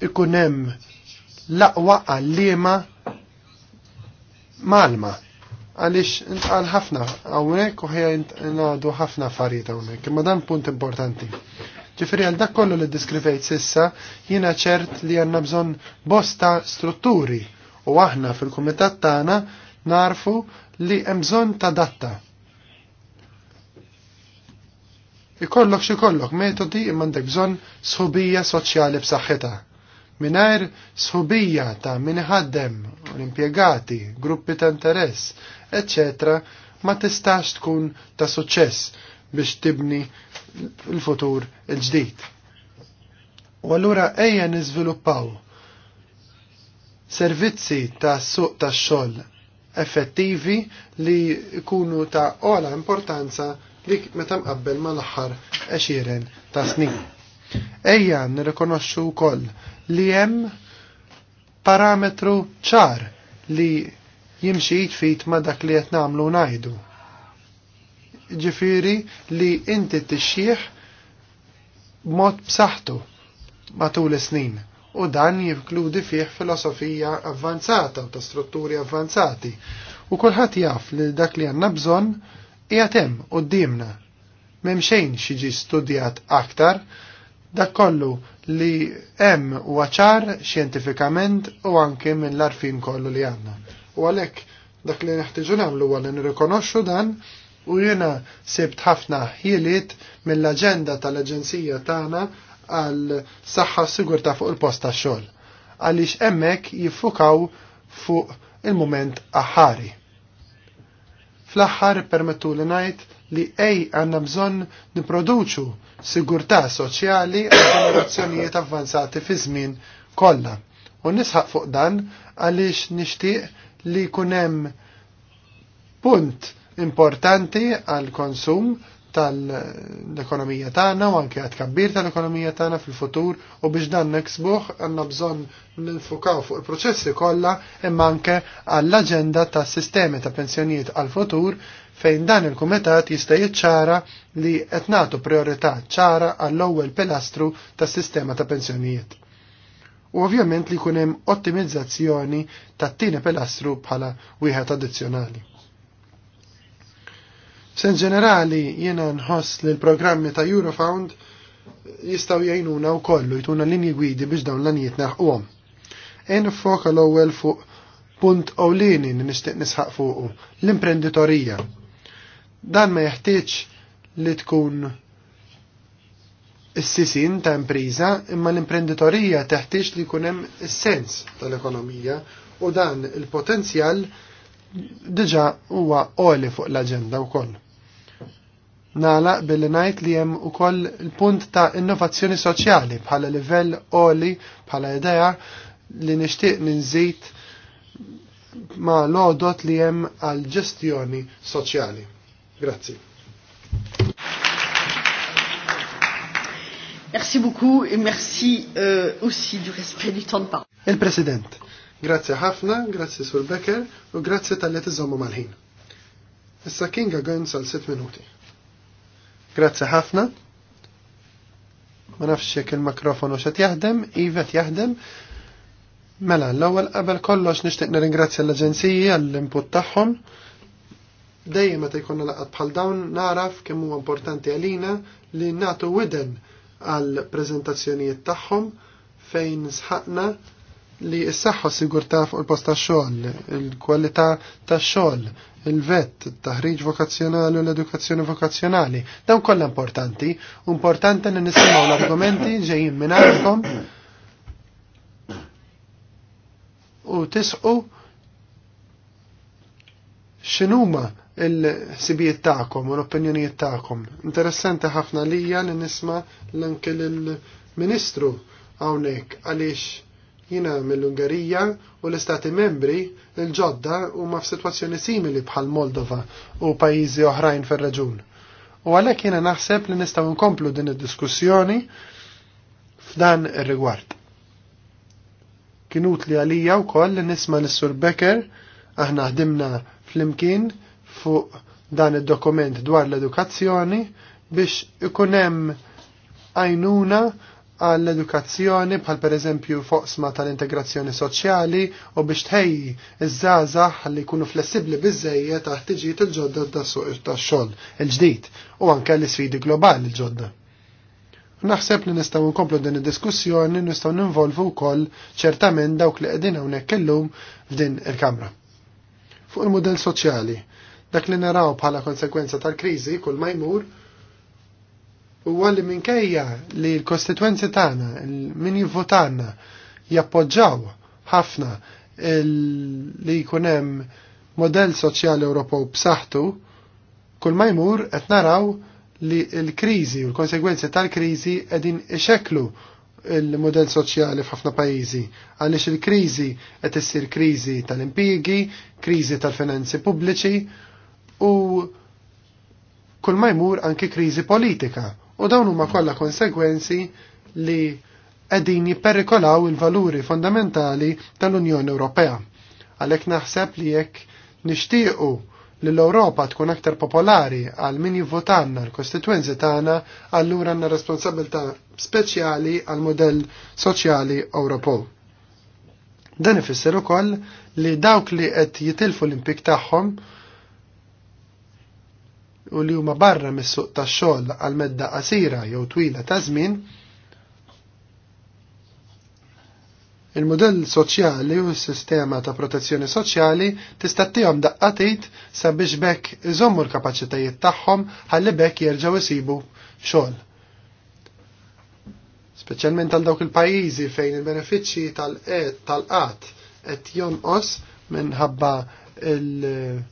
ikun hemm l-aqwa għallima malma għalix nqal ħafna għawnek u ħja ngħadu ħafna affarijiet hawnhekk, imma dan punt importanti. Ġifiri għal dak kollu li diskrivejt sissa, jiena ċert li għandna bżonn bosta strutturi u aħna fil-kumitat tagħna narfu li hemm bżonn ta' datta. Ikollok xikollok metodi m'għandek bżonn sħubija soċjali b'saħħitha minajr sħubija ta' minħaddem, l-impiegati, gruppi ta' interess, eccetera, ma tistax tkun ta' suċċess biex tibni l-futur il-ġdid. U allura ejja niżviluppaw servizzi ta' suq ta' xogħol effettivi li jkunu ta' ola importanza li meta mqabbel mal-aħħar għexieren ta' snin. Ejja nirrikonoxxu wkoll li hemm parametru ċar li jimxi jitfit ma dak li qed nagħmlu ngħidu. Ġifieri li inti tixxieħ b'mod b'saħħtu matul is-snin u dan jinkludi fih filosofija avvanzata u ta' strutturi avvanzati. U kulħadd jaf li dak li għandna bżonn qiegħed hemm quddiemna M'hemm xejn xiġi studjat aktar, dak kollu li hemm u ċar xjentifikament u anke mill-arfin kollu li għandna. U għalhekk dak li neħtiġu namlu għal li nirrikonoxxu dan u jiena sibt ħafna ħiliet mill-aġenda tal-Aġenzija tagħna għal saħħa sigurta fuq il-post tax-xogħol. Għaliex hemmhekk jiffukaw fuq il-moment aħari. Fl-aħħar permettu li ngħid li ej għanna bżon niproduċu sigurtà soċjali għal generazzjonijiet avvanzati fi żmien kollha. U nisħaq fuq dan għaliex nixtieq li kunem punt importanti għal konsum tal-ekonomija tagħna u anke għad kabbir tal-ekonomija tagħna fil-futur u biex dan neksbuħ għandna bżonn ninfukaw fuq il-proċessi kollha imma anke għall-aġenda tas sistemi ta' pensjonijiet għal-futur fejn dan il-kumitat jista' jiċċara li qed nagħtu priorità ċara għall-ewwel pilastru tas-sistema ta' pensjonijiet u ovvjament li kunem ottimizzazzjoni tat tieni pilastru bħala wieħed addizzjonali. Sen ġenerali jiena nħoss li l-programmi ta' Eurofound jistaw jajnuna u kollu jtuna linji gwidi biex dawn l-anijiet naħquhom. En foka l-ewwel fuq punt ewlieni li nixtieq nisħaq fuqu l-imprenditorija. Dan ma jeħtieġ li tkun s-sisin ta' impriża imma l-imprenditorija teħtieġ li jkun hemm sens tal-ekonomija u dan il-potenzjal diġa huwa qoli fuq l-aġenda wkoll. Nala billi ngħid li hemm ukoll il-punt ta' innovazzjoni soċjali bħala livell qoli bħala idea li nixtieq ninżid ma' l-odot li hemm għal ġestjoni soċjali. Grazzi. Merci beaucoup et merci euh, aussi du respect du temps de parole. Il-President, grazie ħafna, grazie Sur Becker u grazie tal-li mal-ħin. Issa Kinga għon sal 6 minuti. Grazie ħafna. Ma nafx jekk il-mikrofonu xed jaħdem, ivet jaħdem. Mela, l-ewwel qabel kollox nixtieq nirringrazzja l-Aġenziji għall-input tagħhom dejjem meta jkollna laqgħat bħal dawn naraf kemm huwa importanti għalina li nagħtu widen għal prezentazzjonijiet tagħhom fejn sħaqna li s sigur sigurta fuq il-post ta' xogħol, il-kwalità ta' xogħol, il-vet, il-taħriġ vokazzjonali u l-edukazzjoni vokazzjonali. Dawn kollha importanti, importanti li nisimgħu l-argumenti ġejjin minn u tisqu x'inhuma il sibijiet tagħkom u l-opinjonijiet tagħkom. Interessanti ħafna lija li nisma' l-anke lill-Ministru hawnhekk għaliex jiena mill-Ungerija u l-Istati Membri il-ġodda huma f'sitwazzjoni simili bħal Moldova u pajjiżi oħrajn fir-reġun. U għalhekk jiena naħseb li nistgħu nkomplu din id-diskussjoni f'dan ir-rigward. Kinut li għalija wkoll li nisma' l sur Becker aħna ħdimna flimkien fuq dan id-dokument dwar l-edukazzjoni biex ikun hemm għajnuna għall-edukazzjoni bħal pereżempju foqsma tal-integrazzjoni soċjali u biex tħejji iż-żgħażagħ li jkunu flessibbli bizzejja taħt tiġijiet il-ġodda tax-xogħol il-ġdid u anke l-isfidi globali l-ġodda. Naħseb li nistgħu nkomplu din id-diskussjoni nistgħu ninvolvu wkoll ċertament dawk li qegħdin hawnhekk illum f'din il-Kamra. Fuq il-mudell soċjali, Dak li naraw bħala konsekwenza tal-kriżi kull ma jmur huwa li minkejja li l-kostituenzi tagħna, min jivvotanna jappoġġaw ħafna li jkun hemm modell soċjali Ewropew b'saħħtu, kull ma jmur qed naraw li l-kriżi u l-konsegwenzi tal-kriżi qegħdin ixeklu il-modell soċjali f'ħafna pajjiżi għaliex il-kriżi qed issir kriżi tal-impjiegi, kriżi tal-finanzi pubbliċi u kull ma jmur anki kriżi politika u dawn huma kollha konsegwenzi li qegħdin jipperikolaw il-valuri fondamentali tal-Unjoni Ewropea. Għalhekk naħseb li jekk nixtiequ li l-Europa tkun aktar popolari għal min jivvotanna l-kostituenzi tagħna allura għandna responsabilità speċjali għal modell soċjali Ewropew. Dan ifisser ukoll li dawk li qed jitilfu l-impik tagħhom u li huma barra mis-suq tax-xogħol għal medda qasira jew twila ta' żmien, il-modell soċjali u s-sistema ta' protezzjoni soċjali tista' tihom tgħid sabiex bekk iżommu l-kapaċitajiet tagħhom ħalli bekk jerġgħu isibu xogħol. Speċjalment għal dawk il-pajjiżi fejn il-benefiċċji tal-qed tal-qatt qed jonqos minħabba il-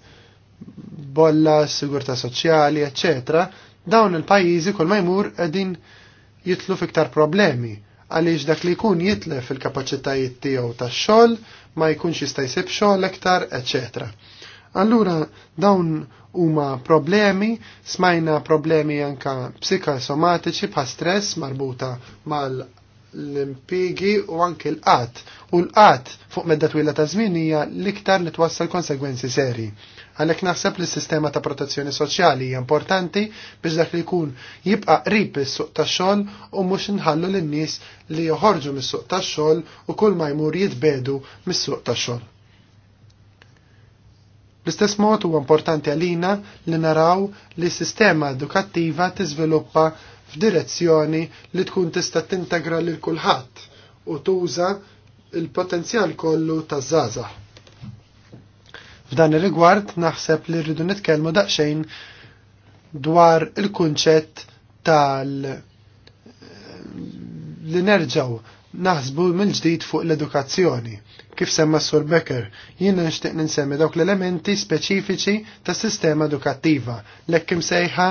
bolla, sigurta soċjali, eccetera, dawn il-pajjiżi kol ma jmur qegħdin jitlu fiktar problemi għaliex dak li jkun jitlef il-kapaċitajiet tiegħu tax-xogħol ma jkunx jista' jsib xogħol iktar, eċetera. Allura dawn huma problemi, smajna problemi anka psikosomatiċi bħal stress marbuta mal l-impigi u anke l-qat. U l-qat fuq medda twila ta' żmien hija l-iktar li twassal konsegwenzi seri. Għalhekk naħseb li s-sistema ta' protezzjoni soċjali hija importanti biex dak li jkun jibqa' qrib is-suq tax-xogħol u mhux inħallu lin-nies li joħorġu mis-suq tax-xogħol u kull ma jmur jitbedu mis-suq tax-xogħol. l istess mod huwa importanti għalina li naraw li s-sistema edukattiva tiżviluppa f'direzzjoni li tkun tista' tintegra lil kulħadd u tuża il-potenzjal kollu taż-żgħażagħ F'dan ir-rigward naħseb li rridu nitkellmu daqsxejn dwar il-kunċett tal li nerġaw naħsbu mill-ġdid fuq l-edukazzjoni. Kif semma Sur Becker, jiena nixtieq ninsemmi dawk l-elementi speċifiċi tas sistema edukattiva, lekk imsejħa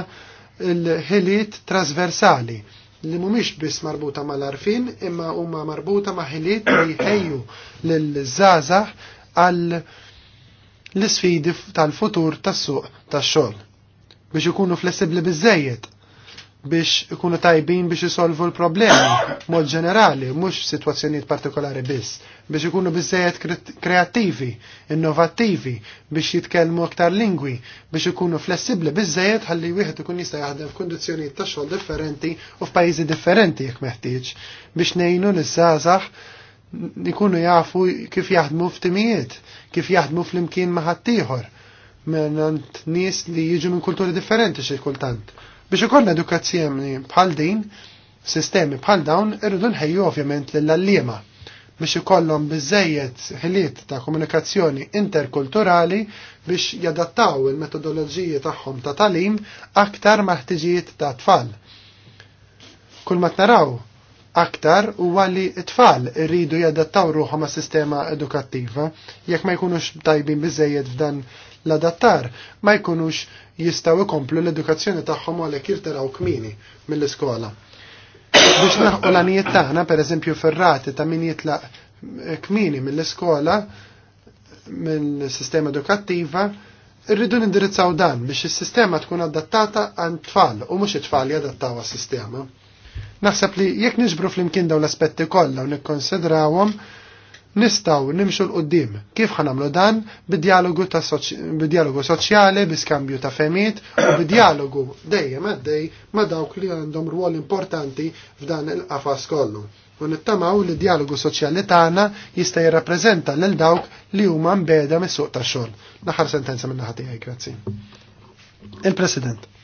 l-ħiliet trasversali li mumiex biss marbuta mal-arfin imma huma marbuta ma' ħiliet li jħejju lil-żgħażagħ għal l-sfidi tal-futur tas-suq tax-xogħol biex ikunu flessibbli biżejjed biex ikunu tajbin biex isolvu l-problemi mod ġenerali, mhux situazzjonijiet partikolari biss, biex ikunu biżejjed kreattivi, innovattivi, biex jitkellmu aktar lingwi, biex ikunu flessibbli biżejjed ħalli wieħed ikun jista' jaħdem f'kundizzjonijiet tax xogħol differenti u f'pajjiżi differenti jekk meħtieġ, biex ngħinu nis-żgħażagħ ikunu jafu kif jaħdmu f'timijiet, kif jaħdmu fl-imkien ma' ħaddieħor minnant nies li jiġu minn kulturi differenti xi kultant. Biex ikollna edukazzjoni bħal din, sistemi bħal dawn irridu nħejju ovvjament lill-allima biex ikollhom biżejjed ħiliet ta' komunikazzjoni interkulturali biex jadattaw il-metodoloġiji tagħhom ta' talim aktar mal ħtiġijiet ta' tfal. Kull ma naraw aktar huwa li t-tfal rridu jadattaw ruħa ma' sistema edukattiva jekk ma jkunux tajbin bizzejed f'dan l-adattar ma jkunux jistaw ikomplu l-edukazzjoni tagħhom għalhekk jirtiraw kmini mill-iskola. Biex naħqu l taħna, tagħna, pereżempju ferrati ta' min jitlaq eh, kmini mill-iskola mill-sistema edukattiva, rridu nindirizzaw dan biex is-sistema tkun adattata għan tfal u mhux it-tfal jadattaw għas-sistema. Naħseb li jekk niġbru flimkien dawn l-aspetti kollha u nikkonsidrawhom, nistgħu nimxu l qudiem Kif ħanamlu dan? Bid-dialogu soċjali, bi-skambju ta' femiet u bid-dialogu dejjem għaddej ma' dawk li għandhom rwol importanti f'dan il-qafas kollu. U nittamaw li dialogu soċjali tagħna jista' jirrappreżenta lil dawk li huma mbeda mis-suq tax-xogħol. Naħar sentenza minn naħa grazzi. Il-President.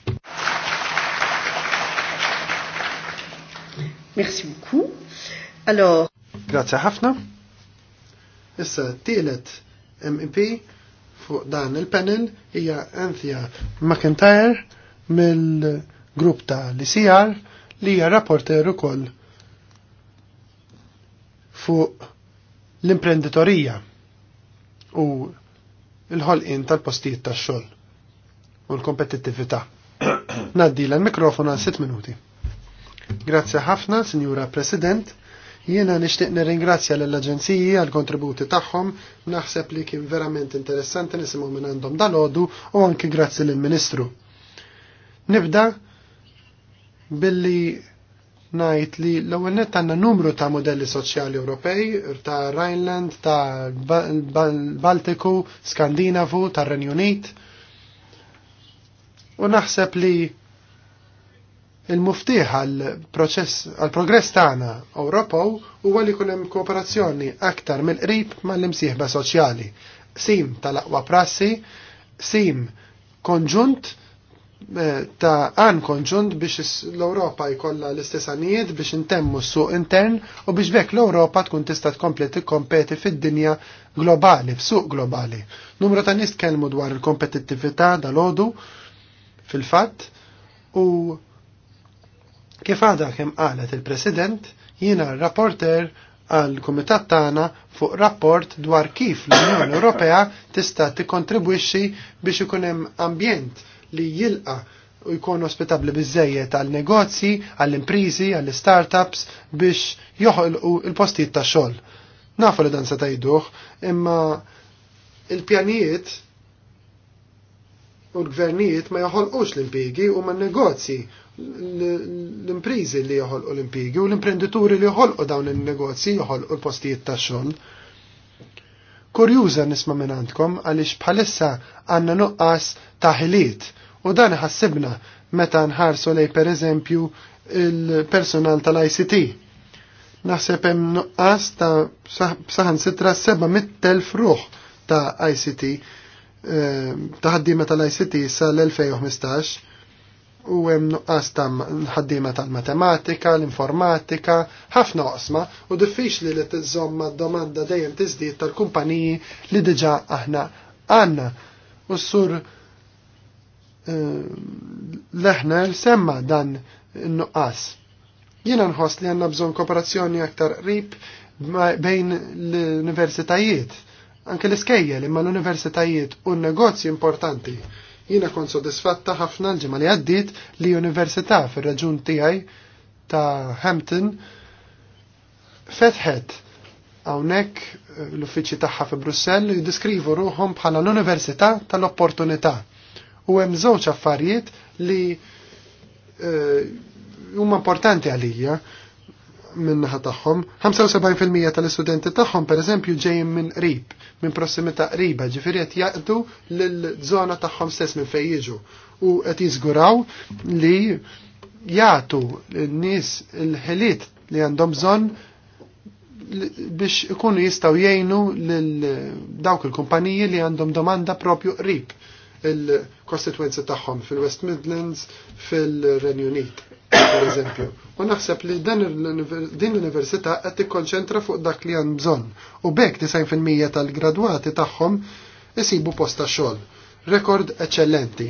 Merci beaucoup. Alors. Grazie ħafna. Issa tielet MEP fuq dan il-panel hija Anthea McIntyre mill-grupp ta' l-ICR li hija rapporter ukoll fuq l-imprenditorija u l-ħolqin tal-postijiet tax-xogħol u l-kompetittività. Naddi l mikrofon għal 6 minuti. Grazzi ħafna, Sinjura President. Jiena nixtieq nirringrazzja l-Aġenziji għal kontributi tagħhom, naħseb li kien verament interessanti nisimgħu minn għandhom dalodu u anki grazzi lill ministru Nibda billi ngħid li l-ewwel nett għandna numru ta' modelli soċjali Ewropej, ta' Rhineland, ta' Baltiku, Skandinavu, tar Renju Unit. U naħseb li il-muftiħ għal-proċess għal-progress tagħna Ewropew huwa li jkun hemm kooperazzjoni aktar mill-qrib mal-imsieħba soċjali. Sim tal-aqwa prassi, sim konġunt eh, ta' għan konġunt biex l-Europa jkollha l-istess għanijiet biex intemmu s-suq intern u biex bekk l-Europa tkun tista' tkompli tikkompeti fid-dinja globali, f'suq globali. Numru ta' Nist tkellmu dwar il-kompetittività dal-għodu fil-fatt u Kif għada kem qalet il-President, jiena rapporter għal kumitat tagħna fuq rapport dwar kif l-Unjoni Ewropea tista' tikkontribwixxi biex ikun hemm ambjent li jilqa' u jkun ospitabli biżejjed għal negozji, għall imprizi għall startups biex joħolqu il-postijiet ta' xogħol. Nafu li dan se tajduh, imma il-pjanijiet u l-gvernijiet ma joħolqux l impjiegi u ma negozji l-imprizi li joħolqu l-impigi u l-imprenditori li joħolqu dawn il-negozji joħolqu l-postijiet ta' xogħol. Kurjuża nisma' minn għandkom għaliex bħalissa għandna nuqqas ta' ħiliet u dan ħassibna meta nħarsu lej pereżempju il-personal tal-ICT. Naħseb hemm nuqqas ta' saħan sitra seba' mit-telf ruħ ta' ICT eh, ta' ħaddiema tal-ICT sal-2015 u hemm nuqqas ta' ħaddiema tal-matematika, l-informatika, ħafna oqsma u diffiċli li tiżomma d-domanda dejjem tiżdied tal-kumpaniji li diġà aħna għandna. U sur eh, leħna semma dan nuqqas. Jiena nħoss li għandna bżonn kooperazzjoni aktar qrib bejn l-universitajiet, anke l-iskejjel imma l-universitajiet u n-negozji importanti Jiena kont sodisfatta ħafna l-ġimgħa li għaddiet li università fir-raġun tiegħi ta' Hampton fetħet hawnhekk eh, l-uffiċċji tagħha fi Brussell jiddiskrivu ruhom bħala l-Università tal-Opportunità. U hemm żewġ affarijiet li eh, huma importanti għalija minnaħa tagħhom. 75% tal-istudenti tagħhom pereżempju ġejjin minn qrib, minn prossimità qriba, ġifieri qed jaqdu lill-żona tagħhom stess minn fejn jiġu u qed jiżguraw li jagħtu n-nies il-ħiliet li għandhom bżonn biex ikunu jistaw jgħinu l dawk il-kumpaniji li għandhom domanda propju qrib il-kostituenzi tagħhom fil-West Midlands, fil-Renju Unit per eżempju. U naħseb li din l-università qed tikkonċentra fuq dak li għan bżonn u bekk 90% tal-gradwati tagħhom isibu post xogħol. Rekord eċċellenti.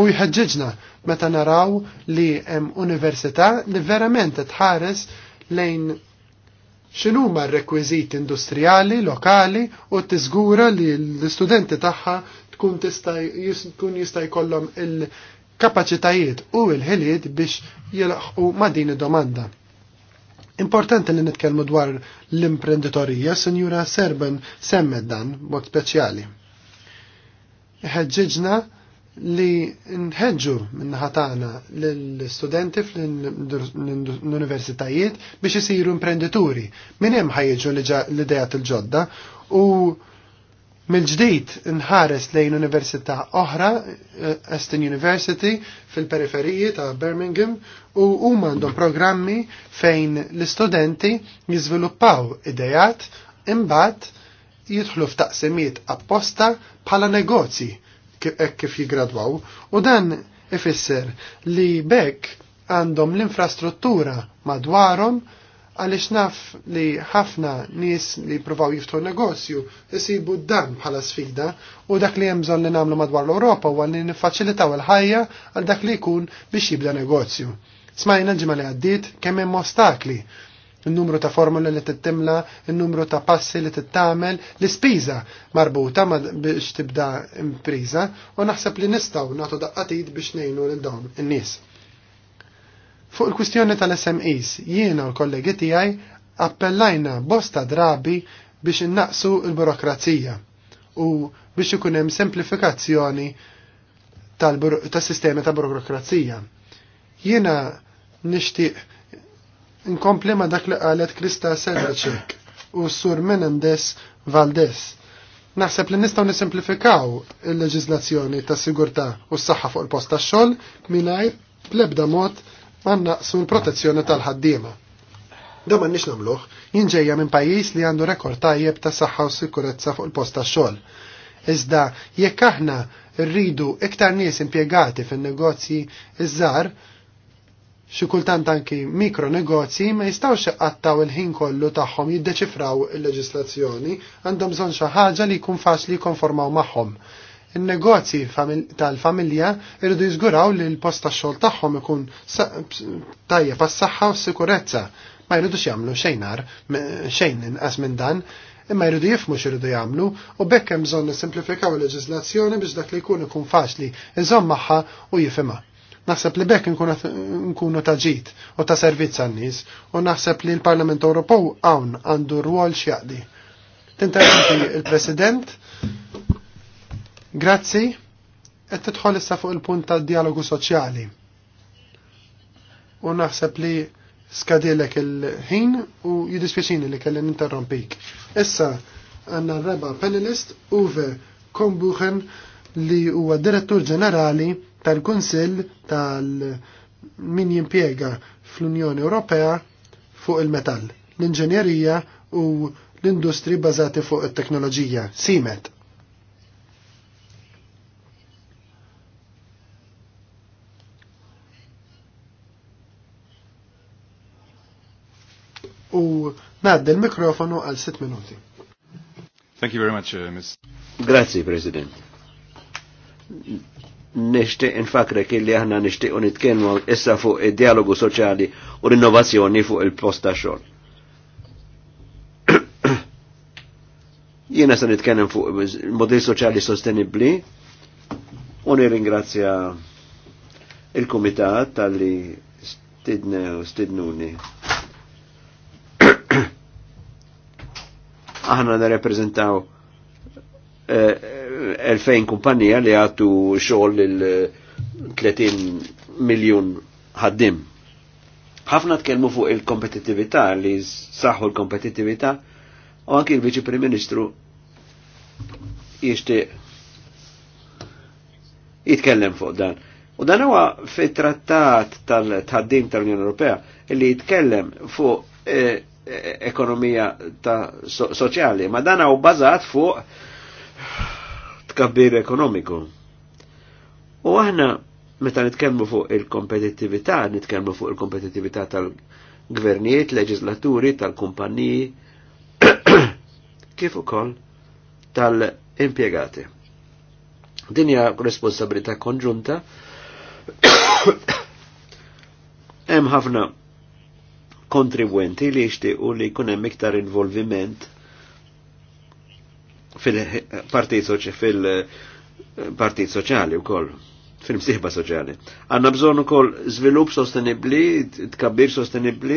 U jħeġġiġna meta naraw li hemm università li verament tħares lejn x'inhuma r-rekwiżiti industrijali, lokali u tiżgura li l-istudenti tagħha tkun tista' jkun jista' jkollhom il- kapaċitajiet u l-ħiliet biex jilħqu ma' din id-domanda. Importanti li nitkellmu dwar l-imprenditorija, Sinjura Serben semmet dan mod speċjali. Ħeġġiġna li nħedġu ħatana l-studenti fl-universitajiet biex jisiru imprendituri. minn hemm ħajġu l idea il-ġodda u mil ġdid nħares lejn università oħra, eh, Aston University, fil-periferiji ta' Birmingham, u huma għandhom programmi fejn l-istudenti jiżviluppaw idejat imbagħad jidħlu f'taqsimiet apposta bħala negozji eh, kif jigradwaw u dan ifisser li bekk għandhom l-infrastruttura madwarhom għaliex naf li ħafna nies li provaw jiftu negozju jisibu dan bħala sfida u dak li hemm bżonn li nagħmlu madwar l europa u għalli niffaċilitaw il-ħajja għal dak li jkun biex jibda negozju. Smajna ġimgħa li għaddiet kemm hemm ostakli il-numru ta' formula li tittimla, il-numru ta' passi li tittamel, l-ispiża marbuta ma biex tibda impriża u naħseb li nistaw nagħtu daqqatid biex ngħinu lil dawn in-nies. Fuq il-kwistjoni tal-SMEs, jiena u kollegi tiegħi appellajna bosta drabi biex innaqsu l-burokrazija u biex ikun hemm semplifikazzjoni tal sistemi ta' burokrazija. Jiena nixtieq nkompli ma' dak li qalet Krista Sedraċek u Sur Menendez Valdez. Naħseb li nistgħu nisimplifikaw il-leġiżlazzjoni tas sigurtà u s-saħħa fuq il-post tax-xogħol mingħajr bl-ebda mod ma naqsu l-protezzjoni tal-ħaddiema. Da ma nix namluħ, jinġeja minn pajis li għandu rekord tajjeb ta' saħħa u sikurezza fuq il-post ta' xogħol. Iżda jekk aħna rridu iktar nies impjegati fin-negozji iż-żar, xi kultant anki mikronegozji ma jistgħux iqattaw il-ħin kollu tagħhom jiddeċifraw il-leġislazzjoni, għandhom bżonn xi ħaġa li jkun faċli jkonformaw magħhom il-negozji tal-familja irridu jizguraw li l-post ta' xogħol tagħhom ikun tajja pas-saħħa u s-sikurezza. Ma jridux jagħmlu xejnar xejn inqas minn dan, imma jridu jifmu x'iridu jagħmlu u bekk hemm bżonn nisimplifikaw il-leġiżlazzjoni biex dak li jkun ikun faċli iżomm magħha u jifhimha. Naħseb li bekk nkunu ta' ġid u ta' servizz għan-nies u naħseb li l-Parlament Ewropew hawn għandu rwol x'jaqdi. Tinterrompi il-President Grazzi, qed tħol issa fuq il-punt tad-dialogu soċjali. U naħseb li skadilek il-ħin u jidispjaċini li kellin interrompik. Issa għanna r-reba panelist Uwe Kombuchen li huwa direttur ġenerali tal-Kunsill tal-min jimpiega fl-Unjoni Ewropea fuq il-metall, l-inġenjerija u l-industri bazati fuq it-teknoloġija, SIMET. nad naddi mikrofonu għal 6 minuti. Thank you very much, uh, Ms. Grazzi, President. infakre infakrek illi aħna nishtiq nitkellmu issa fuq il dialogu soċjali u l-innovazzjoni fuq il posta xol. Jiena se nitkellem fuq il-modell soċjali sostenibbli u nirringrazzja il komitat tal-li u stidnuni. aħna nirrepreżentaw eh, elfejn kumpanija li għatu xogħol il-30 eh, miljun ħaddim. Ħafna tkellmu fuq il-kompetittività li saħħu l-kompetittività u anki il-Viċi Prim Ministru jixtieq jitkellem fuq dan. U dan huwa fit-trattat tal ħaddim tal-Unjoni Ewropea li jitkellem fuq eh, ekonomija ta' soċjali, ma dan u bazat fuq tkabbir ekonomiku. U aħna meta nitkellmu fuq il-kompetittività, nitkellmu fuq il-kompetittività tal-gvernijiet, leġislaturi, tal-kumpaniji, kif ukoll tal-impjegati. Din hija responsabilità konġunta. Hemm ħafna kontribwenti li jixtiequ li jkun hemm iktar involviment fil-partit eh, soċjali fil-partit eh, soċjali wkoll fil-msiħba soċjali. Għanna bżon ukoll żvilupp sostenibbli, tkabbir sostenibbli.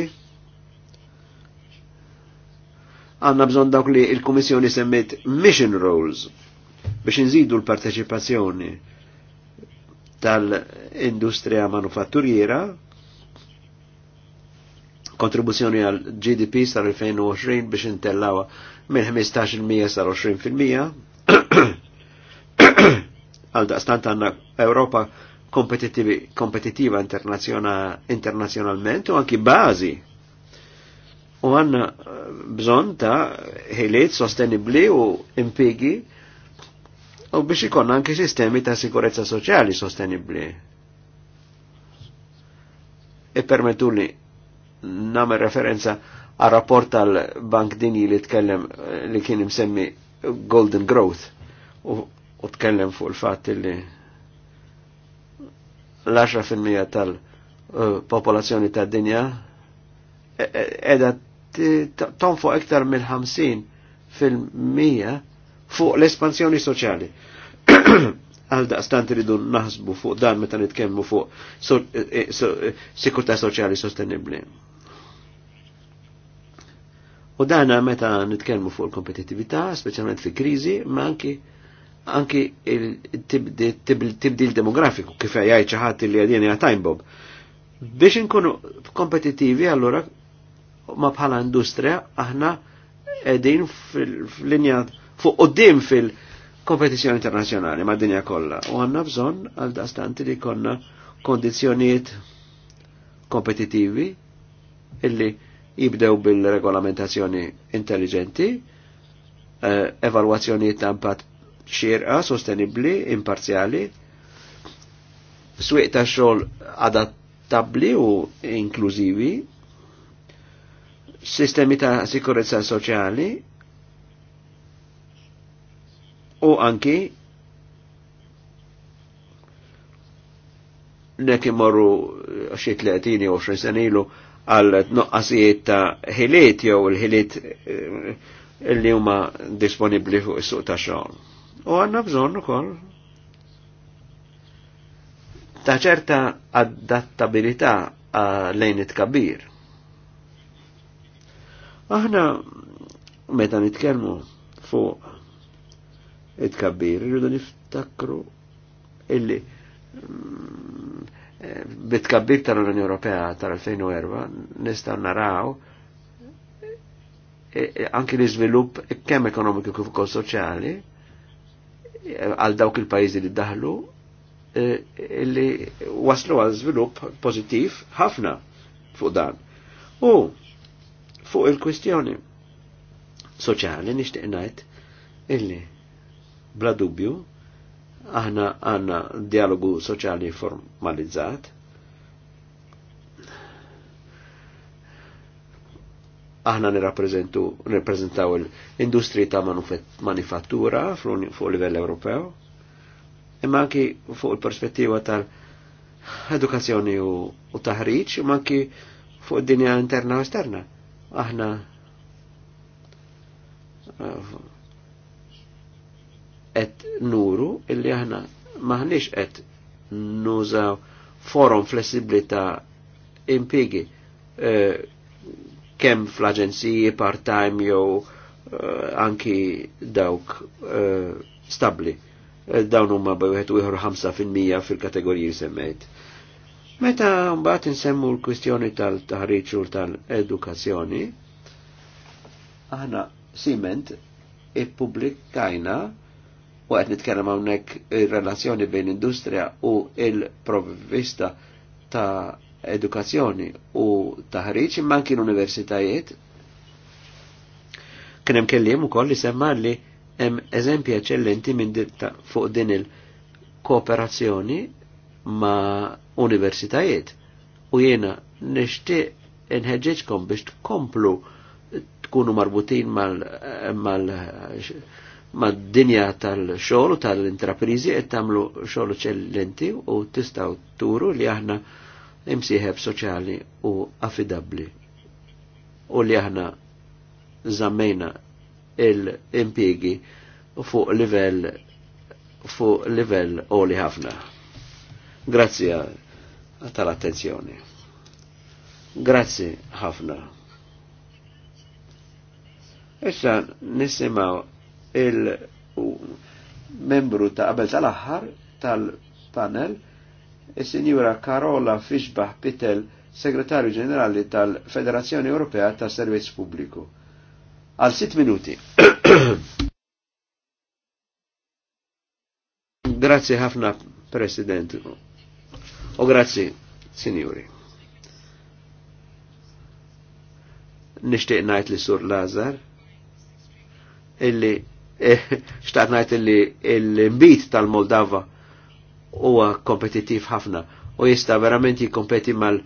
Għanna bżon dawk li il-Kummissjoni semmit mission roles biex nżidu l-parteċipazzjoni tal-industrija manufatturiera kontribuzzjoni għal GDP sar-2020 biex intellawa minn 15% sar 20% għal daqstant għanna Europa kompetitiva internazjonalment u anki bazi u għanna eh, bżon ta' ħiliet sostenibli u impigi u biex ikon anki sistemi ta' sikurezza soċjali sostenibli. E permettuli namel referenza għal rapport tal-Bank Dinji li tkellem li kien imsemmi Golden Growth u tkellem fuq il fat li l-10% tal-popolazzjoni tad dinja e, e, edha tonfu iktar mill-50 fil-mija fuq l-espansjoni soċjali. għal daqstant rridu naħsbu fuq dan meta nitkellmu fuq eh, eh, eh, Sikurt'a soċjali sostenibbli. U dana meta nitkellmu fuq il-kompetittività, speċjalment fil-kriżi, ma anki anki il-tibdil demografiku kif jgħid xi ħadd li għadjeni għal time bob. Biex inkunu kompetitivi allura ma bħala industrija aħna qegħdin fil-linja fuq qudiem fil-, -fil kompetizjoni internazjonali ma' dinja kollha u għandna bżonn għal dastanti li konna kondizjoniet kompetitivi illi jibdew bil-regolamentazzjoni intelligenti, eh, evalwazzjonijiet ta' impatt xirqa, sostenibbli, imparzjali, swieq ta' xol adattabli u inklużivi, sistemi ta' sikurezza soċjali u anki nek imorru xie 30 u 20 senilu għal tnuqqasijiet ta' ħiliet jew il-ħiliet eh, li huma disponibbli fuq is-suq ta' xogħol. U għandna bżonn ukoll ta' ċerta adattabilità lejn it-kabir. Aħna meta nitkellmu fuq it-kabbir, rridu niftakru illi mm, eh, bit-kabbir tal-Unjoni Ewropea tal-2004 nistaw naraw eh, eh, anki li żvilupp kemm ekonomiku kif ukoll soċjali għal dawk il-pajjiżi li daħlu illi waslu għal żvilupp pożittiv ħafna fuq dan. U fuq il-kwistjoni soċjali nixtieq ngħid illi Bla dubju, aħna għanna dialogu soċjali formalizzat, aħna nirrappreżentu nirrappreżentaw l-industri ta' manifattura fuq livell Ewropew, imma anki fuq il-perspettiva tal-edukazzjoni u taħriġ, imma anki fuq dinja interna u esterna. Aħna eh, et nuru illi aħna maħniex et nużaw forum flessibli impigi eh, kem fl-aġenziji part-time jew eh, anki dawk eh, stabli. Dawn huma bejwieħed u ieħor 5% fil-kategoriji semmejt. Meta mbagħad insemmu l-kwistjoni tal-taħriġ u tal-edukazzjoni, aħna siment ippubblikajna e u għed nitkellem hawnhekk ir-relazzjoni bejn industrija u il-provvista ta' edukazzjoni u taħriġ imma anki universitajiet. Kien hemm kelliem ukoll li semma li hemm eżempji eċċellenti minn fuq din il-kooperazzjoni ma' universitajiet u jiena nixtieq inħeġġeġkom biex tkomplu tkunu marbutin mal, mal mad-dinja tal-xogħol u tal intraprizi qed tagħmlu xogħol ċellenti u tistgħu turu li aħna imsieħeb soċjali u affidabbli u li aħna zammejna il-impiegi fuq livell fuq livell oli ħafna. Grazzi tal-attenzjoni. Grazzi ħafna. Issa nisimaw il-membru ta' qabel tal-aħħar tal-panel, il-Sinjura Karola Fishbach Pitel, Segretarju Ġenerali tal-Federazzjoni Ewropea ta' Servizz Pubbliku. Għal sitt minuti. grazzi ħafna, President. O grazzi, Sinjuri. nishtiq najt li sur Lazar illi Eh, xtaqt li l-imbit tal-Moldava huwa kompetitiv ħafna u jista verament jikompeti mal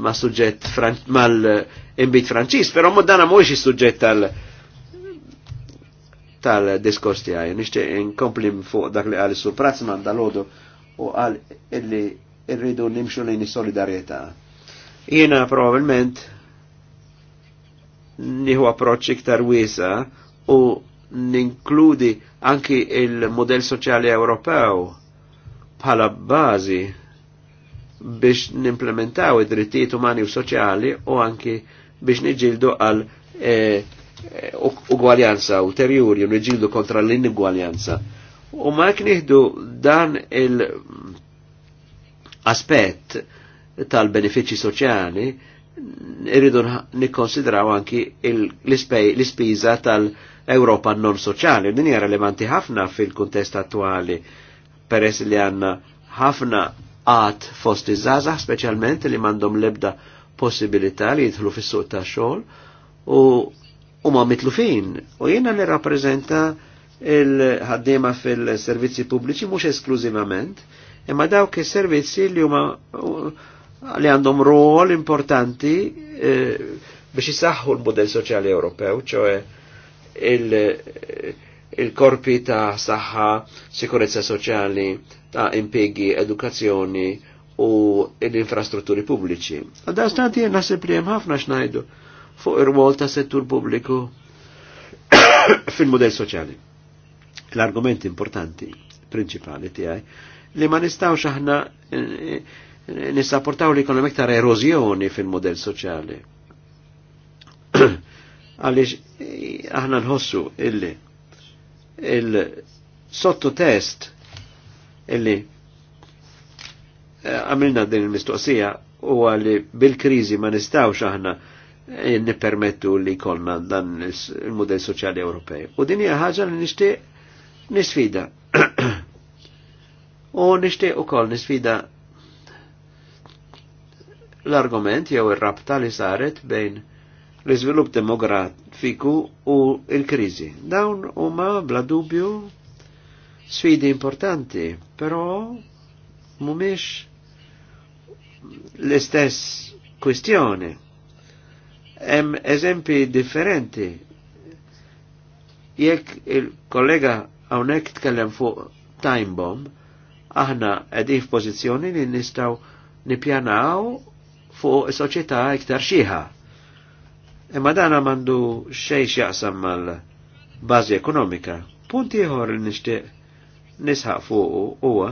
ma suġġett mal eh, imbit franċis, però mod dana mhuwiex is-suġġett tal tal-diskors tiegħi. Nixtieq inkompli fuq dak li qal sur Pratzman dal-ħodu u qal illi rridu nimxu lejn is-solidarjetà. Jiena probabbilment nieħu approċċ iktar wiesa u ninkludi anki il-modell soċjali Ewropew bħala bażi biex nimplementaw id-drittijiet umani u soċjali u anki biex niġildu għal e, e, ugwaljanza ulterjuri u niġildu kontra l-inugwaljanza. U ma kniħdu dan il-aspett tal-benefiċi soċjali irridu nikkonsidraw anki l-ispiża tal-, -benefici Ewropa non soċjali. Din hija relevanti ħafna fil-kuntest attwali peress li għanna ħafna għat fost iż-żgħażagħ speċjalment li m'għandhom lebda possibilità li jidħlu fis-suq ta' xogħol u huma mitlufin. U jiena li rappreżenta il-ħaddiema fil-servizzi pubbliċi mhux esklużivament, imma dawk is-servizzi li huma li għandhom rol importanti eh, biex isaħħu l-modell soċjali Ewropew, ċoe il-korpi il ta' saħħa, sikurezza soċjali, ta' impiegi, edukazzjoni u l-infrastrutturi pubbliċi. Għadda stati nasib li ħafna xnajdu fuq ir-rwol ta' settur pubbliku fil-modell soċjali. L-argument importanti, principali tiegħi, li ma nistawx aħna nisapportaw li kollha iktar erożjoni fil-modell soċjali għalix eh, aħna nħossu illi il-sottotest illi eh, għamilna din il-mistoqsija u għalli bil-krizi ma nistawx aħna eh, nipermettu li kolna dan il model soċjali Ewropej. U din hija ħaġa li nixtieq nisfida. u nixtieq ukoll nisfida l-argument jew ir-rabta li saret bejn l-izvilup demografiku u il-krizi. Dawn huma bla dubju sfidi importanti, però mumiex l-istess kwistjoni. Hemm eżempi differenti. Jekk il-kollega hawnhekk tkellem fuq time bomb, aħna qegħdin f'pożizzjoni li nistgħu nippjanaw fuq soċjetà iktar xieħa. Imma dana mandu xej xaqsam mal-bazi ekonomika. Punti ieħor li nixtieq nisħaq fuq huwa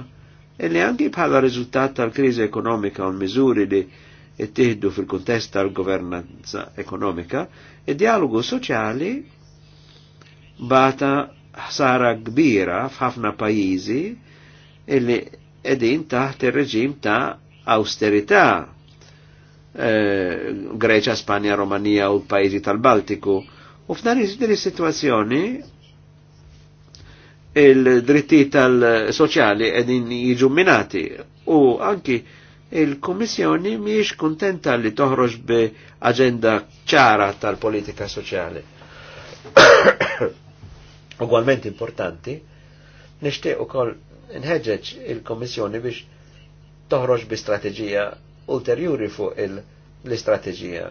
illi anki bħala riżultat tal-kriżi ekonomika u l-miżuri li ittieħdu fil-kuntest tal-governanza ekonomika, id-dialogu soċjali bata ħsara kbira f'ħafna pajjiżi illi edin taħt ir-reġim ta' austerità Eh, Greċa, Spanja, Romania u pajjiżi tal-Baltiku. U f'dan is situazzjoni il-dritti tal-soċjali edin jiġu minati u anki il-Komissjoni miex kontenta li toħroġ bi agenda ċara tal-politika soċjali. Ugualment importanti, nishtiq u kol nħeġeġ il-Komissjoni biex toħroġ bi strategija ulterjuri fuq l-istrateġija.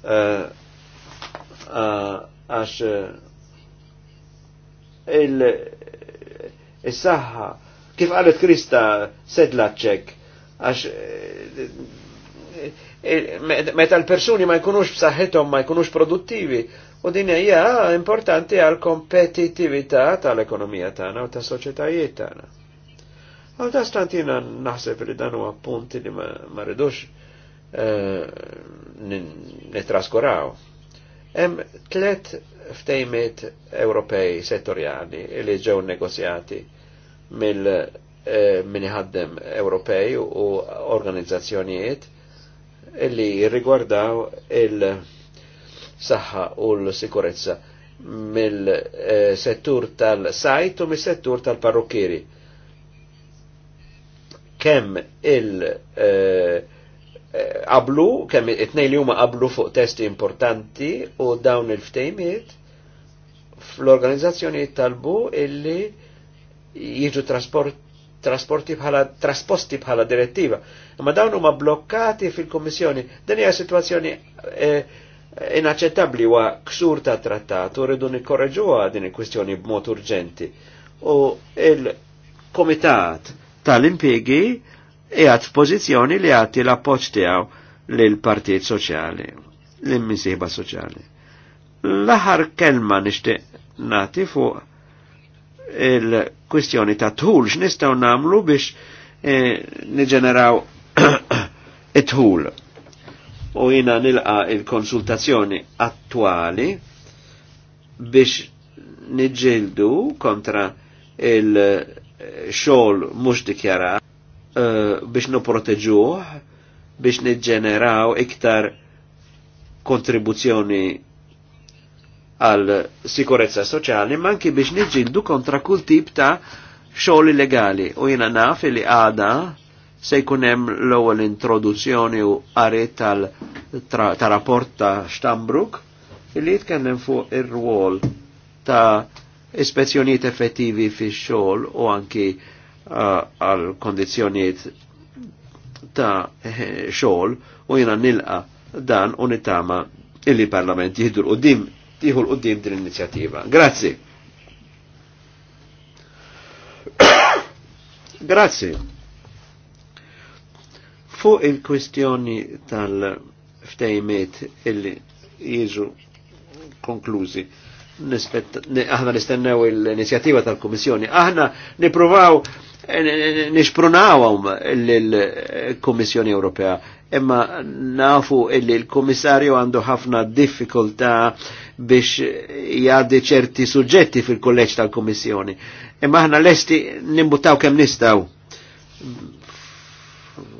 Eh, eh, għax eh, il-saħħa, kif għalet Krista sedla ċek, għax meta l-persuni ma jkunux b'saħħithom ma jkunux produttivi u din hija importanti għal kompetitività tal-ekonomija tagħna u tas-soċjetajiet tagħna. Għal ta' stantina naħseb li dan huwa punti li ma rridux eh, nitraskuraw. Hemm tlet ftejmiet Ewropej settorjali li ġew negozjati mill eh, min ħaddem Ewropej u organizzazzjonijiet li rigordaw il-saħħa u l-sikurezza mill-settur eh, tal-sajt u mill-settur tal-parrukkieri. tal sajt u mill settur tal parrukkieri tal kemm il eh, eh, qablu, kemm it-tnej li huma qablu fuq testi importanti u dawn il-ftejmiet fl-organizzazzjoni talbu illi jiġu trasporti bħala trasposti bħala direttiva. Ma dawn huma blokkati fil-Kommissjoni. Dan hija sitwazzjoni eh, inaċċettabbli wa ksur ta' trattat u rridu nikkorreġuha din il-kwistjoni b'mod urġenti. U il-Komitat tal-impiegi e għat pozizjoni li għati l-appoċ tijaw l-Partit Soċjali, l-Misiba Soċjali. L-aħar kelma nishtiq nati fuq il-kwistjoni ta' tħul x'nistgħu namlu biex e, niġeneraw it-tħul. U jina nilqa il-konsultazzjoni attuali biex niġġildu kontra il- xogħol mhux dikjara eh, biex nipproteġuh biex niġġeneraw iktar kontribuzzjoni għal sikurezza soċjali, ma anki biex niġġindu kontra kull tip ta' xogħol illegali. U jiena naf li għada se jkun hemm l-ewwel introduzzjoni u qari tal ta' rapport ta' Stambruk li jitkellem fuq ir-rwol ta' ispezzjonijiet effettivi fi xogħol u anki uh, għal kondizzjonijiet ta' xogħol u jina nilqa dan u nitama illi parlament jihdur u dim tieħu u dim din l-inizjattiva. Grazzi. Grazzi. Fuq il-kwistjoni tal ftejmet illi jizu konklużi aħna nistennew l-inizjattiva tal-Komissjoni. Aħna nipruvaw eh, nixprunawhom l-Komissjoni Ewropea, imma nafu illi l-Komissarju għandu ħafna diffikultà biex jgħaddi ċerti suġġetti fil-kolleġġ tal-Komissjoni. Imma aħna lesti nimbutaw kemm nistaw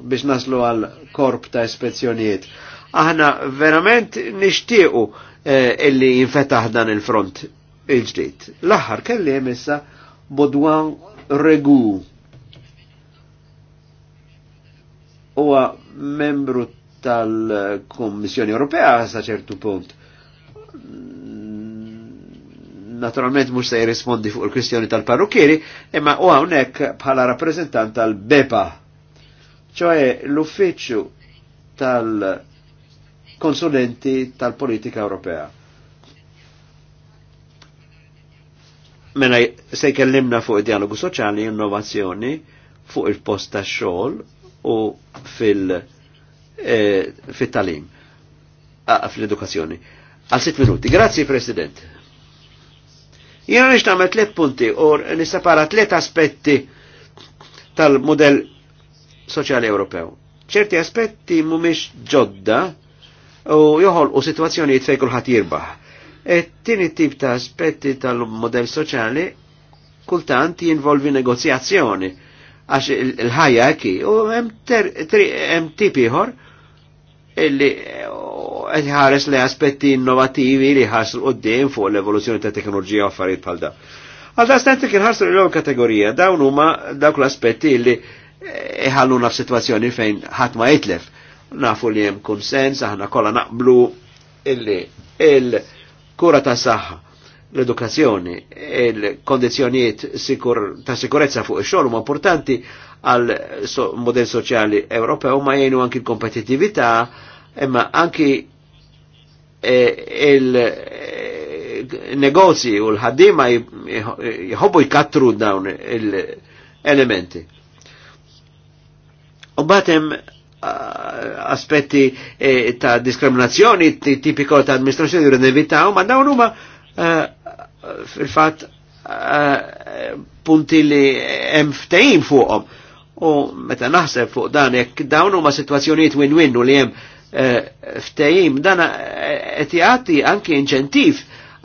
biex naslu għal korp ta' ispezzjonijiet. Aħna verament nixtiequ Eh, illi jinfetaħ dan il-front il-ġdid. L-aħħar kelli jemissa issa Bodwan Regu. Huwa membru tal-Kommissjoni Ewropea sa ċertu punt. Naturalment mhux se jirrispondi fuq il-kwistjoni tal-parrukkieri, imma u hawnhekk bħala rappreżentant tal-BEPA, ċoe l-uffiċċju tal-, bepa ċoħe l uffiċċju tal bepa konsulenti tal-politika Ewropea. Mena se jkellimna fuq id-dialogu soċjali, innovazzjoni, fuq il-post ta' xogħol u fil- e, fit-talim, fil-edukazzjoni. Għal sitt minuti. Grazzi, President. Jena nix namel tliet punti u nissapara tliet aspetti tal-modell soċjali Ewropew. ċerti aspetti mumiex ġodda, u joħol u situazzjoni fejn kulħadd jirbaħ. Et-tieni tip ta' aspetti tal-modell soċjali kultant jinvolvi negozjazzjoni għax il-ħajja ekki u hemm tip ieħor illi eh, qed ħares li aspetti innovativi li ħasru quddiem fuq l-evoluzzjoni ta' teknoloġija u affarijiet bħal dan. Għal da stanti kien ħarsru l kategorija dawn huma dawk l-aspetti illi eh, iħalluna f'sitwazzjoni fejn ħadd ma jitlef nafu li hemm konsens, aħna kolla naqblu illi il-kura ta' saħħa, l-edukazzjoni, il-kondizjonijiet ta' sikurezza fuq ix-xogħol huma importanti għal model soċjali Ewropew ma jgħinu anki l kompetitività imma anki e, il-negozji e, u l-ħaddima jħobbu jkattru dawn il-elementi. U batem aspetti eh, ta' diskriminazzjoni tipiko ta' amministrazzjoni jridu nevitaw, ma dawn huma eh, fil-fatt eh, punti li hemm ftehim fuqhom. U meta naħseb fuq dan jekk dawn huma sitwazzjonijiet win-win u li hemm eh, ftehim dan qed jagħti anke inċentiv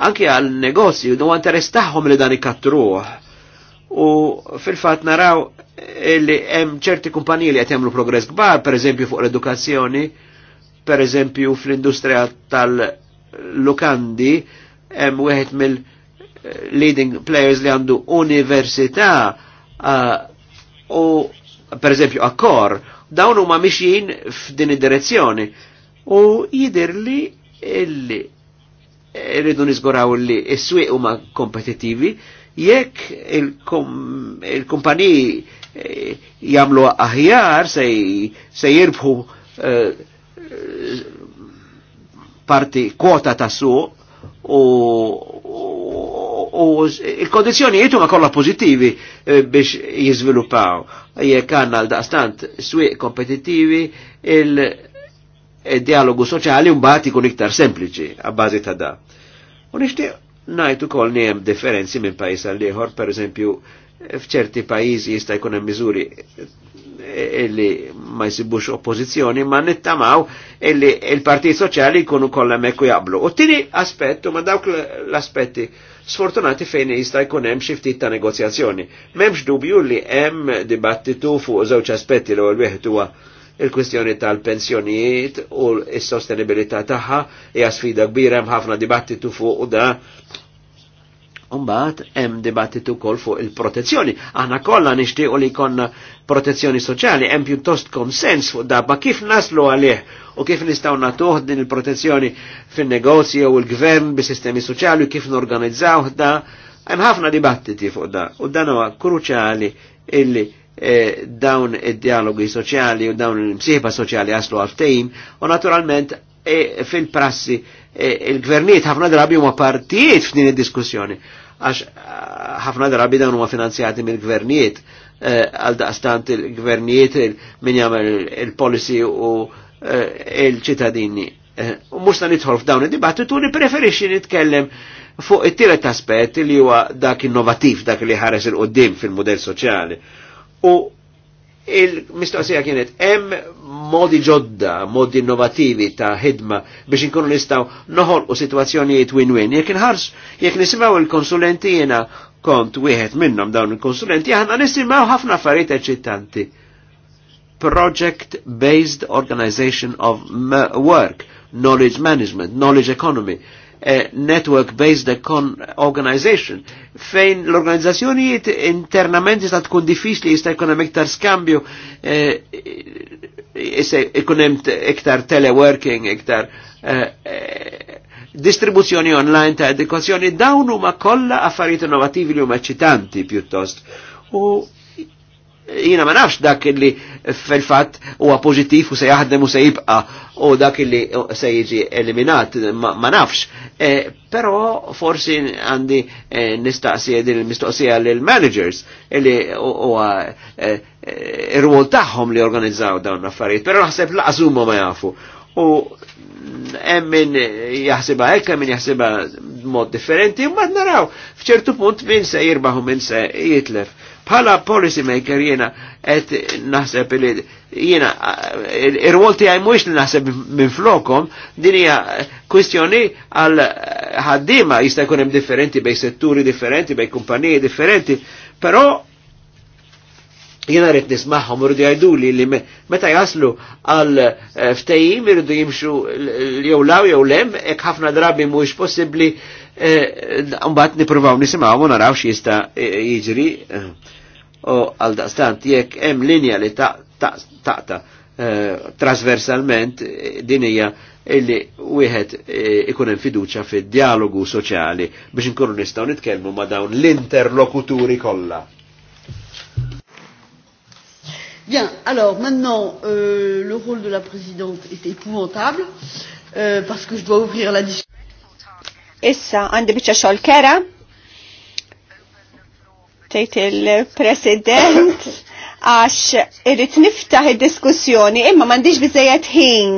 anke għal negozju u interess tagħhom li dan ikattruh. U fil-fatt naraw li hemm ċerti kumpaniji li qed jagħmlu progress kbar, pereżempju fuq l-edukazzjoni, pereżempju fl-industrija tal-lukandi, hemm wieħed mill-leading eh, players li għandu università eh, u pereżempju akkor, dawn huma mixjin f'din id-direzzjoni u li illi rridu nizguraw li s-swieq huma kompetittivi jekk il-kumpaniji jamlu aħjar, se, se jirbħu eh, parti kwota ta' su u, il kondizjoni jitu ma kolla pozitivi eh, biex jiżviluppaw. Jekk għandna l daqstant swiq kompetitivi il-dialogu un mbagħad kun iktar sempliċi għabbażi ta' da. U nixtieq ngħid ukoll niehem differenzi minn pajjiż għal per pereżempju f'ċerti pajjiżi jista' jkun hemm miżuri eh, illi ma jsibux oppożizzjoni, ma nittamaw illi il-Partit Soċjali jkunu kollha hemmhekk jaqblu. U tieni aspett ma dawk l-aspetti sfortunati fejn jista' jkun hemm xi ftit ta' negozjazzjoni. M'hemmx dubju li hemm dibattitu fuq żewġ aspetti l-ewwel wieħed huwa il-kwistjoni tal-pensjonijiet u s-sostenibilità tagħha hija sfida kbira hemm ħafna dibattitu fuq da Umbat, hemm dibattitu kol fuq il-protezzjoni. Aħna kollha nixtiequ li jkollna protezzjoni soċjali, hemm pjuttost konsens fuq dabba kif naslu għalih u kif nistgħu nagħtuh din il-protezzjoni fin-negozji u l-gvern bis-sistemi soċjali u kif norganizzaw da. Hemm ħafna dibattiti fuq da u dan huwa kruċjali illi e, dawn id-dialogi soċjali u dawn il-msieħba soċjali jaslu għal-tejn u naturalment e, fil-prassi e, il-gvernijiet ħafna drabi huma partijiet f'din id-diskussjoni għax eh, ħafna drabi dawn huma finanzjati mill-gvernijiet eh, għal daqstant il-gvernijiet min jagħmel il-policy u eh, il-ċittadini. U mhux ta' nidħol f'dawn id-dibattitu li preferixxi nitkellem fuq it-tielet aspett li huwa dak innovativ dak li ħares il-qoddim fil-modell soċjali. U il-mistoqsija kienet hemm modi ġodda, modi innovativi ta' ħidma biex inkunu nistaw noħol u situazzjonijiet win-win. Jek nħars, jek nisimaw il-konsulenti jena kont wieħed minnom dawn il-konsulenti, jahna nisimaw ħafna affarijiet eċitanti. Project-based organization of work, knowledge management, knowledge economy eh, network-based organization fejn l-organizzazzjonijiet internament jista' tkun diffiċli jista' jkun hemm iktar skambju eh, jkun hemm iktar teleworking, iktar eh, distribuzzjoni online ta' edukazzjoni dawn huma kollha affarijiet innovativi li huma ċitanti pjuttost. U jina ma nafx dak illi fil-fat huwa pożittiv u se jaħdem u se jibqa u dak illi se jiġi eliminat ma nafx. E, Però forsi għandi e, nistaqsija din il-mistoqsija l managers illi huwa e, ir-rwol tagħhom li organizzaw dawn l-affarijiet, però naħseb laqas ma jafu. U emmin min jaħsibha hekk, hemm jaħsibha mod differenti, u naraw f'ċertu punt min se jirbaħu min se jitlef Pala policy maker jena et naħseb li jena ir-rwol tiegħi mhuwiex li naħseb minn flokom din hija kwistjoni għal ħaddima jista' jkun hemm differenti bej setturi differenti bej kumpaniji differenti, però jena rrit nismaħħom rridu jgħiduli li li meta jaslu għal eh, ftejim irridu jimxu jew law jew lem, ek ħafna drabi mhuwiex possibbli Eh, mbagħad nippruvaw nisimgħu u naraw x'jista' jiġri eh, u għal daqstant jekk hemm linja li taqta eh, trasversalment din hija illi wieħed ikun hemm fiduċja fid-dialogu soċjali biex inkunu nistgħu nitkellmu ma' dawn l-interlokuturi kollha. Bien, alors maintenant, euh, le rôle de la présidente est épouvantable, euh, parce que je dois ouvrir la discussion. Issa għandi biċċa xogħol kera. Tejt il-President għax irrit niftaħ id-diskussjoni imma m'għandix biżejjed ħin.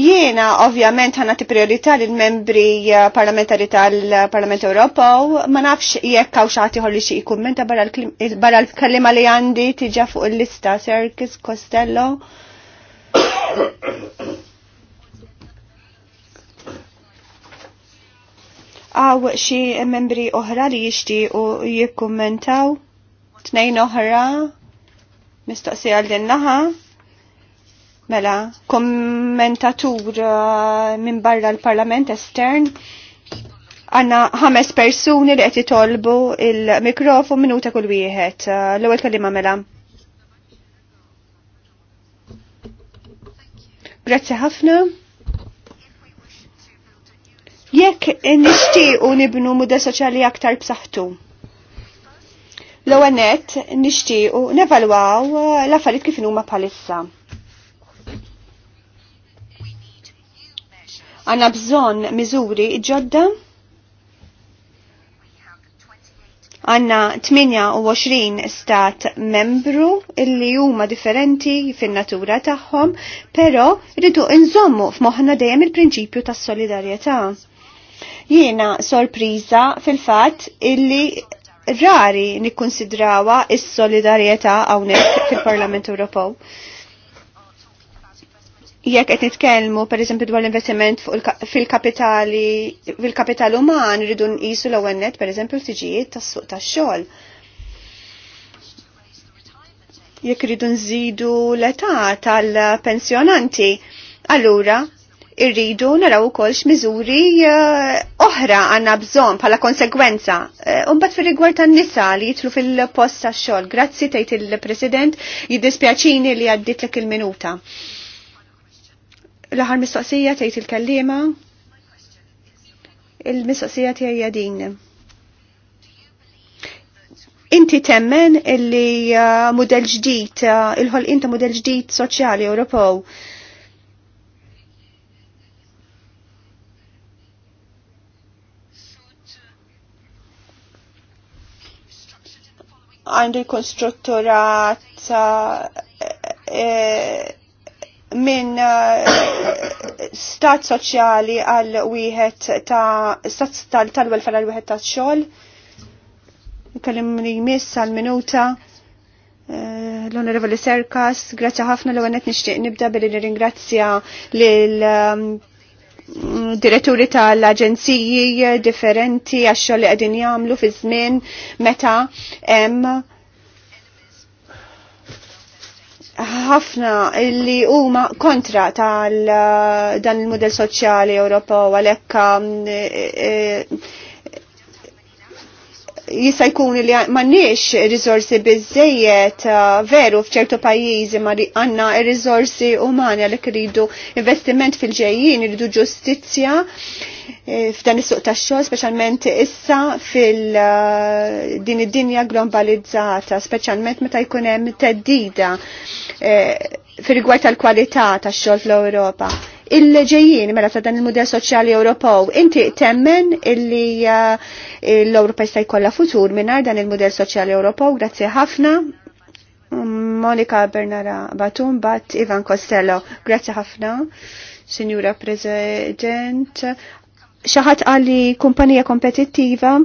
Jiena ovvjament ħana ti priorità lill-membri eh, parlamentari tal-Parlament Ewropew, ma nafx jekk hawn xi li xie kummenta barra l eh, kallima li għandi tiġa fuq il-lista Serkis Costello. Għaw xie membri oħra li jishti u jikkommentaw? Tnejn oħra? Mistoqsi għal din naħa Mela, kommentatur uh, minn barra l-parlament estern għanna ħames persuni li qed jitolbu il-mikrofon minuta kull wieħed. Uh, l-ewwel kelliema mela. Grazzi ħafna. Jekk nixtiequ nibnu muda soċjali aktar b'saħħtu. L-ewwel nett nixtiequ nevalwaw l-affarijiet kif huma bħalissa. Għandna bżonn miżuri ġodda għanna 28 stat membru illi huma differenti fin-natura tagħhom, però rridu nżommu f'moħħna dejjem il-prinċipju tas-solidarjetà. Jiena sorpriża fil-fatt illi rari nikkonsidrawa is-solidarjetà hawnhekk fil-Parlament Ewropew. Jekk qed nitkellmu pereżempju dwar l-investiment fil-kapitali fil-kapital uman rridu nqisu l-ewwel net pereżempju l-tiġijiet tas-suq tax-xogħol jekk ridu nżidu l-età tal-pensjonanti. Allura, irridu naraw ukoll x'miżuri eh, oħra għandna bżonn bħala konsegwenza. Imbagħad eh, fir-rigward tan-nisa li jitlu fil-post tax-xogħol. Grazzi tgħid il-President jiddispjaċini li għadditlek il-minuta. L-aħħar mistoqsija tgħid il kelliema Il-mistoqsija tiegħi din. Inti temmen illi eh, model ġdid, il-ħolqien ta' model ġdid soċjali Ewropew għandu jkun strutturat eh, eh, minn eh, stat soċjali għal wieħed ta' stat tal-welfare għal wieħed ta' xogħol. Kellim li jmiss għal minuta l-Onorevoli Serkas, grazzi ħafna l-għanet nishtiq nibda billi nirringrazzja l diretturi tal-aġenziji differenti għax li qegħdin jagħmlu fi żmien meta hemm ħafna li huma kontra tal dan il model soċjali Ewropew għalhekk um, eh, eh, jista' jkun li m'għandniex riżorsi biżejjed uh, veru f'ċertu pajjiżi ma li għandna riżorsi umani għalhekk iridu investiment fil-ġejjin, iridu ġustizzja eh, f'dan is-suq tax-xogħol, speċjalment issa fil-din uh, id-dinja globalizzata, speċjalment meta jkun hemm teddida eh, fir-rigward tal-kwalità tax-xogħol fl-Ewropa il-ġejjien mela ta' dan il-modell soċjali Ewropew. Inti temmen illi uh, l-Ewropa jista' jkollha futur mingħajr dan il-modell soċjali Ewropew. Grazzi ħafna. Mm, Monika Bernara Batum bat Ivan Costello. Grazzi ħafna, Sinjura President. Xaħat għalli kumpanija kompetittiva.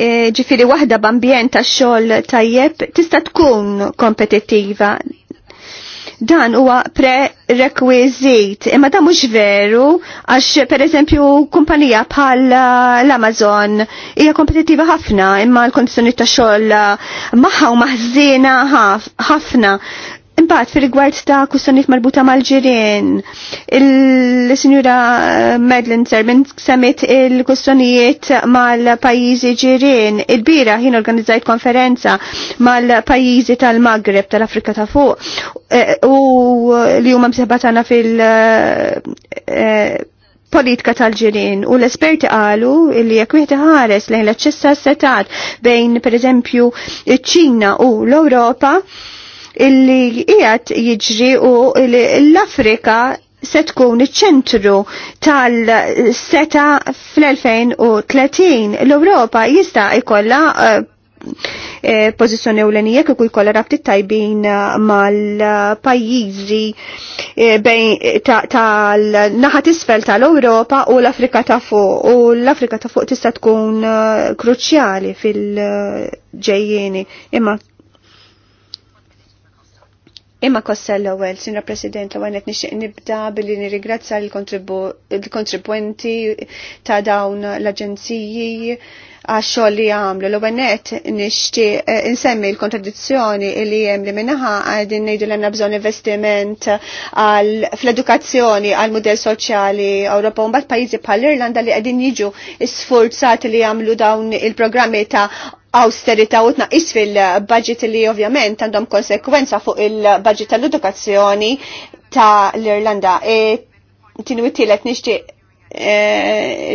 E, ġifiri wahda b'ambjent ta' xogħol tajjeb tista' tkun kompetittiva Dan huwa prerequisite, imma dan mhux veru għax pereżempju kumpanija bħal uh, l-Amazon hija kompetittiva ħafna imma l-kondizzjoni ta' xogħol uh, magħha u maħżiena ħafna Imbagħad fir-rigward ta' kustanit marbuta mal-ġirien, il-Sinjura eh, Madeline Sermin semmit il-kustanijiet mal-pajjiżi ġirien. Il-bira ħin organizzajt konferenza mal-pajjiżi tal-Maghreb tal-Afrika ta' fuq eh, u li huma mseħbatana fil- eh, politika tal-ġirin u l-esperti qalu li jekk wieħed ħares lejn l-aċċess setat bejn pereżempju ċ-Ċina u l-Ewropa illi qiegħed jiġri u l-Afrika se tkun iċ-ċentru tal-seta fl-2030. L-Ewropa jista' jkollha E, eh, eh, pozizjoni ewlenija kieku jkollha rabtit tajbin eh, mal-pajjiżi e, tal-naħat isfel tal-Ewropa u l-Afrika ta' fuq u l-Afrika ta' fuq tista' tkun kruċjali fil-ġejjieni imma Imma Kossell l-ewel, Sinra President, l-ewel qed nixtieq nibda billi nirigrazza l-kontribwenti ta' dawn l-aġenziji għax-xogħol li għamlu. l ewel net nixtieq eh, insemmi l-kontradizzjoni li hemm li minnaħa qegħdin ngħidu l-għanna bżonn investiment fl-edukazzjoni għal mudell soċjali Ewropa mbagħad pajjiżi bħall-Irlanda li qegħdin jiġu sforzati li jagħmlu dawn il-programmi ta' austerita u tnaqis fil-budget li ovvjament għandhom konsekwenza fuq il-budget tal-edukazzjoni ta' l-Irlanda. E, Tinwittilet nixtieq Eh,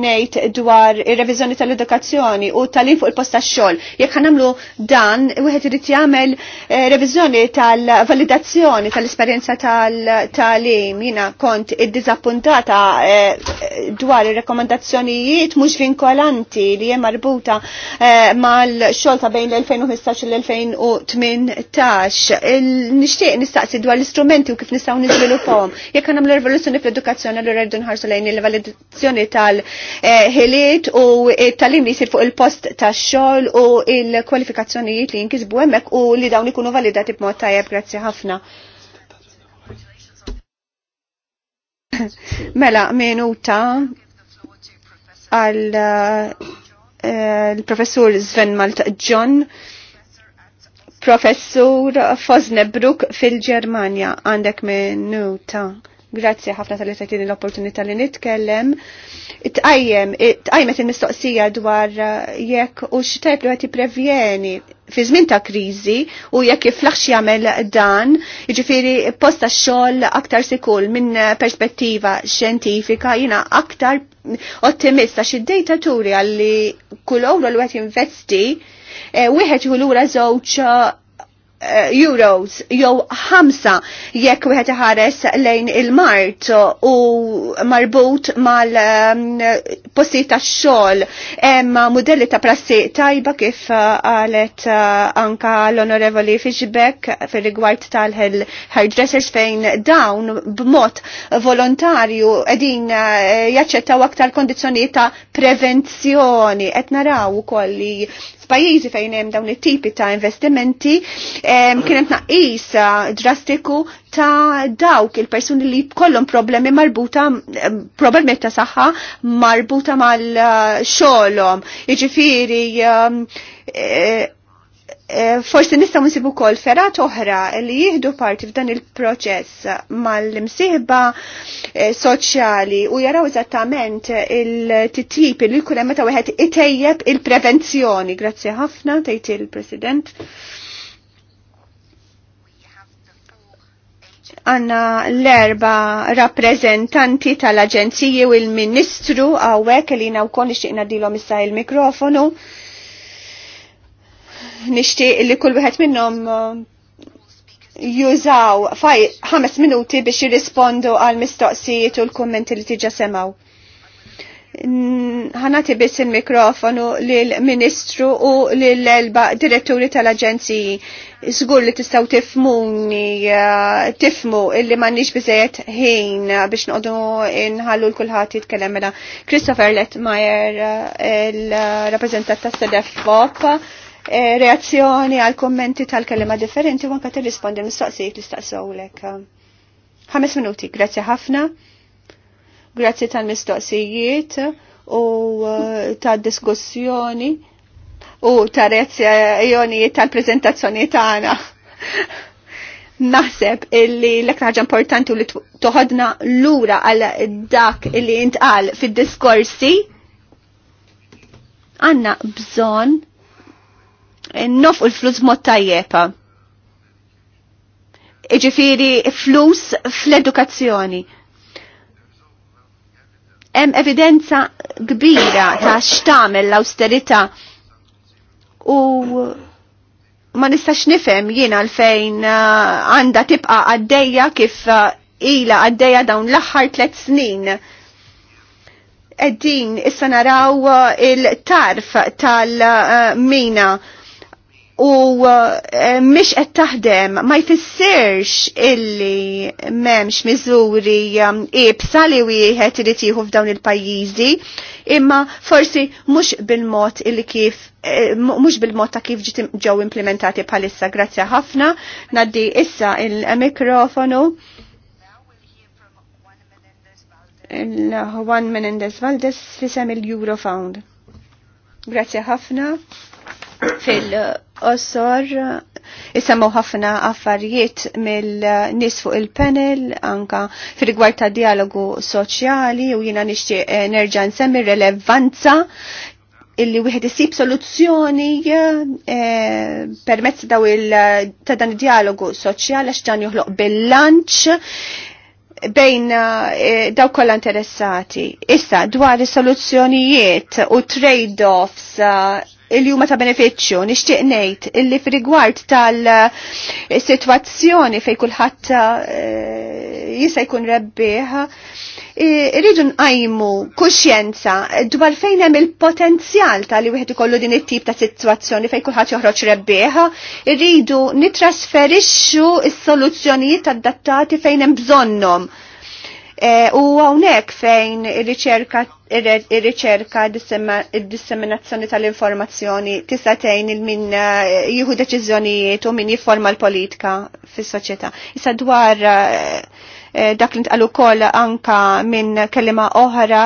nejt dwar ir revizjoni tal-edukazzjoni u tal-in fuq il-posta xogħol. Jekk għanamlu dan, wieħed irid jagħmel eh, revizjoni tal-validazzjoni tal-esperjenza tal-talim. Jiena kont iddiżappuntata dizappuntata eh, dwar ir-rekomandazzjonijiet mhux vinkolanti li jem marbuta mal-xogħol ta' bejn l-2015 u l-2018. Nixtieq nistaqsi dwar l-istrumenti u kif nistgħu niżviluppawhom. Jekk għanamlu revoluzzjoni fl-edukazzjoni l rridu nħarsu lejn il-validazzjoni tal-ħiliet u tal-im li jisir fuq il-post tax-xogħol u il-kwalifikazzjonijiet li jinkisbu emmek u li dawn ikunu validati b'mod tajjeb. Grazzi ħafna. Mela, minuta għal eh, il-professur Sven Malta John professur Fosnebruk fil-Germania għandek minuta. Grazzi ħafna tal-li tajtini l-opportunità li nitkellem. Tqajmet il-mistoqsija dwar uh, jekk u x'tajb li qed jipprevjeni fi żmien ta' kriżi u jekk jiflaħx jagħmel dan, jiġifieri posta xogħol aktar sikul minn perspettiva xjentifika jiena aktar ottimista xi dejta turi għalli kull ewro li qed jinvesti eh, wieħed jħu lura żewġ Eh, euros jew ħamsa jekk wieħed iħares lejn il-mart u marbut mal eh, postijiet tax-xogħol hemm mudelli ta' prassi tajba kif eh, qalet anka l-Onorevoli Fishbeck fir-rigward tal-hairdressers fejn dawn b'mod volontarju qegħdin jaċċettaw aktar kondizzjonijiet ta' prevenzjoni qed naraw ukoll li pajizi fejn hemm dawn it-tipi ta' investimenti kien hemm tnaqqis eh, drastiku ta' dawk il-persuni li kollhom problemi marbuta problemi ta' saħħa marbuta mal-xogħolhom. Eh, jiġifieri eh, Eh, forsi nista' nsibu wkoll ferat oħra li jieħdu parti f'dan il-proċess mal-imsieħba eh, soċjali u jaraw eżattament il-titjib li jkun hemm meta wieħed itejjeb il-prevenzjoni. Grazzi ħafna tgħid il-President. għanna l-erba rappresentanti tal-Aġenziji u l-Ministru għawek li naw nixtieq ixtiqna dilom issa il-mikrofonu nixtieq li kull wieħed minnhom uh, jużaw faj ħames minuti biex jirrispondu għal mistoqsijiet u l-kommenti li tiġa semaw. Ħanati biss il-mikrofonu lill-Ministru u lill-elba diretturi tal-Aġenziji. Żgur li tistgħu tifmuni, uh, tifmu illi m'għandniex biżejjed ħin biex noqogħdu nħallu l kulħadd jitkellem mela. Christopher Lettmeyer, uh, il-rappreżentant tas-Sedef Fop, Eh, reazzjoni għal kommenti tal-kelima differenti u anka tirrispondi mistoqsijiet li staqsowlek. Ħames minuti, grazzi ħafna. Grazzi tal-mistoqsijiet u eh, tad-diskussjoni u ta' reazzjonijiet tal-preżentazzjoni tagħna. Naħseb illi l-ek ħaġa importanti li toħodna lura għal dak illi intqal fid-diskorsi għanna bżonn nof u l-flus mod tajjeba. Iġifiri flus fl-edukazzjoni. Hemm evidenza kbira ta' xtamel l austerita u ma nistax nifhem jiena għalfejn uh, għandha tibqa' għaddejja kif uh, ila għaddejja dawn l-aħħar tliet snin. Eddin issa naraw uh, il-tarf tal-mina. Uh, u eh, mhix qed taħdem ma jfissirx illi m'hemmx miżuri eh, ibsa li wieħed irid jieħu f'dawn il-pajjiżi imma forsi mhux bil-mod illi kif eh, mhux bil-mod ta' kif ġew implementati bħalissa grazzi ħafna naddi issa il-mikrofonu il-Juan Menendez Valdez fisem il-Eurofound. Grazie ħafna fil- fil-qosor ħafna affarijiet mill-nis fuq il-panel anka fil gwar ta' dialogu soċjali u jina nixtieq eh, nerġa' nsemmi relevanza illi wieħed isib soluzzjoni e, permezz daw il ta' dan dialogu soċjali għax dan joħloq bil-lanċ bejn e, daw kollha interessati. Issa dwar is-soluzzjonijiet u trade-offs il-juma ta' benefiċċju. Nixtieq ngħid illi f'rigward tal-sitwazzjoni fejn kulħadd eh, jista' jkun rebbieħ eh, irridu nqajmu kuxjenza dwar fejn hemm il-potenzjal tal-li wieħed ikollu din it-tip ta' sitwazzjoni fejn kulħadd joħroġ rebbieħ, irridu nitrasferixxu s-soluzzjonijiet adattati fejn hemm bżonnhom Eh, u għawnek fejn il-riċerka il-disseminazzjoni tal-informazzjoni tista' tgħin il-min eh, jieħu deċiżjonijiet u min jifforma l-politika fis-soċjetà. Issa dwar eh, dak li ntqalu wkoll anka minn kelima oħra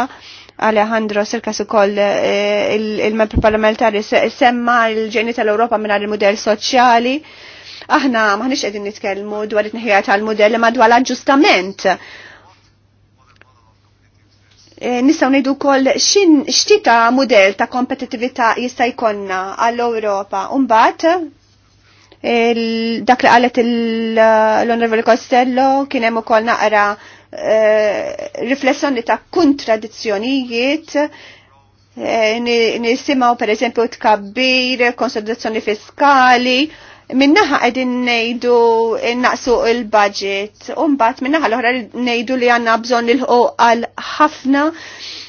Alejandro Serkas ukoll il-membru parlamentari semma l-ġeni tal-Ewropa minn il-modell soċjali. Aħna maħniex qegħdin nitkellmu dwar it-tneħħija tal-modell ma dwar l-aġġustament Eh, nistaw nejdu kol xin xtita model ta' kompetitivita jista' jkonna għall-Europa. Umbat, dak li għalet eh, l-Onorevoli Costello kienem u kol naqra eh, riflessjoni ta' kontradizzjonijiet nisimaw per eżempju tkabbir, konsolidazzjoni fiskali, minnaħa għedin nejdu naqsu il-budget, unbat minnaħa l-ohra nejdu li għanna bżon il-ħu għal-ħafna,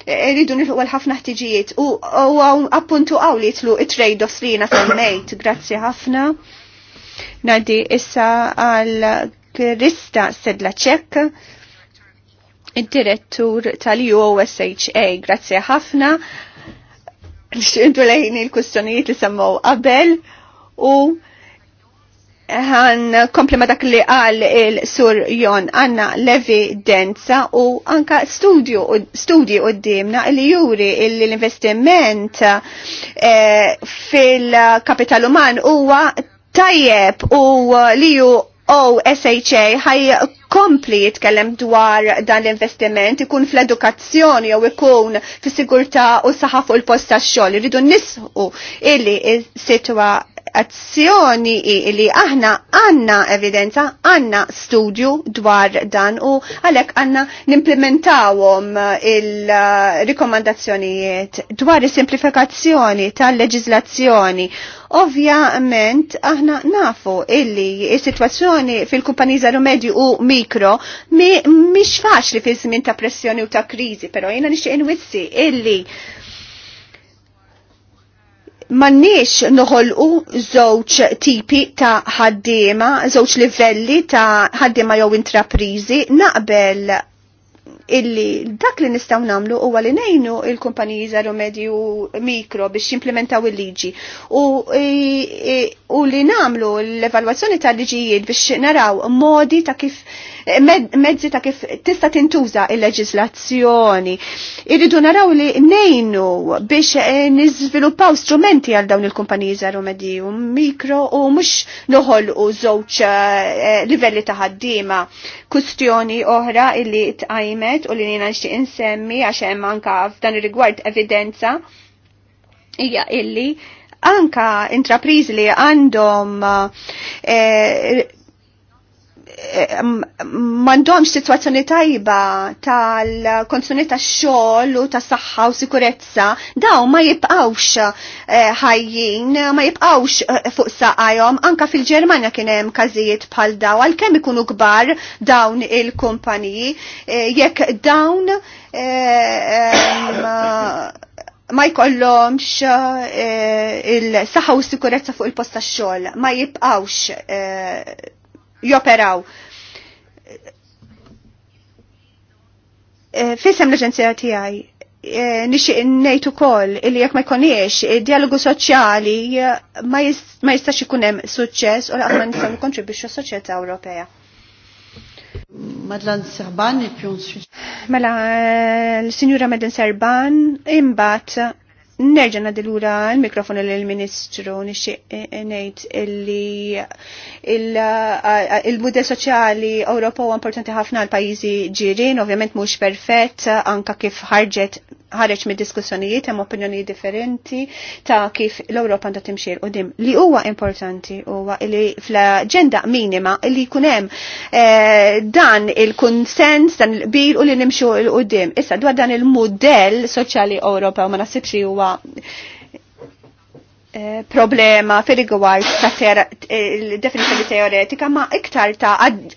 rridu il-ħu għal-ħafna ħtiġijiet. U appuntu għaw li jitlu it-trade-offs li jina semmejt, grazzi ħafna. Nadi issa għal-Krista Sedla Ċek, il direttur tal-UOSHA, grazzi ħafna. Nixtu lejni il kustjonijiet li semmow qabel u għan komplima dak li għal il-sur Jon għanna l-evidenza u anka studio, studi u dimna li juri l-investiment eh, fil-kapital uman huwa tajjeb u li ju OSHA ħaj kompli jitkellem dwar dan l-investiment ikun fl-edukazzjoni jew ikun fis sigurtà u saħaf fuq il posta tax-xogħol. Irridu nisħu illi s-sitwa azzjoni li aħna għanna evidenza, għanna studju dwar dan u għalek għanna nimplementawom eh, il-rikomandazzjonijiet eh, dwar il-simplifikazzjoni tal-leġizlazzjoni. Ovvjament aħna nafu illi il-situazzjoni fil-kumpaniji zaru medju u mikro mi miex faċli fi żmien ta' pressjoni u ta' krizi, pero jena nixtieq inwissi illi Mannix noħolqu żewġ tipi ta' ħaddiema, żewġ livelli ta' ħaddiema jew intraprizi, naqbel illi dak li nistaw namlu huwa li nejnu il-kumpaniji żaru medju mikro biex jimplementaw il-liġi u, u li namlu l-evalwazzjoni tal-liġijiet biex naraw modi ta' kif med, mezzi ta' kif tista' tintuża il-leġislazzjoni. Irridu naraw li nejnu biex e, niżviluppaw strumenti għal dawn il-kumpaniji żaru medju mikro u mhux noħolqu żewġ e, livelli ta' ħaddiema. Kustjoni oħra illi tqajmet wieħed u li jiena nixtieq insemmi għax hemm anka f'dan ir-rigward evidenza hija illi anka intrapriż li għandhom eh, mandom situazzjoni tajba tal-konzjoni ta' xogħol u ta' saħħa u sikurezza, daw ma jibqawx eh, ħajjin, ma jibqawx eh, fuq saqajhom, anka fil-Ġermanja kien hemm każijiet bħal daw, għalkemm ikunu kbar dawn il-kumpaniji, eh, jekk dawn ma jkollomx il-saħħa u sikurezza fuq il-post tax-xogħol, ma jibqawx joperaw. Eh, Fisem l-ġenzija tijaj, eh, nixiq nejtu kol illi jekk ma jkoniex eh, dialogu soċjali ma jistax ikun hemm suċċess u laqma nistgħu nikkontribwixxu s-soċjetà Ewropea. Madlan Serban il Pjons. Mela l-Sinjura Madlan Serban imbagħad Nerġa' nadilura l-mikrofonu lill-Ministru nixtieq eh, eh, ngħid illi eh, il-mudell soċjali Ewropa huwa importanti ħafna għal pajjiżi ġirien, ovvjament mhux perfett anka kif ħarġet ħareġ mid diskussjonijiet hemm opinjoni differenti ta' kif l-Ewropa għandha timxi l qudiem Li huwa importanti huwa li fl-aġenda minima li jkun hemm eh, dan il-kunsens dan il-qbil u li nimxu l qudiem Issa dwar dan il-mudell soċjali u ma nasibx li huwa problema fil gwajt ta' il-definizjoni teoretika ma' iktar ta'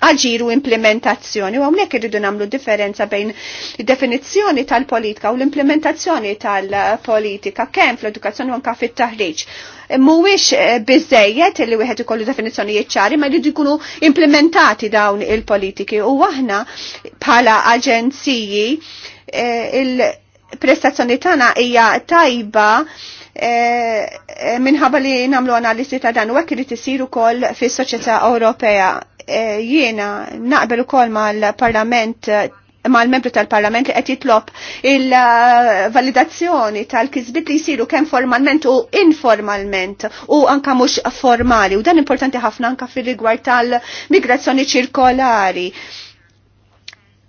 aġiru implementazzjoni u għamnek irridu namlu differenza bejn il-definizjoni tal-politika u l-implementazzjoni tal-politika kemm fl-edukazzjoni u anka fit-taħriġ. Mhuwiex eh, biżejjed li wieħed ikollu definizzjonijiet ċari ma jridu jkunu implementati dawn il-politiki u aħna bħala aġenziji eh, il-prestazzjoni tagħna hija tajba Eh, eh, minħabba li namlu analiżi ta' dan u hekk irid isir ukoll fis-soċjetà Ewropea. Eh, jiena naqbel ukoll mal-Parlament mal-membru tal-parlament li qed jitlob il-validazzjoni tal kizbit li jsiru kemm formalment u informalment u anka mhux formali u dan importanti ħafna anka fir-rigward tal-migrazzjoni ċirkolari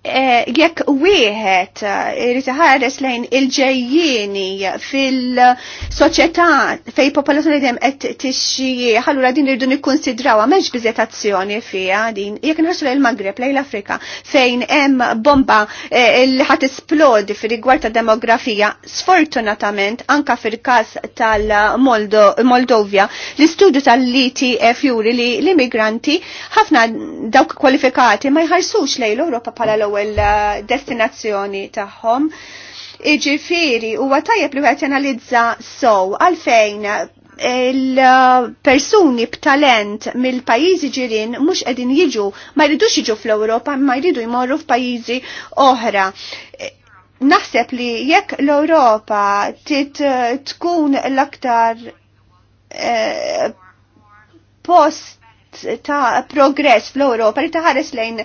Eh, jekk wieħed eh, irid iħares lejn il-ġejjieni fil-soċjetà fej popolazzjoni dejjem qed tixxi ħallura din irridu nikkunsidraw m'hemmx biżiet azzjoni fiha din. Jekk inħarsu lejn il-Magreb lejn l-Afrika fejn hemm bomba eh, li ħadd isplodi fir-rigward ta' demografija, sfortunatament anka fil-każ tal-Moldovja, l-istudju tal-ITF juri li l-immigranti ħafna dawk kwalifikati ma jħarsux lejn l-Ewropa bħala l l il eh, destinazzjoni tagħhom. Iġifieri huwa tajjeb li wieħed janalizza sow għalfejn il-persuni b'talent mill-pajjiżi ġirin mhux qegħdin jiġu, ma jridux jiġu fl-Ewropa, ma jridu jmorru f'pajjiżi oħra. Naħseb li jekk l-Ewropa tkun l-aktar eh, post ta' progress fl-Europa li taħares lejn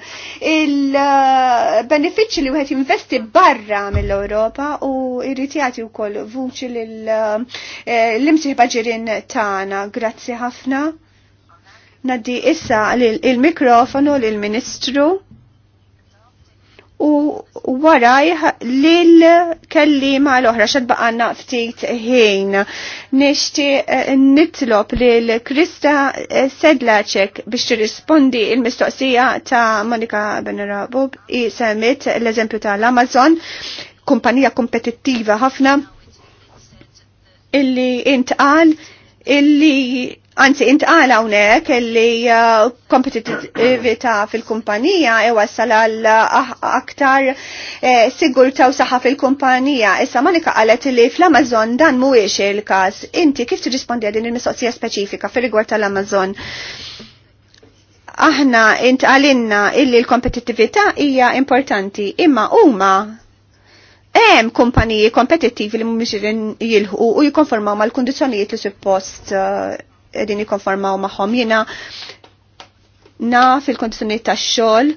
il-benefiċi li wieħed jinvesti barra mill-Europa u irrid jagħti wkoll vuċi lill-imsieħba eh, ġirien tagħna. Grazzi ħafna. Naddi issa il-mikrofonu lill-Ministru u warajħ lil kellima l-oħra xad baqanna ftit ħin. Nishti eh, nitlop lil Krista eh, Sedlaċek biex tirrispondi il-mistoqsija ta' Monika Benerabub i semmit l-eżempju tal-Amazon, kumpanija kompetittiva ħafna illi intqal illi Anzi, intqal hawnhekk li uh, kompetitività fil-kumpanija e wassal għal uh, ah, aktar eh, sigurta u saħħa fil-kumpanija. Issa Monika qalet li fl-Amazon dan mhuwiex il-każ. Inti kif tirrispondi din il-mistoqsija speċifika fir-rigward tal-Amazon? Aħna għalinna illi l kompetitivita hija importanti, imma huma hemm kumpaniji kompetittivi li mhumiex jilħu u jikkonformaw mal-kundizzjonijiet li suppost uh, edin jikonformaw maħom jina na fil-kondizjoni ta' xol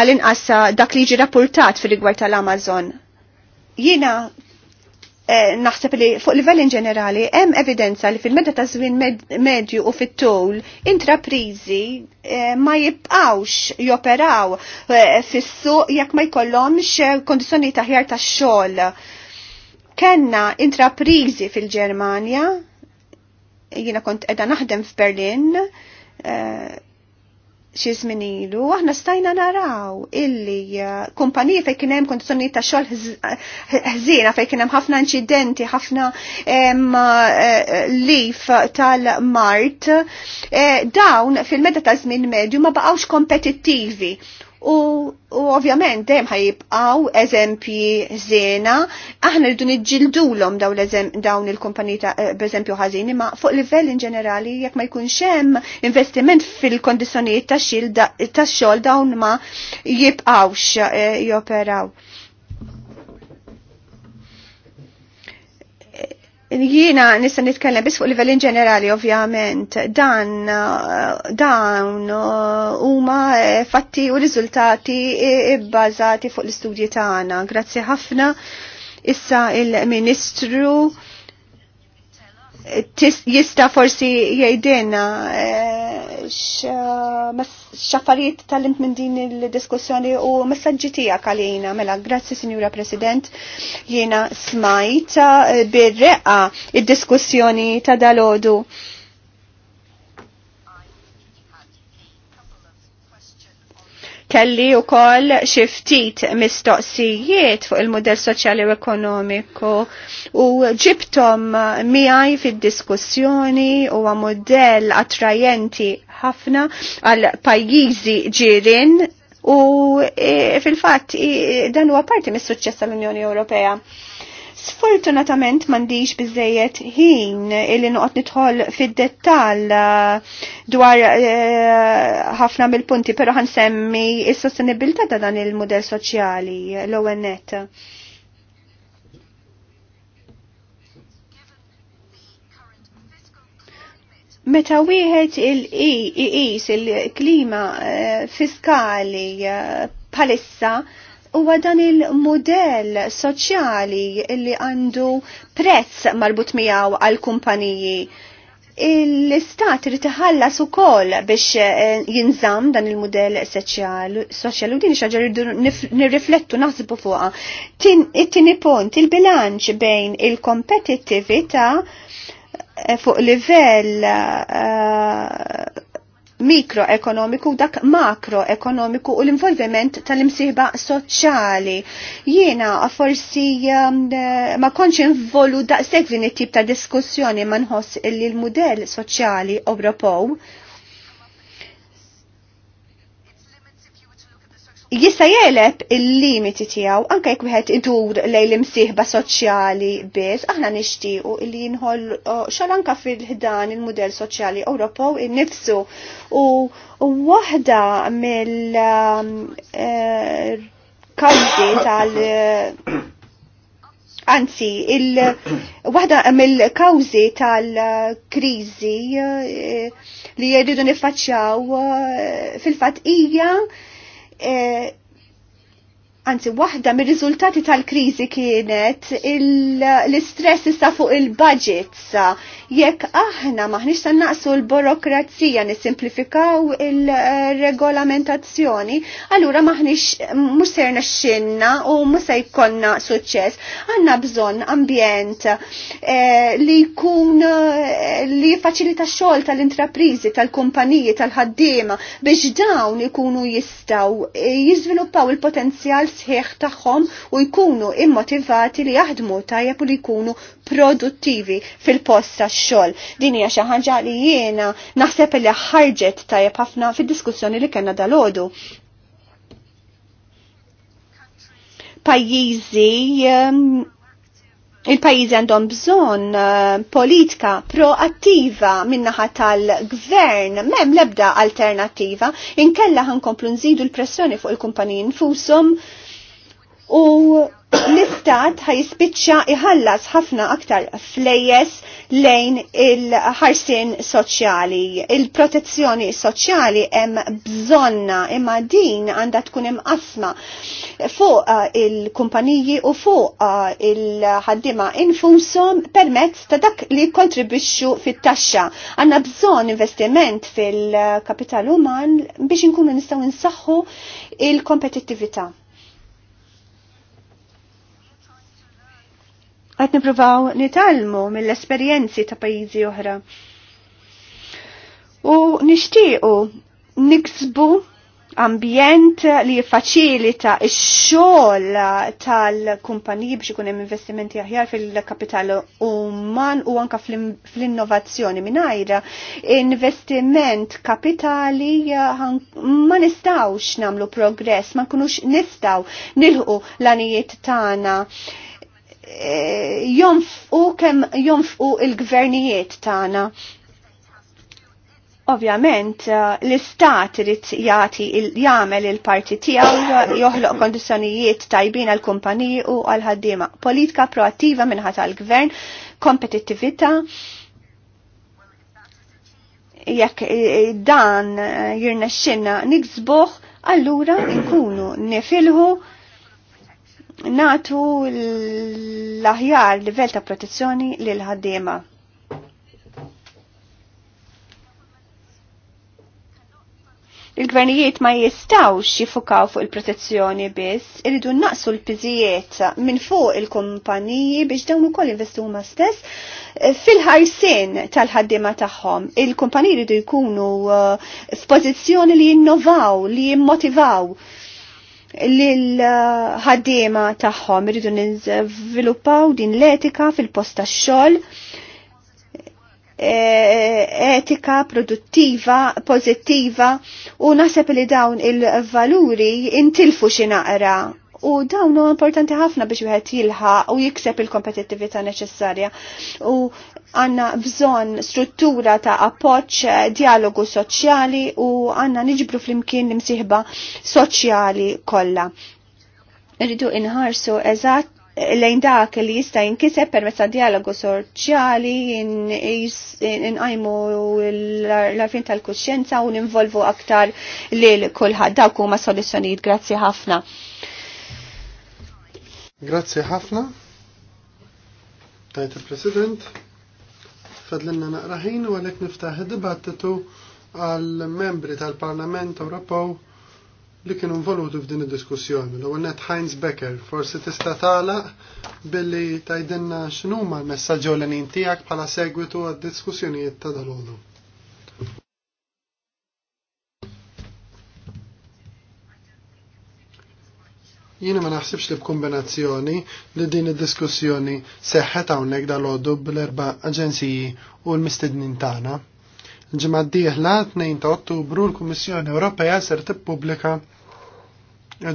għalin inqas dak li ġi rapportat fil-rigward tal-Amazon. Jina eh, naħseb li fuq livell in ġenerali hemm evidenza li fil-medda ta' żmien med medju u fit-tul intraprizi eh, ma jibqawx joperaw eh, fis-suq jekk ma jkollhomx eh, ta' ħjar tax-xogħol. Kenna intraprizi fil-Ġermanja Jiena kont edha naħdem f'Berlin eh, xi żmien ilu, aħna stajna naraw illi eh, kumpaniji fejn kien hemm kondizzjonijiet ta' xogħol ħżiena fejn kien hemm ħafna inċidenti, ħafna eh, lif tal-mart, dawn fil-meda ta' żmien medju ma baqgħux kompetittivi U, u ovvjament hemm ħajibqgħu eżempji zena, aħna rridu niġġildulhom dawn il-kumpaniji ta' eh, b'eżempju ħażini, imma fuq livell in ġenerali jekk ma jkunx hemm investiment fil-kondizzjonijiet tax-xogħol dawn ma jibqgħux eh, joperaw. E, Jiena nista' nitkellem biss fuq livell ġenerali ovvjament dan eh, dawn eh, huma eh, fatti u riżultati bbażati fuq l-istudji tagħna. Grazzi ħafna issa il-Ministru jista forsi jgħidilna eh, xaffariet tal-int minn din il-diskussjoni u messaġġi tiegħek għalina mela grazzi Signora President jiena smajt eh, bir il diskussjoni ta' dalodu. kelli u koll xiftit mistoqsijiet fuq il-modell soċjali u ekonomiku u ġibtom miħaj fil-diskussjoni u modell attrajenti ħafna għal pajjiżi ġirin u e, fil-fatt dan huwa parti mis-suċċess tal-Unjoni Ewropea. Sfortunatament mandiġ bizzejiet ħin illi nuqot nidħol fid-dettall eh, dwar eh, ħafna mill-punti, pero ħansemmi s sostenibilità ta' dan il mudell soċjali l-ONET. Meta wieħed il-qis il-klima eh, fiskali palissa, huwa dan il-modell soċjali li għandu prezz marbut miegħu għal kumpaniji. L-istat irid iħallas ukoll biex eh, jinżamm dan il-modell soċjali u din xaġa rridu nirriflettu naħsibu fuqha. It-tieni punt il-bilanċ bejn il-kompetittività eh, fuq livell uh, mikroekonomiku dak makroekonomiku u l-involviment tal-imsiħba soċjali. Jiena forsi um, eh, ma konċ involu daqseg din it-tip ta' diskussjoni ma nħoss li l-mudell soċjali Ewropew jista jeleb il-limiti tijaw, anka jek wieħed idur l imsieħba soċjali biz, aħna nixtiequ li jinħol xal anka fil-ħdan il model soċjali Ewropew nifsu u waħda mill um, eh, kawzi tal Anzi, il-wahda mill-kawzi tal-krizi eh, li jridu nifacċaw eh, fil-fat ija E, anzi, waħda mir riżultati tal-krizi kienet l-istress issa fuq il-budgets jekk aħna maħniex ta' naqsu l-burokrazija nisimplifikaw il-regolamentazzjoni, allura maħniex mhux ser u mhux se jkollna suċċess. Għandna bżonn ambjent eh, li jkun eh, li faċilita xogħol tal-intrapriżi, tal-kumpaniji, tal-ħaddiema biex dawn ikunu jistgħu eh, jiżviluppaw il-potenzjal sħiħ tagħhom u jkunu immotivati li jaħdmu tajjeb u li jkunu produttivi fil-posta xogħol. Din hija xi ħaġa li jiena naħseb li ħarġet tajjeb ħafna fid-diskussjoni li kellna dal-għodu. Pajjiżi um, il-pajizi għandhom bżon uh, politika proattiva minnaħa tal-gvern, mem lebda alternativa, inkella ħankomplu nżidu l-pressjoni fuq il-kumpaniji nfusom u l-istat ħajispiċċa iħallas ħafna aktar flejjes lejn il-ħarsin soċjali. Il-protezzjoni soċjali hemm bżonna imma din għandha tkun imqasma fuq uh, il-kumpaniji u fuq uh, il-ħaddima infushom permezz ta' dak li kontribwixxu fit-taxxa. Għandna bżonn investiment fil-kapital uman biex inkunu nistgħu nsaħħu il-kompetittività. Għat nipruvaw nitalmu mill-esperienzi ta' pajizi oħra. U nishtiqu niksbu ambjent li jiffaċilita x-xogħol tal-kumpaniji biex ikun hemm investimenti aħjar fil-kapital uman u anka fl-innovazzjoni mingħajr investiment kapitali eh, ma nistgħux nagħmlu progress, ma nkunux nistgħu nilħu l-anijiet tagħna Eh, jonfqu kemm jonfqu il-gvernijiet tagħna. Ovvjament, eh, l-istat irid jagħti jagħmel il-parti tiegħu joħloq kondizzjonijiet tajbin għal kumpaniji u għal ħaddiema. Politika proattiva minħat għall gvern kompetittività, jekk eh, dan jirnexxinna niksbuh, allura nkunu nifilħu natu l-aħjar livell ta' protezzjoni l ħaddiema. Il-gvernijiet ma jistawx jifukaw fuq il-protezzjoni biss, iridu naqsu l-piżijiet minn fuq il-kumpaniji biex dawn ukoll investu ma stess fil-ħajsin tal-ħaddiema tagħhom. Il-kumpaniji iridu jkunu eh, f'pożizzjoni li jinnovaw, li jimmotivaw l-ħaddiema tagħhom rridu nizviluppaw din l-etika fil posta xol, xogħol eh, etika produttiva, pozittiva u naħseb li dawn il-valuri intilfu xi naqra U dawn u importanti ħafna biex wieħed jilħaq u jikseb il-kompetittività neċessarja. U għanna bżon struttura ta' appoċ eh, dialogu soċjali u għanna niġbru fl-imkien l-imsiħba soċjali kolla. Rridu inħarsu eżatt lejn dak li jista' jinkiseb permezz ta' dialogu soċjali inqajmu l-arfin tal-kuxjenza u ninvolvu aktar lil kulħadd dawk huma soluzzjonijiet. Grazzi ħafna. Grazzi ħafna. Tajt il-President fadlinna naqraħin u għalek niftaħ dibattitu għal-membri tal-Parlament Ewropew li kienu involuti f'din id-diskussjoni. L-ewwel net Heinz Becker, forsi tista' tagħlaq billi tgħidilna x'inhuma l-messaġġi ewlenin tiegħek bħala segwitu għad-diskussjonijiet ta' dalgħodu. Jiena ma naħsibx li b'kombinazzjoni li din id-diskussjoni seħħet hawnhekk dal-għodu bl-erba' aġenziji u l-mistednin tagħna. Ġimgħa d-dieħla 2 ta' Ottubru l-Kummissjoni Ewropea ser tippubblika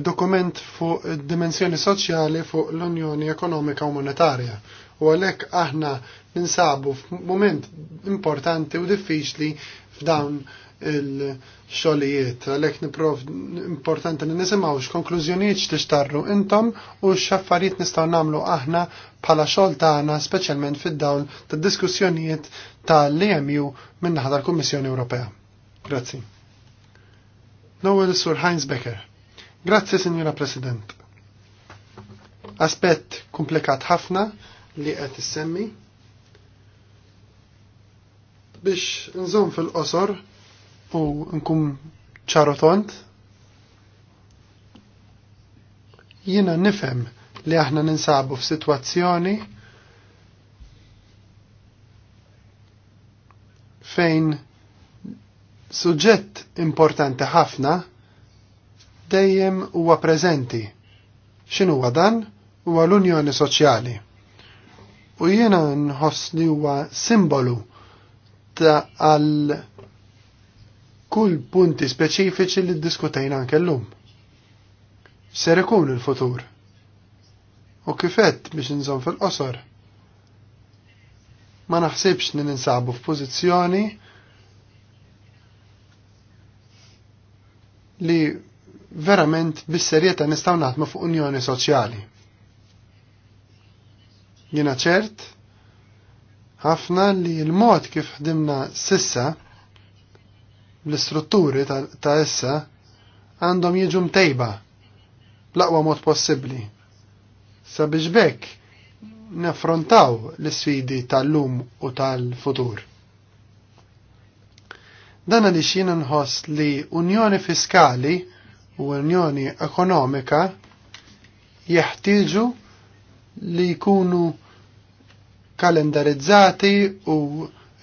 dokument fuq id-dimensjoni soċjali fuq l-Unjoni Ekonomika u Monetarja u għalhekk aħna ninsabu f'mument importanti u diffiċli f'dawn il-xolijiet. Għalek niprof importanti li nisimaw x-konklużjoniet x-tixtarru intom u x-xaffariet nistaw namlu aħna bħala xol taħna specialment fid-dawl ta' diskussjonijiet ta' l-EMU minnaħa tal-Kommissjoni Ewropea. Grazzi. Nowel Sur Heinz Becker. Grazzi, Signora President. Aspett komplikat ħafna li qed semmi biex nżomm fil-qosor u nkun ċarotont. Jina Jiena nifhem li aħna ninsabu f'sitwazzjoni fejn suġġett importanti ħafna dejjem huwa preżenti. X'inhuwa dan? Huwa l-Unjoni Soċjali. U jiena nħoss li huwa simbolu ta' għal kull punti speċifiċi li diskutajna anke l-lum. Ser ikun il-futur. U kifett biex nżomm fil-qosor. Ma naħsibx li ninsabu f'pożizzjoni li verament bis-serjetà nistgħu naħdmu fuq unjoni soċjali. Jiena ċert ħafna li l-mod kif ħdimna sissa l-istrutturi ta' issa għandhom jiġu mtejba bl-aqwa mod possibbli. Sabiex bekk naffrontaw l-sfidi tal-lum u tal-futur. Dan għaliex jiena nħoss li Unjoni Fiskali u Unjoni Ekonomika jeħtieġu li jkunu kalendarizzati u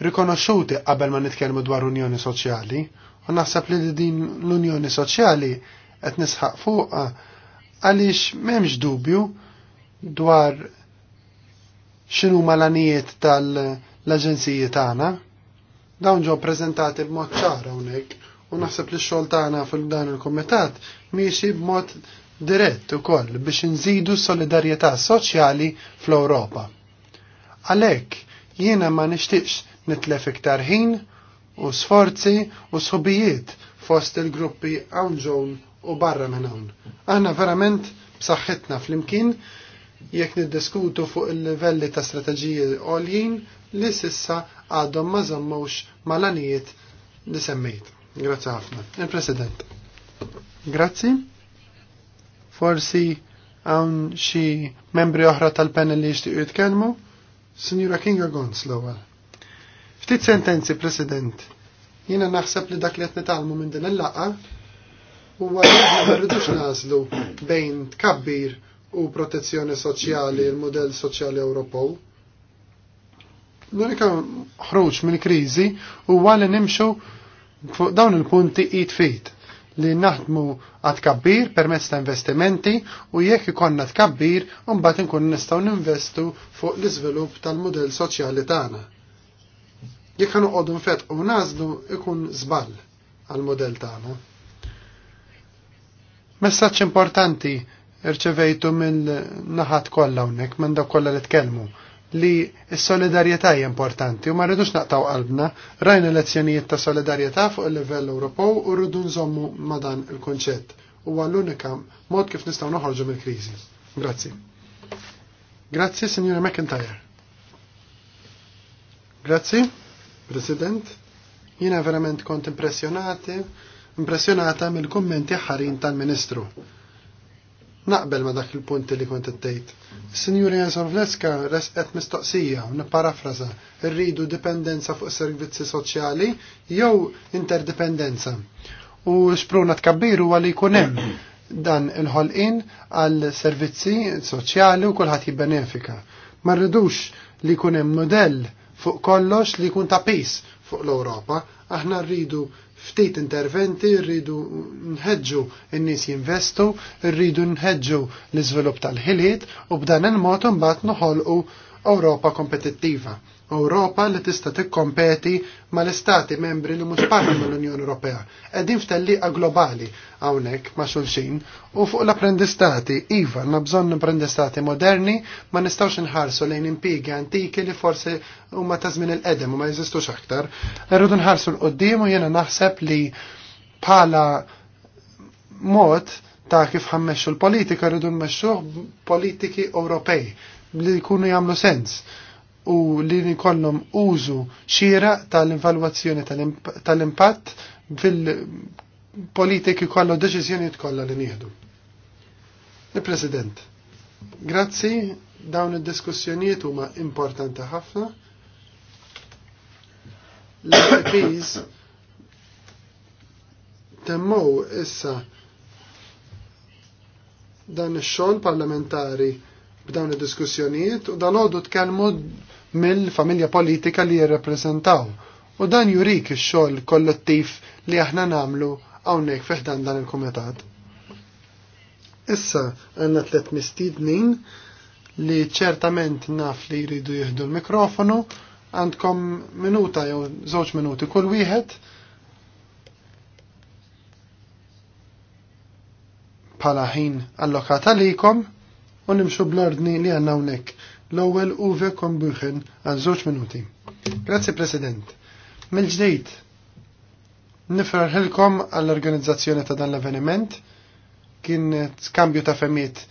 rikonoxxuti qabel ma nitkellmu dwar Unjoni Soċjali u naħseb li din l-Unjoni Soċjali qed nisħaq fuqha għaliex m'hemmx dubju dwar x'inhu malanijiet tal-aġenziji tagħna. Dawn ġew preżentati b'mod ċar hawnhekk u naħseb li x-xogħol tagħna fil-dan il-kumitat miexi b'mod dirett ukoll biex inżidu s solidarjetà soċjali fl-Ewropa. Għalhekk jiena ma nixtiqx nitlef iktar ħin u sforzi u sħubijiet fost il-gruppi hawn ġown u barra minn hawn. Aħna verament b'saħħitna flimkien jekk niddiskutu fuq il-livelli ta' strateġiji għoljin li sissa għadhom ma zammux mal-anijiet li semmejt. Grazzi ħafna. Il-President. Grazzi. Forsi hawn xi membri oħra tal-panel li jixtiequ jitkellmu. Sinjura Kinga Gonz l-ewwel. Ftit sentenzi, President. Jiena naħseb li dak li qed talmu minn din il-laqgħa u li ma rridux nażlu bejn tkabbir u protezzjoni soċjali, il-modell soċjali Ewropew. L-unika ħruġ minn kriżi huwa li nimxu fuq dawn il-punti it fit li naħdmu għad kabbir permezz ta' investimenti u jekk ikonna tkabbir mbagħad nkun nistgħu ninvestu fuq l-iżvilupp tal-mudell soċjali tagħna. Jekk ħanu qodu nfet u nażlu ikun żball għal-modell tagħna. Messaġġ importanti irċevejtu mill-naħat kollha hawnhekk minn dak kollha li tkellmu li s-solidarjetà hija importanti u ma rridux naqtaw qalbna rajna lezzjonijiet ta' solidarjetà fuq il-livell Ewropew u rridu nżommu ma' dan il-konċett. Huwa l-unika mod kif nistgħu noħorġu mill-kriżi. Grazzi. Grazzi, Signora McIntyre. Grazzi. President. Jiena verament kont impressjonati, impressjonata mill-kummenti ħarin tal-Ministru. Naqbel ma dak il-punti li kont ittejt. Signor Jenson Vleska resqet mistoqsija u nipparafraza rridu dipendenza fuq servizzi soċjali jew interdipendenza. U xpruna tkabbiru għalli kunem dan il-ħolqin għal servizzi soċjali u kulħadd jibbenefika. Ma rridux li kunem modell fuq kollox li jkun ta' pace fuq l-Ewropa. Aħna rridu ftit interventi, rridu nħedġu n-nies jinvestu, rridu nħedġu l-iżvilupp tal-ħiliet u b'dan il-mod imbagħad noħolqu Ewropa kompetittiva. Ewropa li tista' tikkompeti mal-istati membri li mhux parti mill-Unjoni Ewropea. Qegħdin f'tellieqa globali hawnhekk ma' xulxin u fuq l-apprendistati iva na bżonn apprendistati moderni ma nistgħux inħarsu lejn impigi antiki li forsi huma ta' żmien il-qedem u ma jeżistux aktar. Irridu nħarsu l-qudiem u jiena naħseb li bħala mod ta' kif ħammexxu l-politika rridu nmexxuh politiki Ewropej li jkunu jagħmlu sens u li nkollhom użu xira tal-invalwazzjoni tal-impatt fil-politiki kollu deċiżjoni kollha li nieħdu. Il-President, grazzi dawn id-diskussjonijiet huma importanti ħafna. L-MPs temmow issa dan ix-xogħol parlamentari b'dawn id-diskussjonijiet u dan għodu tkellmu mill-familja politika li jirrepreżentaw u dan jurik ix-xogħol kollettiv li aħna nagħmlu hawnhekk fiħdan dan il-kumitat. Issa għandna tliet mistiednin li ċertament naf li jridu jieħdu l-mikrofonu għandkom minuta jew żewġ minuti kull wieħed bħala ħin allokat għalikom u nimxu bl-ordni li għanna unek l-ewwel Uwe Kombuchen għal żewġ minuti. Grazzi President. Mill-ġdejt nifraħilkom għall-organizzazzjoni ta' dan l-avveniment. Kien skambju ta' femmiet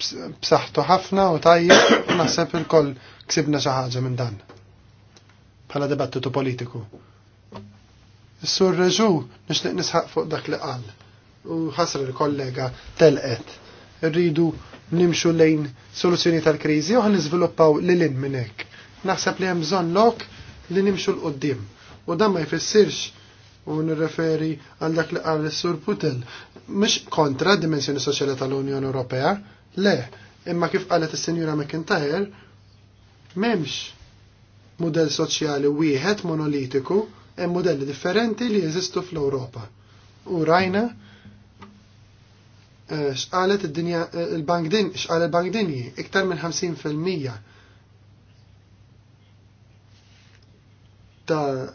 b'saħħtu ħafna u u naħseb il-koll ksibna xi ħaġa minn dan. Bħala dibattitu politiku. Is-sur Reġu nixtieq nisħaq fuq dak li qal u ħasr il kollega telqet rridu nimxu lejn soluzzjoni tal-kriżi u lil lilin minn hekk. Naħseb li hemm bżonn lok li nimxu l-qoddim. U dan ma jfissirx u nirreferi għal dak li qal sur Putin. Mhux kontra d-dimensjoni soċjali tal-Unjoni Ewropea, le, imma kif qalet is-Sinjura McIntyre, m'hemmx mudell soċjali wieħed monolitiku hemm modelli differenti li jeżistu fl-Ewropa. U rajna xqalet id-dinja il-bank din xqalet il-bank dinji iktar minn 50% ta'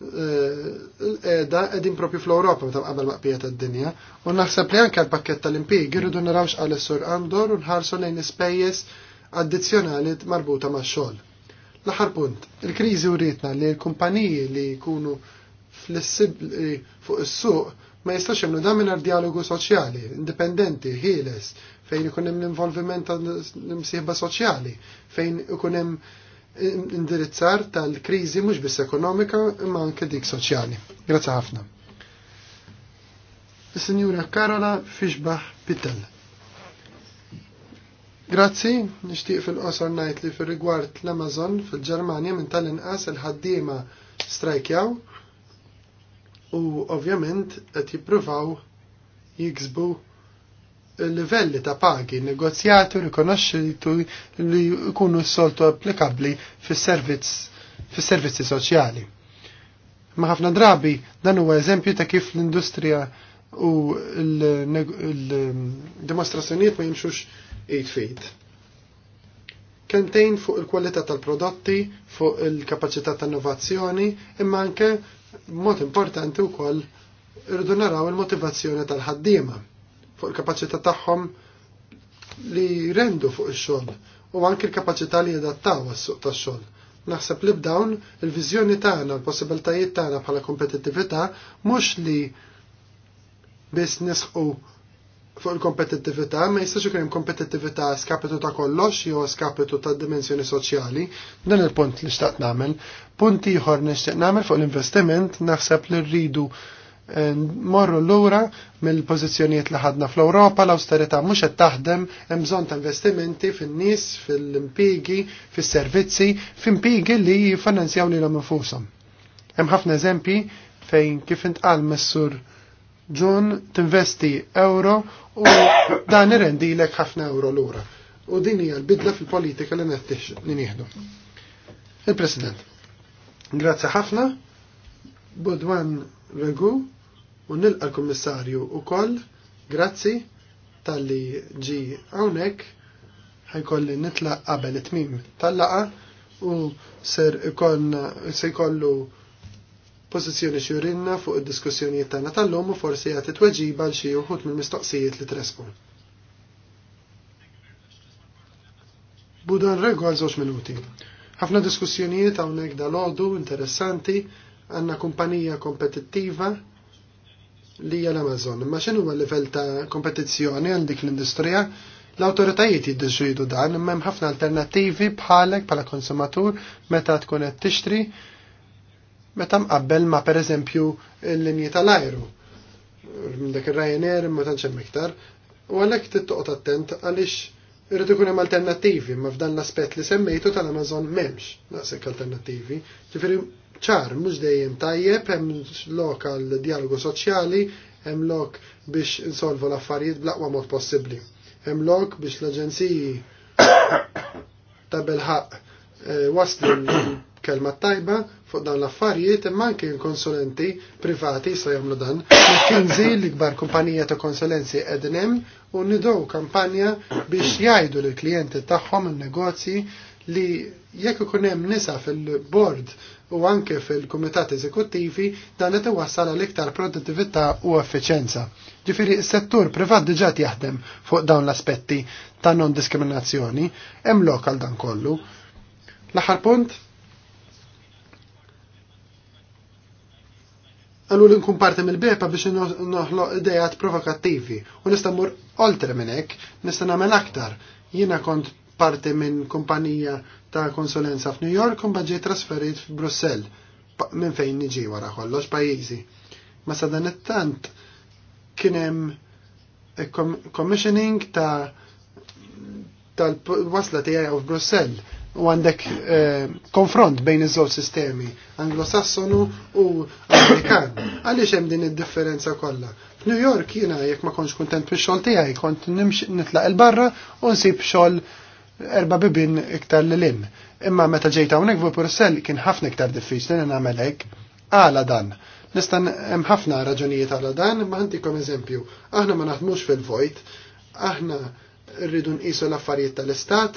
eh, l eda edin propju fl-Europa meta qabel maqbija tad-dinja u naħseb li anke l-pakket tal-impjieg irridu naraw xqalet sur għandor, u nħarsu lejn ispejjeż addizzjonali marbuta max-xogħol. L-aħħar punt, il-kriżi uritna li l-kumpaniji li jkunu fl-sibli fuq is-suq ma jistax imlu da minn dialogu soċjali, indipendenti, ħieles, fejn ikun hemm l-involviment ta' l soċjali, fejn ikun hemm indirizzar tal-kriżi mhux biss ekonomika imma anke dik soċjali. Grazzi ħafna. Signora Karola Fixbaħ Pittel. Grazzi, nixtieq fil-qosor najt li fil rigward l-Amazon fil-Ġermanja minn tal-inqas il-ħaddiema strajkjaw u ovvjament qed jippruvaw jiksbu livelli ta' pagi negozjati u rikonoxxitu li jkunu s-soltu applikabbli fis-servizzi soċjali. Ma ħafna drabi dan huwa eżempju ta' kif l-industrija u l-dimostrazzjonijiet ma jimxux id fit. Kentejn fuq il-kwalità tal-prodotti, fuq il-kapacità tan innovazzjoni, imma anke mod importanti wkoll irridu naraw il-motivazzjoni tal-ħaddiema fuq il-kapaċità tagħhom li rendu fuq ix-xogħol u anke l-kapaċità li jadattaw għas-suq tax-xogħol. Naħseb li b'dawn il-viżjoni tagħna, l-possibiltajiet tagħna bħala kompetittività mhux li biss nisħu fuq il-kompetittività, ma jistax ikun hemm kompetittività skapitu ta' kollox jew skapitu ta' dimensjoni soċjali. Dan il-punt li xtaqt nagħmel. Punt ieħor nixtieq nagħmel fuq l-investiment naħseb li rridu eh, morru lura mill-pożizzjonijiet li ħadna fl-Ewropa, l-austerità mhux qed taħdem hemm bżonn ta' investimenti fin-nies, fil-impigi, fis-servizzi, f'impigi li jiffinanzjaw lilhom infushom. Hemm ħafna eżempji fejn kif intqal messur ġun tinvesti euro u dan irrendi l ħafna euro l-ura. U din hija l-bidla fil-politika li nettix li nieħdu. Il-President, grazzi ħafna, Budwan Regu, u nilqa l-Kommissarju u koll, grazzi tal-li ġi għawnek, ħajkolli nitlaq qabel it-tmim tal-laqa u ser ikollu pożizzjoni xurinna fuq id-diskussjonijiet tagħna tal-lum u forsi jagħti tweġiba għal xi wħud mill-mistoqsijiet li trespon. Budan regu għal żewġ minuti. Ħafna diskussjonijiet hawnhekk dal-għodu interessanti għandna kumpanija kompetittiva li hija l-Amazon. Imma x'inhu l-livell ta' kompetizzjoni għal dik l-industrija? L-awtoritajiet jiddeċidu dan, imma hemm ħafna alternattivi bħalek bħala konsumatur meta tkun qed tixtri meta mqabbel ma' pereżempju l-linji tal-ajru. Dak ir-Ryanair ma tantx hemm iktar. U għalhekk tittoqgħod attent għaliex irid ikun hemm alternattivi, ma f'dan l-aspett li semmejtu tal-Amazon m'hemmx naqsek alternattivi. Ġifieri ċar mhux dejjem tajjeb, hemm lok għal dialogu soċjali, hemm lok biex insolvu l-affarijiet bl-aqwa mod possibbli. Hemm lok biex l-aġenziji ta' belħaq Eh, waslu l-kelma tajba fuq dan l-affarijiet imma anke konsulenti privati sa jagħmlu dan. McKinsey l-ikbar kumpanija ta' konsulenzi qegħdin hemm u nidgħu kampanja biex jgħidu lill-klijenti tagħhom il negozji li jekk ikun hemm nisa fil-bord u anke fil-kumitat eżekuttivi dan qed iwassal għal iktar produttività u effiċenza. Ġifieri s-settur privat diġà jaħdem fuq dawn l-aspetti ta' non diskriminazzjoni, hemm lokal dan kollu. L-aħħar punt? Għallu li nkun parti mill-bepa biex noħlo idejat provokattivi u nista' mur oltre minn hekk, nista' nagħmel aktar. Jiena kont parti minn kumpanija ta' konsulenza f'New York un ġej trasferit f'Brussell minn fejn niġi wara kollox pajjiżi. Ma sa dan it-tant kien hemm eh, commissioning ta' tal-wasla tiegħi f'Brussell u għandek eh, konfront bejn iż-żewġ sistemi anglosassonu u amerikan. Għaliex hemm din id-differenza kollha. F'New York jiena jekk ma kontx kuntent fix-xogħol tiegħi kont nitlaq il-barra u nsib xogħol erba bibin iktar l lim. Imma meta ġejta hawnhekk fi Purcell kien ħafna iktar diffiċli li nagħmel hekk. Għala dan. Nistan hemm ħafna raġunijiet għala dan, ma ħantikom eżempju. Aħna ma naħdmux fil-vojt, aħna rridu nqisu l-affarijiet tal-istat,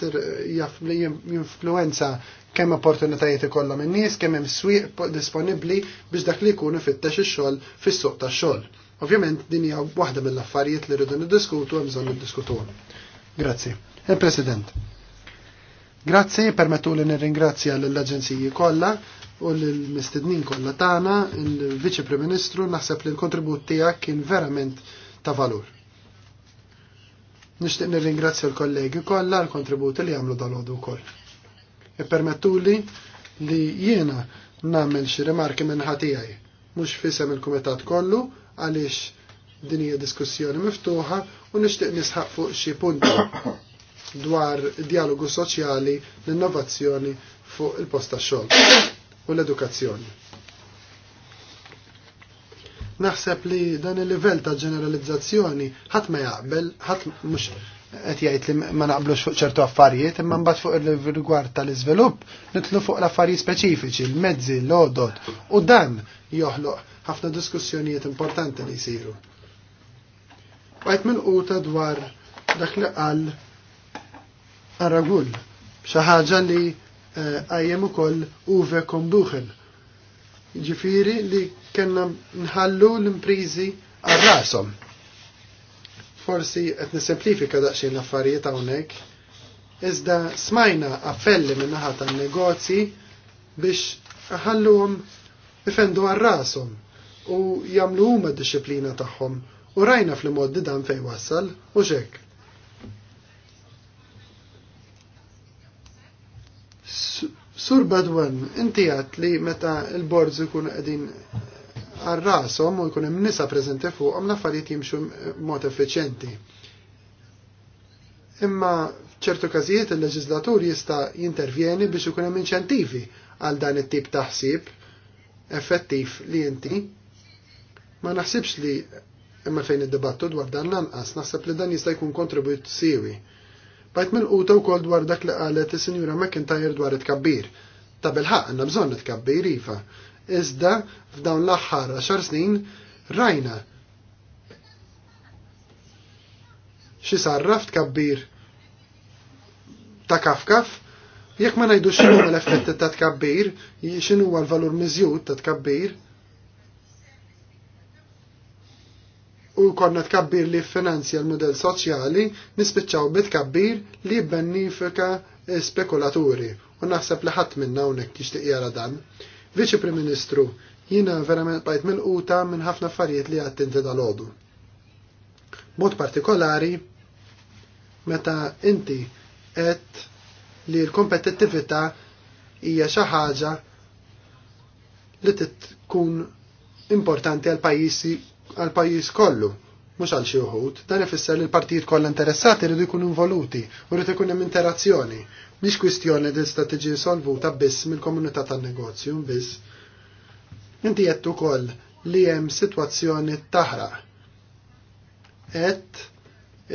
jinfluenza kemm opportunitajiet ikollhom in-nies, kemm hemm swieq disponibbli biex dak li jkunu fittex ix-xogħol fis-suq tax-xogħol. Ovvjament din hija waħda mill-affarijiet li rridu niddiskutu hemm bżonn niddiskutuhom. Grazzi. Il-President. Grazzi, permettu li nirringrazzja l-Aġenziji kollha u l-mistednin kollha tagħna, il-Viċi Prim Ministru naħseb li l-kontribut tiegħek kien verament ta' valur. Nixtieq nirringrazzja l-kollegi kollha l-kontributi li għamlu dal-għodu wkoll. Ippermettuli e li jiena nagħmel xi rimarki minn ħatijaj, mhux fisem il-kumitat kollu għaliex din hija diskussjoni miftuħa u nixtieq nisħaq fuq xi punti dwar dialogu soċjali, l-innovazzjoni fuq il-posta xogħol u l-edukazzjoni Naħseb li dan il-livell ta' ġeneralizzazzjoni ħadd ma jaqbel, ħadd mhux qed jgħid li ma naqblux fuq ċertu affarijiet, imma mbagħad fuq il-rigward tal-iżvilupp nitlu fuq l-affarijiet speċifiċi, l-mezzi, l odot u dan joħloq ħafna diskussjonijiet importanti li jsiru. Għajt minn quta dwar dak li qal Aragul, xi ħaġa li eh, għajjem ukoll Uve Komduħel Ġifiri li kena nħallu l-imprizi għal-rasom. Forsi qed semplifika daqsxejn l-affarijiet hawnhekk, iżda smajna affelli minn naħa tan-negozji biex għom ifendu għal-rasom u jagħmlu huma d-disciplina tagħhom u rajna fl-moddi dan fejn wassal u Su Sur Badwan, inti għat li meta il-bords ikun għedin għarrasom u jkun hemm nisa preżenti fuqhom l-affarijiet jimxu mod effiċenti. Imma f'ċertu każijiet il leġizlatur jista' jintervjeni biex ikun hemm inċentivi għal dan it-tip ta' ħsieb effettiv li inti. Ma naħsibx li imma fejn id-dibattu dwar dan lanqas, naħseb li dan jista' jkun kontribut siwi Bajt mill-quta wkoll dwar dak li qalet is-Sinjura McIntyre dwar it-kabbir. Ta' bil ħak għanna bżonn it-kabbir iva. Iżda f'dawn l-aħħar 10 snin rajna xi sarraf tkabbir ta' kafkaf jekk ma ngħidux xinu l-effetti ta' tkabbir, x'inhu huwa l-valur miżjud ta' tkabbir, u konna tkabbir li finanzja l model soċjali nispiċċaw bitkabbir li bennifika spekulaturi u naħseb li ħadd minna hawnhekk jixtieq jara dan. Viċi Prim Ministru, jiena verament bajt mill-quta minn ħafna affarijiet li għad tinti dal Mod partikolari, meta inti qed li l-kompetittività hija xi ħaġa li tkun importanti għal pajjiżi għal pajjiż kollu, mhux għal xi wħud, dan ifisser li l-partijiet kollha interessati rridu jkunu involuti u rrid ikun hemm interazzjoni. Mhix kwistjoni li tista' tiġi solvuta biss mill-komunità tan-negozju biss. Inti qed ukoll li hemm sitwazzjoni taħraq. Et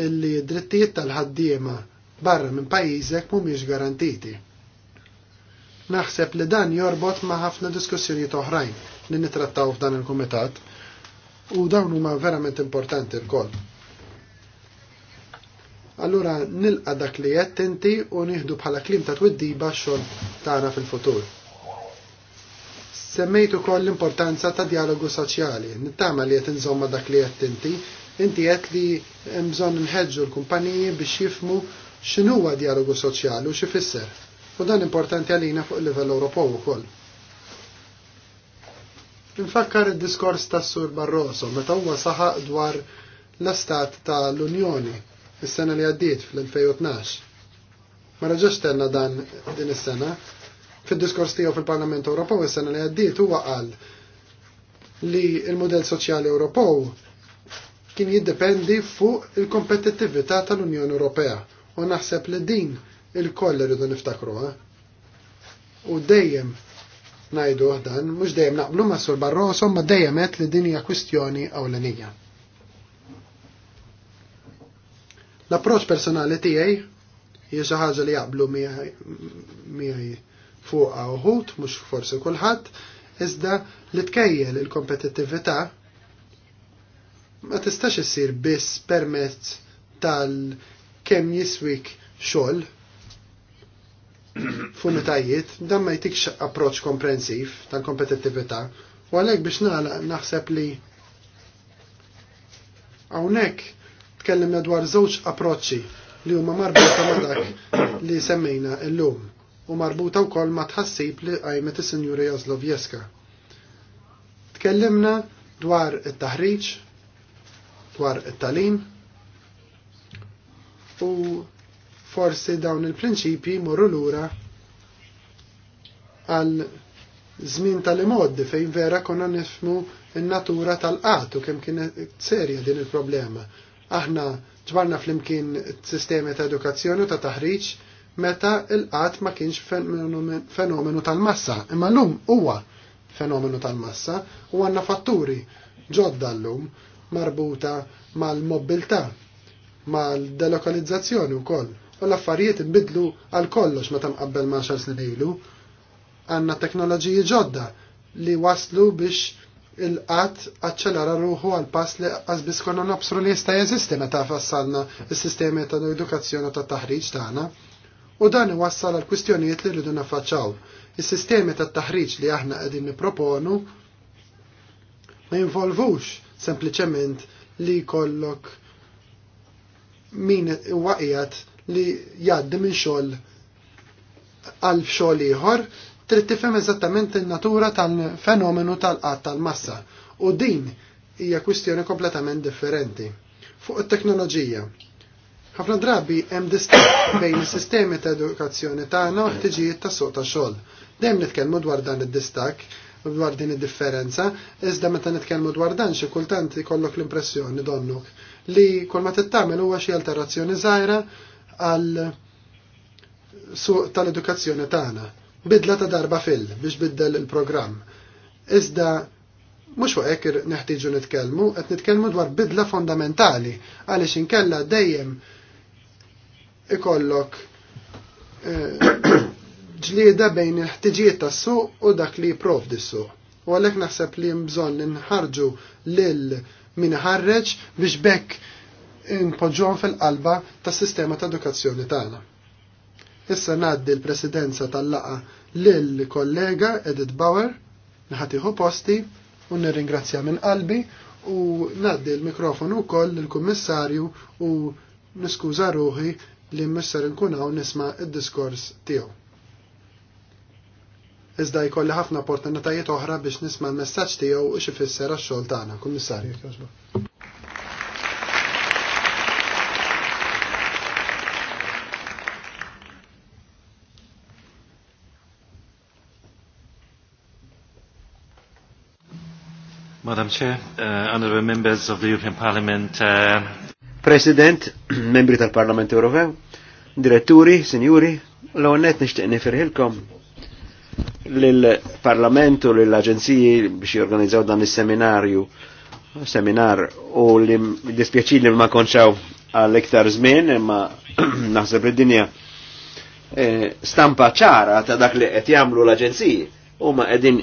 illi drittijiet tal-ħaddiema barra minn pajjiżek mhumiex garantiti. Naħseb li dan jorbot ma' ħafna diskussjonijiet oħrajn li nitrattaw f'dan il-kumitat u dawn huma verament importanti l-koll. Allura nilqa dak li qed inti u nieħdu bħala klim ta' twiddiba x-xogħol tagħna fil-futur. Semmejt ukoll l-importanza ta' dialogu soċjali. Nittama li qed inżomma dak li qed inti, inti qed li hemm bżonn nħeġġu l-kumpaniji biex jifmu x'inhuwa dialogu soċjali u x'ifisser. U dan importanti għalina fuq il-livell Ewropew ukoll. Infakkar id-diskors tas Sur Barroso meta huwa saħaq dwar l-estat tal-Unjoni is-sena li għaddiet fl-2012. Ma raġax tenna dan din is-sena. Fid-diskors tiegħu fil-Parlament Ewropew is-sena li għaddiet huwa qal li il-modell soċjali Ewropew kien jiddependi fuq il-kompetittività tal-Unjoni Ewropea u naħseb li din il-koll irridu niftakruha. U dejjem najdu dan, mux dejjem naqblu ma' Sur Barroso, ma' dejjem qed li dinja kwistjoni għaw L-approċ personali tiegħi jieġaħġa li jaqblu miegħi fuqha uħud, mhux forsi kulħadd, iżda li tkejjel il-kompetittività ma tistax issir biss permezz tal kemm jiswik xogħol funetajiet, dan ma jtikx approċ komprensiv tal-kompetittività, u għalek biex naħseb li għawnek tkellimna dwar żewġ approċċi li huma marbuta ma' dak li semmejna illum u marbuta wkoll ma' tħassib li qajmet is-Sinjura Jazlovjeska. Tkellimna dwar it-taħriġ, dwar it-talim u forsi dawn il-prinċipi morru lura għal żmien tal-imoddi fejn vera konna nifmu n-natura tal-qatu kemm kienet serja din il-problema. Aħna ġbarna flimkien sistemi ta' edukazzjoni u ta' taħriġ meta il-qat ma kienx fenomenu tal-massa. Imma l-lum huwa fenomenu tal-massa u għanna fatturi ġodda l-lum marbuta mal-mobilta, mal-delokalizzazzjoni u koll u l-affarijiet imbidlu għal kollox meta mqabbel ma' xar snin ilu. Għandna teknoloġiji ġodda li waslu biex il qat aċċelara ruħu għal pass li għazbis konna nabsru li jista' jeżisti meta fassalna s-sistemi ta' edukazzjoni u tat-taħriġ tagħna u dan iwassal għal kwistjonijiet li rridu naffaċċaw. Is-sistemi tat-taħriġ li aħna qegħdin nipproponu ma jinvolvux sempliċement li jkollok min waqijat li jgħaddi minn xogħol għal xogħol ieħor, trid tifhem eżattament in-natura tal-fenomenu tal-qatt tal-massa. U din hija kwistjoni kompletament differenti. Fuq it-teknoloġija. Ħafna drabi hemm distinzjoni bejn is-sistemi ta' edukazzjoni tagħna u ħtiġijiet ta' sota xogħol. Dejjem nitkellmu dwar dan id-distak, dwar din id-differenza, iżda meta nitkellmu dwar dan xi kultant ikollok l-impressjoni donnuk li kol ma tittamel huwa xi alterazzjoni żgħira għal suq tal-edukazzjoni tagħna. Bidla ta' darba fil biex biddel il-programm. Iżda mhux fuq hekk neħtieġu nitkellmu, qed nitkellmu dwar bidla fondamentali għaliex inkella dejjem ikollok eh, ġlieda bejn il-ħtiġijiet tas-suq u dak li jipprovdi s-suq. U għalhekk naħseb li hemm bżonn lil min ħarreġ biex bekk impoġġuhom fil-qalba tas-sistema ta' edukazzjoni tagħna. Issa ngħaddi l-presidenza tal-laqa lil kollega Edith Bauer li posti u nirringrazzja minn qalbi u ngħaddi l-mikrofonu wkoll lill-kummissarju u niskuża ruħi li misser nkun hawn nisma' id-diskors tiegħu. Iżda jkolli ħafna opportunitajiet oħra biex nisma' l-messaġġ tiegħu u xi fisser għax-xogħol tagħna, Kummissarju. Madam Chair, uh, honorable members of the European Parliament. Uh... President, membri tal-Parlament Ewropew, diretturi, signori, l-għonet nishtiq nifirħilkom l-Parlamentu, l-Aġenziji biex jorganizzaw dan il-seminarju, seminar u li dispjaċi li ma konċaw għal-iktar zmin, imma naħseb id-dinja eh, stampa ċara ta' dak li qed jagħmlu l-aġenziji huma qegħdin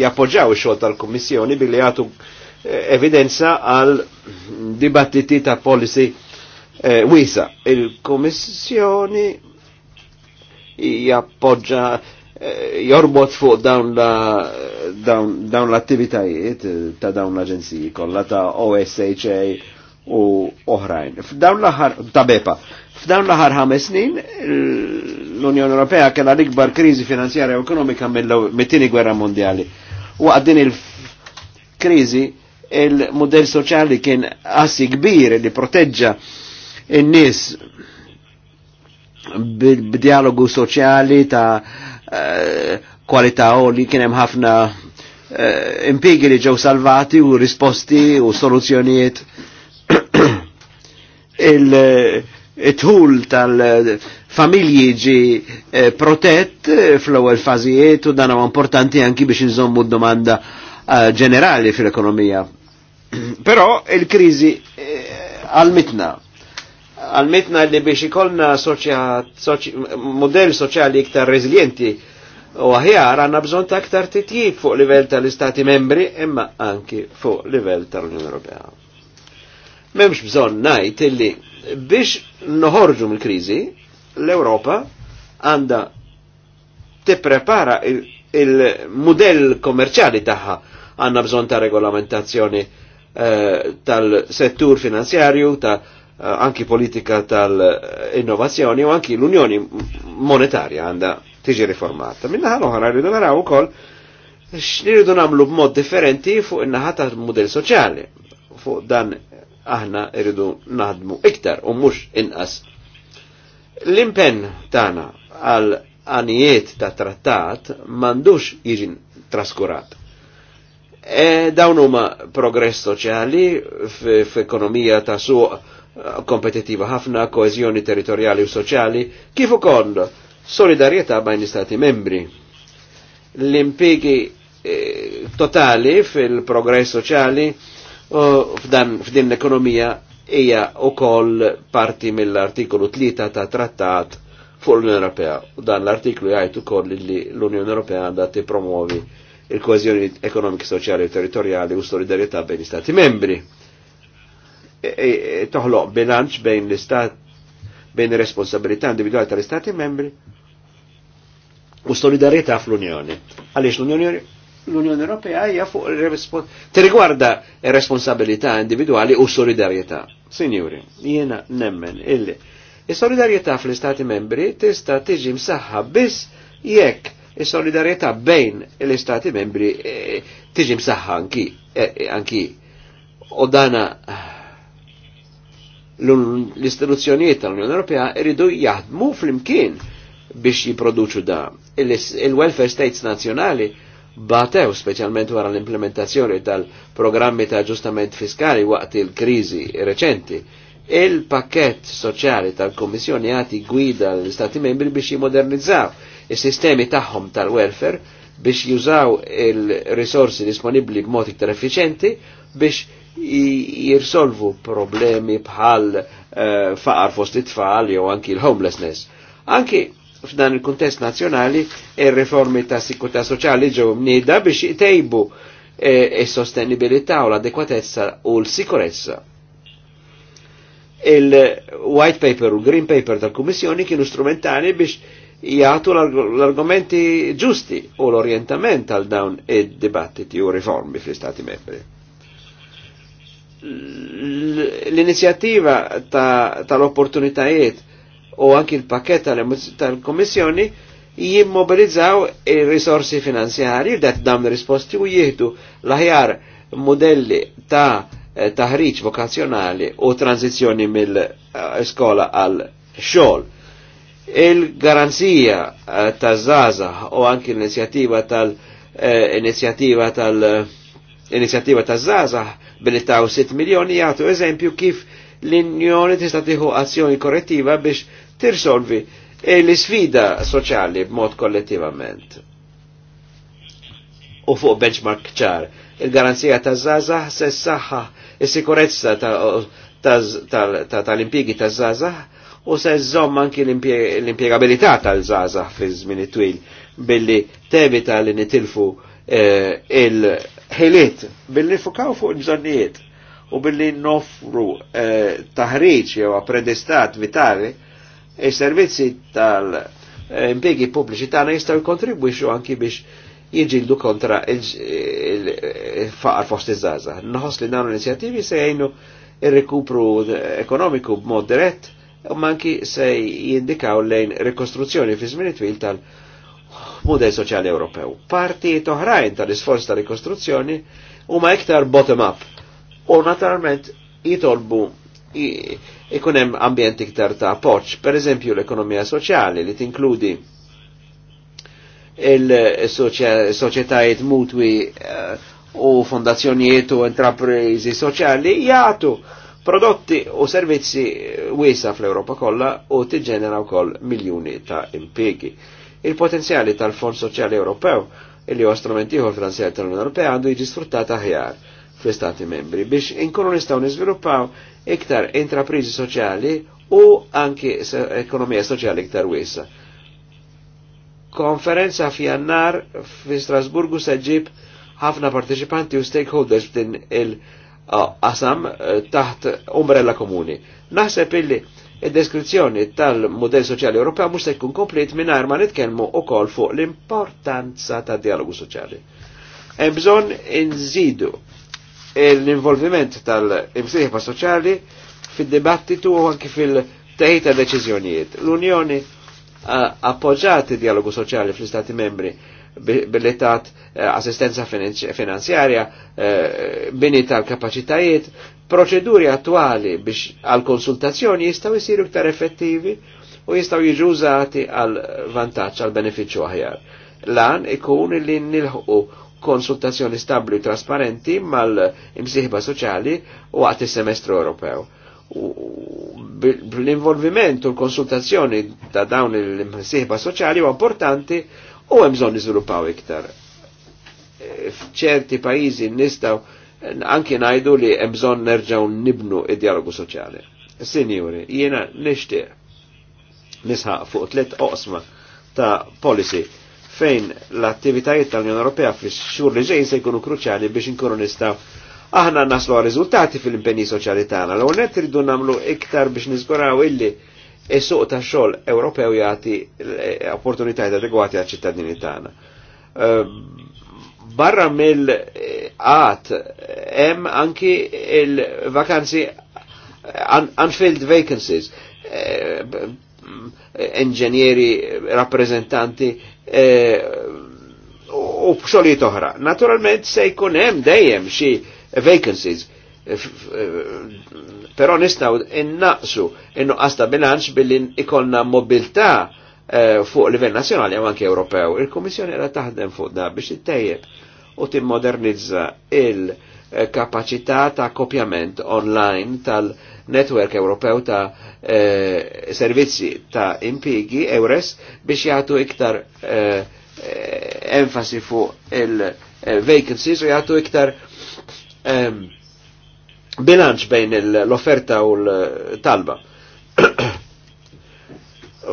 jappoġġaw ix-xogħol tal-Kummissjoni billi jagħtu eh, evidenza għal dibattiti ta' policy eh, wisa. Il-Kummissjoni jappoġġa eh, jorbot fuq dawn la dawn, dawn l-attivitajiet ta' dawn l-aġenziji kollha ta' OSHA u oħrajn. F'dawn l-aħħar ta' bepa, F'dawn l-aħħar ħames snin l-Unjoni Ewropea kellha l-ikbar kriżi finanzjarja u ekonomika mit-tieni gwerra mondjali. U għaddin il-kriżi il-modell soċjali kien assi kbir li proteġġa n nies b'dialogu soċjali ta' eh, kwalità u li kien hemm ħafna eh, impigi li ġew salvati u risposti u soluzzjonijiet il- it-tul tal-familji ġi eh, protett eh, fl-ewwel fażijiet u dan huwa importanti anki biex inżommu d-domanda eh, ġenerali fil-ekonomija. Però il-kriżi għalmitna. Għalmitna li biex ikollna modell soċjali iktar rezilienti u aħjar għanna bżon ta' aktar titjib fuq livell tal-Istati membri imma anki fuq livell tal-Unjoni Ewropea. Memx bżon najt illi Biex noħorġu mill-kriżi, l-Ewropa għandha tipprepara il-modell il kommerċali tagħha għandna bżonn ta' regolamentazzjoni eh, tal-settur finanzjarju, ta' eh, anki politika tal-innovazzjoni u anki l-Unjoni Monetarja għanda tiġi riformata. Minna ħal oħra rridu naraw ukoll x'nirridu nagħmlu b'mod differenti fuq in-naħa tal-mudell soċjali fuq dan aħna irridu naħdmu iktar u mhux inqas. L-impenn tagħna għal anijiet ta' trattat mandux jiġi traskurat. E dawn huma progress soċjali f'ekonomija ta' suq kompetittiva ħafna, koezjoni territorjali u soċjali, kif ukoll solidarjetà bajn istati membri. L-impjegi eh, totali fil-progress soċjali f'dan f'din l-ekonomija hija wkoll parti mill-artikolu 3 ta' trattat fuq l-Unjoni Ewropea. U dan l-artiklu jgħid ukoll li l-Unjoni Ewropea għandha tippromuovi il-kohezjoni ekonomiki, soċjali u territorjali u solidarjetà bejn l-Istati membri. E, e, toħloq bilanċ bejn l-Istat bejn responsabilità individuali tal-Istati membri u solidarietà fl-Unjoni. Għaliex l-Unjoni l-Unjoni Ewropea hija fuq tirrigwarda responsabilità individwali u solidarjetà. Sinjuri, jiena nemmen illi is-solidarjetà fl-Istati membri tista' tiġi msaħħa biss jekk is-solidarjetà bejn l-Istati membri e, tiġi msaħħa anki e, e, anki u dana l-istituzzjonijiet tal-Unjoni Ewropea iridu jaħdmu fl-imkien biex jiproduċu da. Il-welfare states nazjonali batew specialment wara l-implementazzjoni tal-programmi ta' ġustament fiskali waqt il-kriżi reċenti. Il-pakket soċjali tal-Kommissjoni għati gwida l-Stati membri biex jimodernizzaw is-sistemi tagħhom tal-welfare biex jużaw il-risorsi disponibli b'mod iktar effiċenti biex jirsolvu problemi bħal uh, faqar fost it-tfal jew anki l-homelessness. Anki f'dan il-kuntest nazjonali ir-riformi ta' sikurtà soċjali ġew mnieda biex jtejbu eh, is-sostenibilità e u l-adekwatezza u l-sikurezza. Il-white paper u green paper tal-Kummissjoni kienu strumentali biex jgħatu l-argomenti ġusti u l-orientament għal dawn id-dibattiti u riformi fl-Istati membri. L-inizjattiva tal-opportunitajiet ta u anki l paket tal-Komissjoni jimmobilizzaw il-risorsi finanzjari dat dawn risposti u jihdu l modelli ta' eh, taħriċ vokazzjonali u tranzizjoni mill-skola għal xogħol. Il-garanzija eh, ta' Zaza u anki l inizjativa tal eh, inizjativa tal inizjativa ta' Zaza billi ta' 6 miljoni jagħtu eżempju kif l-Unjoni tista' tieħu azzjoni korrettiva biex tirsolvi e l-sfida soċjali b'mod kollettivament. U fuq benchmark ċar, il-garanzija ta' zaza se saħħa il sikurezza ta' tal-impjigi ta' zaza u se żomm anki l-impjegabilità tal zaza fi żmini twil billi tevita li nitilfu eh, il-ħiliet billi fukaw fuq il-bżonnijiet u billi nofru eh, taħriġ jew apprendistat vitali e servizzi tal impieghi pubblici tagħna jistgħu jkontribwixxu anki biex jiġildu kontra il-faqar fost iż-żaza. Nħoss li dawn l-inizjattivi se jgħinu il rikupru ekonomiku b'mod dirett, u manki se jindikaw lejn rikostruzzjoni fi żmien twil tal-mudell soċjali Ewropew. Partijiet oħrajn tal-isforz tal rikostruzzjoni huma iktar bottom-up u naturalment jitolbu ikunem hemm ambjent iktar ta' appoġġ, eżempju l-ekonomija soċjali li tinkludi il-soċjetajiet mutwi eh, u fondazzjonijiet u intraprizi soċjali jgħatu prodotti u servizzi wisa fl-Europa kollha u tiġġenera wkoll miljuni ta' impiegi. Il-potenzjali tal-Fond Soċjali Ewropew il-li huwa strument ieħor finanzjari tal-Unjoni Ewropea għandu jiġi sfruttat aħjar fl stati membri biex inkunu nistgħu niżviluppaw iktar intraprizi soċjali u anki ekonomija soċjali iktar wisa. Konferenza f'jannar fi Strasburgu seġib ħafna partecipanti u stakeholders din il-qasam eh, taħt umbrella komuni. Naħseb illi id-deskrizzjoni tal-modell soċjali Ewropea mhux se jkun komplet mingħajr ma nitkellmu wkoll fuq l-importanza tad dialogu soċjali. Hemm bżonn inżidu l-involviment tal-imsieħba soċjali fid-dibattitu u anki fil-teħita deċiżjonijiet. L-Unjoni eh, appoġġat dialogu soċjali fl-Istati membri bil etat eh, assistenza finanzjarja, eh, bini tal-kapacitajiet, proċeduri attuali biex għal-konsultazzjoni jistaw jisiru ktar effettivi u jistaw jiġu użati għal vantaġġ għal beneficju aħjar. Lan ikun li nilħu konsultazzjoni stabli u trasparenti mal imsiħba soċjali u is-semestru Ewropew. L-involviment u l-konsultazzjoni ta' dawn l-imsieħba soċjali huwa importanti u hemm bżonn iktar. E, f'ċerti pajjiżi nistgħu anki ngħidu li hemm bżonn nerġgħu nibnu id-dialogu soċjali. Sinjuri, jiena nixtieq nisħaq fuq tliet oqsma ta' policy fejn l-attivitajiet tal-Unjoni Ewropea fis xhur li ġejjin se jkunu kruċjali biex inkunu nistgħu aħna naslu riżultati fil-impenji soċjali tagħna. L-ewwel net iridu nagħmlu iktar biex niżguraw illi is-suq tax-xogħol Ewropew jagħti opportunitajiet adegwati għaċ-ċittadini tagħna. Ehm, barra mill-qat hemm anki il-vakanzi unfilled vacancies ingenieri ehm, rappresentanti, Eh, u b'xogħlijiet oħra. Naturalment se jkun hemm dejjem xi vacancies eh, eh, però nistaw innaqsu innuqqas ta' bilanċ billi ikonna mobilità fuq livell nazzjonali għu anke Ewropew. Il-Komissjoni era taħdem fuq da biex ittejjeb u timmodernizza il-kapacità ta' kopjament online tal- netwerk Ewropew ta' eh, servizzi ta' impigi, EURES, biex jagħtu iktar eh, enfasi fuq il-vacancies eh, u jagħtu iktar eh, bilanċ bejn l-offerta u l-talba.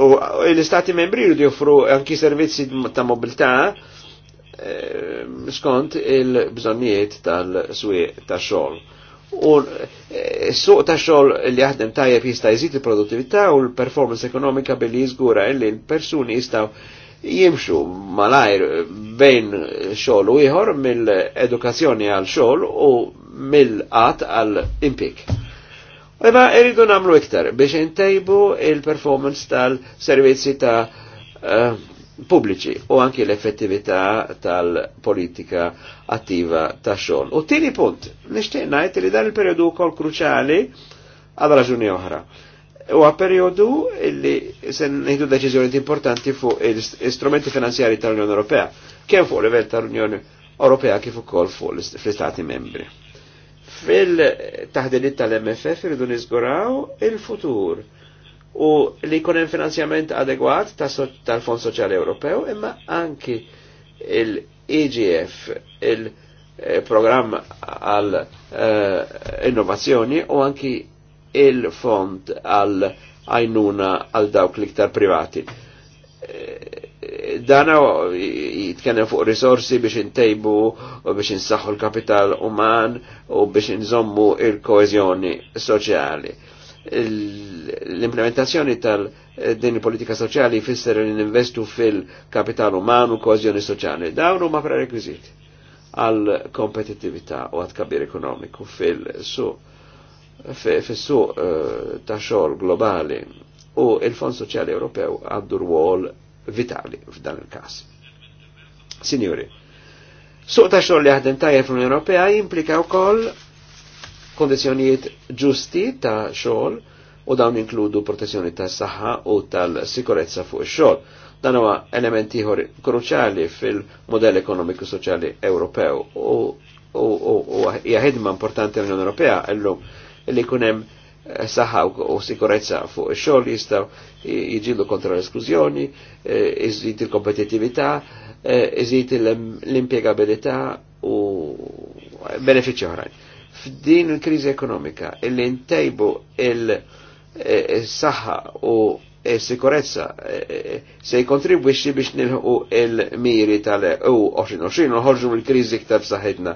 u l-istati membri jridu joffru anki servizzi ta' mobilità eh, skont il-bżonnijiet tal-swieq ta' xogħol u suq ta' xol li jaħdem tajjeb jista' jżid il-produttività u l-performance ekonomika billi jizgura illi l-persuni jistaw jimxu malajr bejn xol u ieħor mill-edukazzjoni għal xol u mill-qatt għal impik. Eba irridu namlu iktar biex intejbu il-performance tal-servizzi ta' uh, pubbliċi u anki l-effettività tal-politika attiva ta' xogħol. U tieni punt, nixtieq ngħid li dan il-perjodu wkoll kruċali għal raġuni oħra. Huwa perjodu li se ngħidu deċiżjoni importanti fuq l-istrumenti finanzjari tal-Unjoni Ewropea, kemm fuq livell tal-Unjoni Ewropea kif ukoll fuq l-Istati membri. Fil-taħdilit tal-MFF irridu niżguraw il-futur. il futur u li jkun finanzjament adegwat tal-Fond Soċjali Ewropew imma anki il-EGF il-programm għal eh, innovazzjoni u anki il-fond għal għajnuna għal dawk liktar privati. Eh, dana jitkenem fuq risorsi biex intejbu u biex insaħħu l-kapital uman u biex inżommu il-koezjoni soċjali l-implementazzjoni tal-din eh, politika soċjali jfisser li ninvestu fil-kapital umanu kozjoni soċjali. Dawn huma prerekwiżiti għal kompetittività u għad kabir ekonomiku fil-suq fil-suq uh, eh, ta' xol globali u il-Fond Soċjali Ewropew għaddu rwol vitali f'dan il kas Signori, suq ta' xol li għadden tajja fl-Unjoni Ewropea jimplika wkoll kondizjonijiet ġusti ta' xogħol u dawn inkludu protezzjoni tas saħħa u tal-sikurezza fuq ix-xogħol. Dan huwa elementi ieħor kruċjali fil-modell ekonomiku soċjali Ewropew u hija ħidma importanti l-Unjoni Ewropea llum li jkun hemm eh, saħħa u sikurezza fuq ix-xogħol jistgħu jiġilu kontra l-esklużjoni, eh, iżid il-kompetittività, eh, iżid l-impjegabilità u benefiċċji oħrajn f'din il krizi ekonomika illi ntejbu il-saħħa eh, u sikurezza eh, se jkontribwixxi biex nilħu il-miri tal-2020 u nħorġu mill-kriżi ktab b'saħħitna.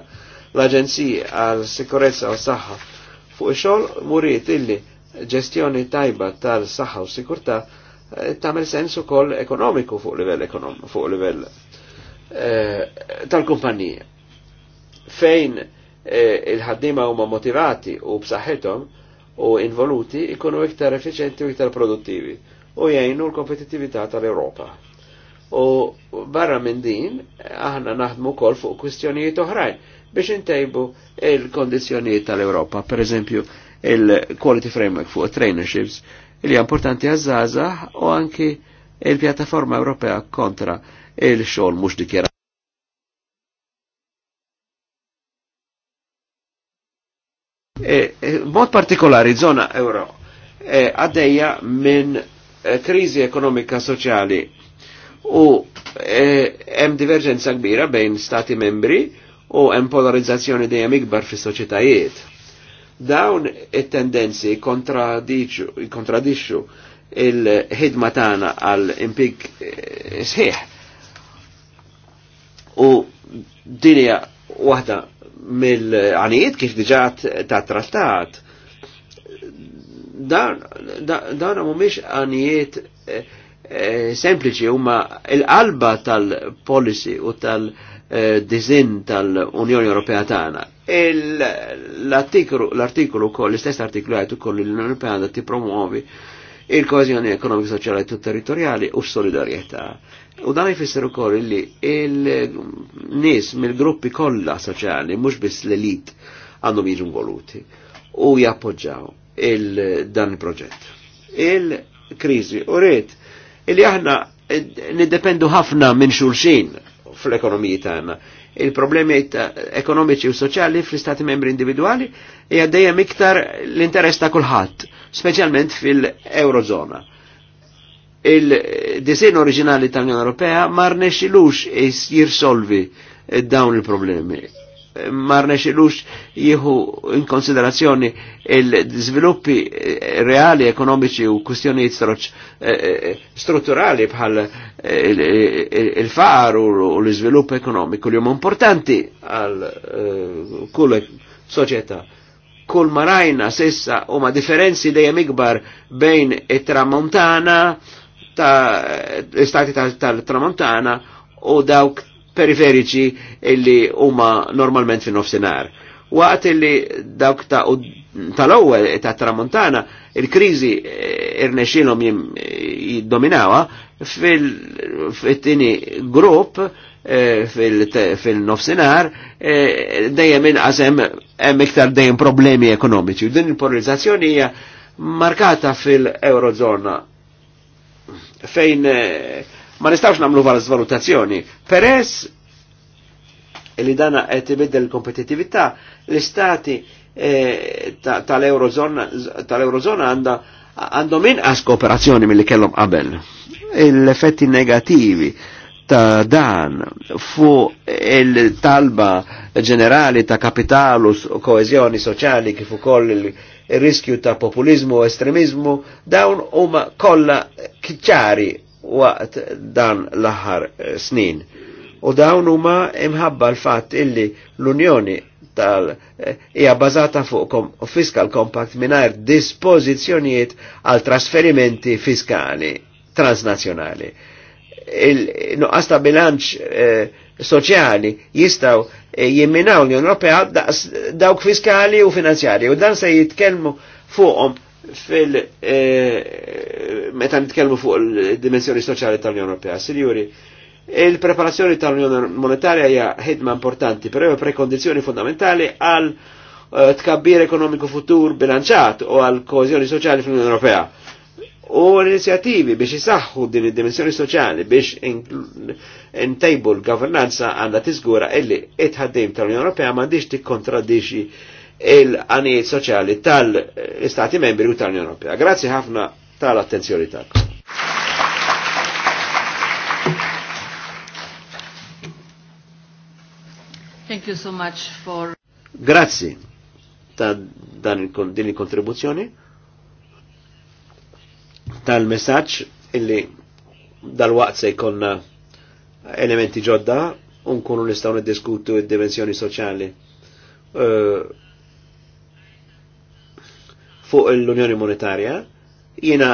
L-Aġenzija għal sikurezza u saħħa fuq ix-xogħol muriet illi ġestjoni tajba tal-saħħa u sikurtà eh, tagħmel sens ukoll ekonomiku fuq livell ekonomiku fuq livell tal-kumpanija. Fejn E, il-ħaddima huma motivati u b'saħħithom u involuti ikunu iktar effiċenti u iktar produttivi u jgħinu l-kompetittività tal ewropa U barra minn din, aħna naħdmu kol fuq kwistjonijiet oħrajn biex intejbu il-kondizjonijiet tal ewropa per eżempju il-quality framework fuq trainerships, il hija importanti għazzaza u anki il-pjattaforma Ewropea kontra il-xol mux dikjera. Mod partikolari zona euro eh, għaddejja e, minn eh, krizi ekonomika soċjali u eh, hemm e, diverġenza kbira bejn stati membri u hemm polarizzazzjoni dejjem ikbar fis-soċjetajiet. Dawn it-tendenzi kontradixxu il-ħidma tagħna għal impik sħiħ. U dinja waħda mill-għanijiet kif diġat ta' trattat Dawna mumiex għanijiet eh, eh, sempliċi huma il-qalba tal-policy u tal-dizin tal-Unjoni Ewropea tagħna. l artiklu koll, l-istess artiklu għajt ukoll l-Unjoni Ewropea għandha tippromuovi il-kohezjoni ekonomika, soċjali u territoriali u solidarjetà. U dan jfisser ukoll li il-nies mill-gruppi kollha soċjali mhux biss l-elit għandhom jiġu involuti u jappoġġaw il dan il-proġett. Il-krizi u rrit illi aħna nidependu ħafna minn xulxin fl-ekonomiji tagħna. Il-problemi ekonomiċi u soċjali fl-istati membri individuali hija dejjem iktar l-interess ta' kulħadd, speċjalment fil-Eurozona. Il-disin oriġinali tal-Unjoni Ewropea ma rnexxilux jirsolvi dawn il-problemi marne xilux jihu in konsiderazzjoni il-sviluppi eh, reali ekonomiċi u kustjonijiet eh, eh, strutturali bħal il-faqar u l-svilupp ekonomiku li jom importanti għal kull soċieta. Kull marajna u huma differenzi dejjem ikbar bejn it-tramontana ta' istati tal-tramontana u dawk periferiċi illi huma normalment fin nofsinhar. Waqt illi dawk ta' tal-ewwel ta' tramontana il-kriżi eh, irnexxilhom jiddominawa fil-tieni grupp eh, fil-nofsinar eh, dejjem inqas hemm iktar dejjem problemi ekonomiċi. Din il-polarizzazzjoni hija markata fil-Eurozona fejn eh, ma nistawx namlu valutazzjoni. Peress li dana qed ibiddel l-kompetittività, l-istati eh, tal-Eurozona għanda għandhom inqas kooperazzjoni mill-li kellhom qabel. L-effetti negativi ta' dan fu il-talba ġenerali ta' kapitalu koezjoni soċjali kif ukoll il-riskju ta' populizmu u estremizmu dawn huma kollha ċari waqt dan l-aħħar eh, snin. U dawn huma imħabba l-fatt illi l-Unjoni tal eh, hija bażata fuq fiscal compact mingħajr dispożizzjonijiet għal trasferimenti fiskali transnazzjonali. Il-nuqqas ta' bilanċ eh, soċjali jistgħu jimminaw l-Unjoni Ewropea dawk fiskali u finanzjari u dan se jitkellmu fuqhom fil eh, meta nitkellmu fuq il-dimensjoni soċjali tal-Unjoni Ewropea. Sinjuri, il-preparazzjoni tal-Unjoni Monetarja hija ħidma importanti, però hija prekondizzjoni fondamentali għal eh, tkabbir ekonomiku futur bilanċat u għal koeżjoni soċjali fl-Unjoni Ewropea. U l-inizjativi biex jisaxħu din id-dimensjoni soċjali biex intejbu l-governanza għandha tiżgura illi it-ħaddim tal-Unjoni Ewropea m'għandix tikkontradixxi il għaniet soċjali tal-Istati membri u tal-Unjoni Ewropea. Grazzi ħafna tal-attenzjoni tagħkom. Thank you so much for Grazzi ta' dan din il-kontribuzzjoni tal-messaġġ illi dal-waqt se jkollna eh, elementi ġodda unkunu nistgħu niddiskutu id-dimensjoni soċjali uh, fuq l-Unjoni Monetarja. Jina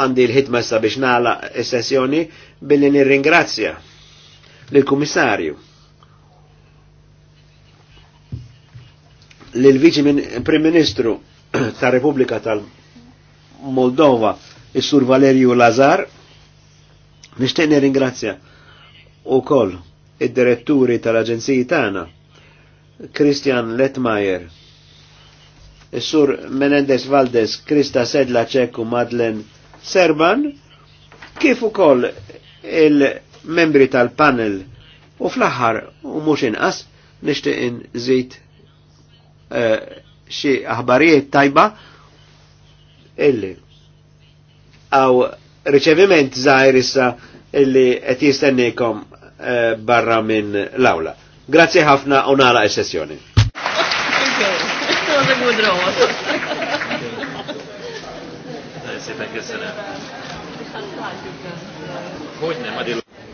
għandi l-ħidma sa biex nala sessjoni billi nirringrazzja lill-Kummissarju. lill vici Prim Ministru ta' Repubblika tal-Moldova, is-Sur Valerju Lazar, nishtiq nirringrazzja koll id-diretturi tal-Aġenziji tagħna, Christian Lettmeier, Sur Menendez Valdez, Krista Sedla Ceku, Madlen Serban, kif ukoll il-membri tal-panel u fl-aħħar u mhux inqas nixtieq inżid eh, xi aħbarijiet tajba illi għaw riċeviment żgħir issa illi qed jistennikom eh, barra minn l-awla. Grazzi ħafna u nara s-sessjoni. Varsågod Romas. Sitta köszönöm. Hogy nem,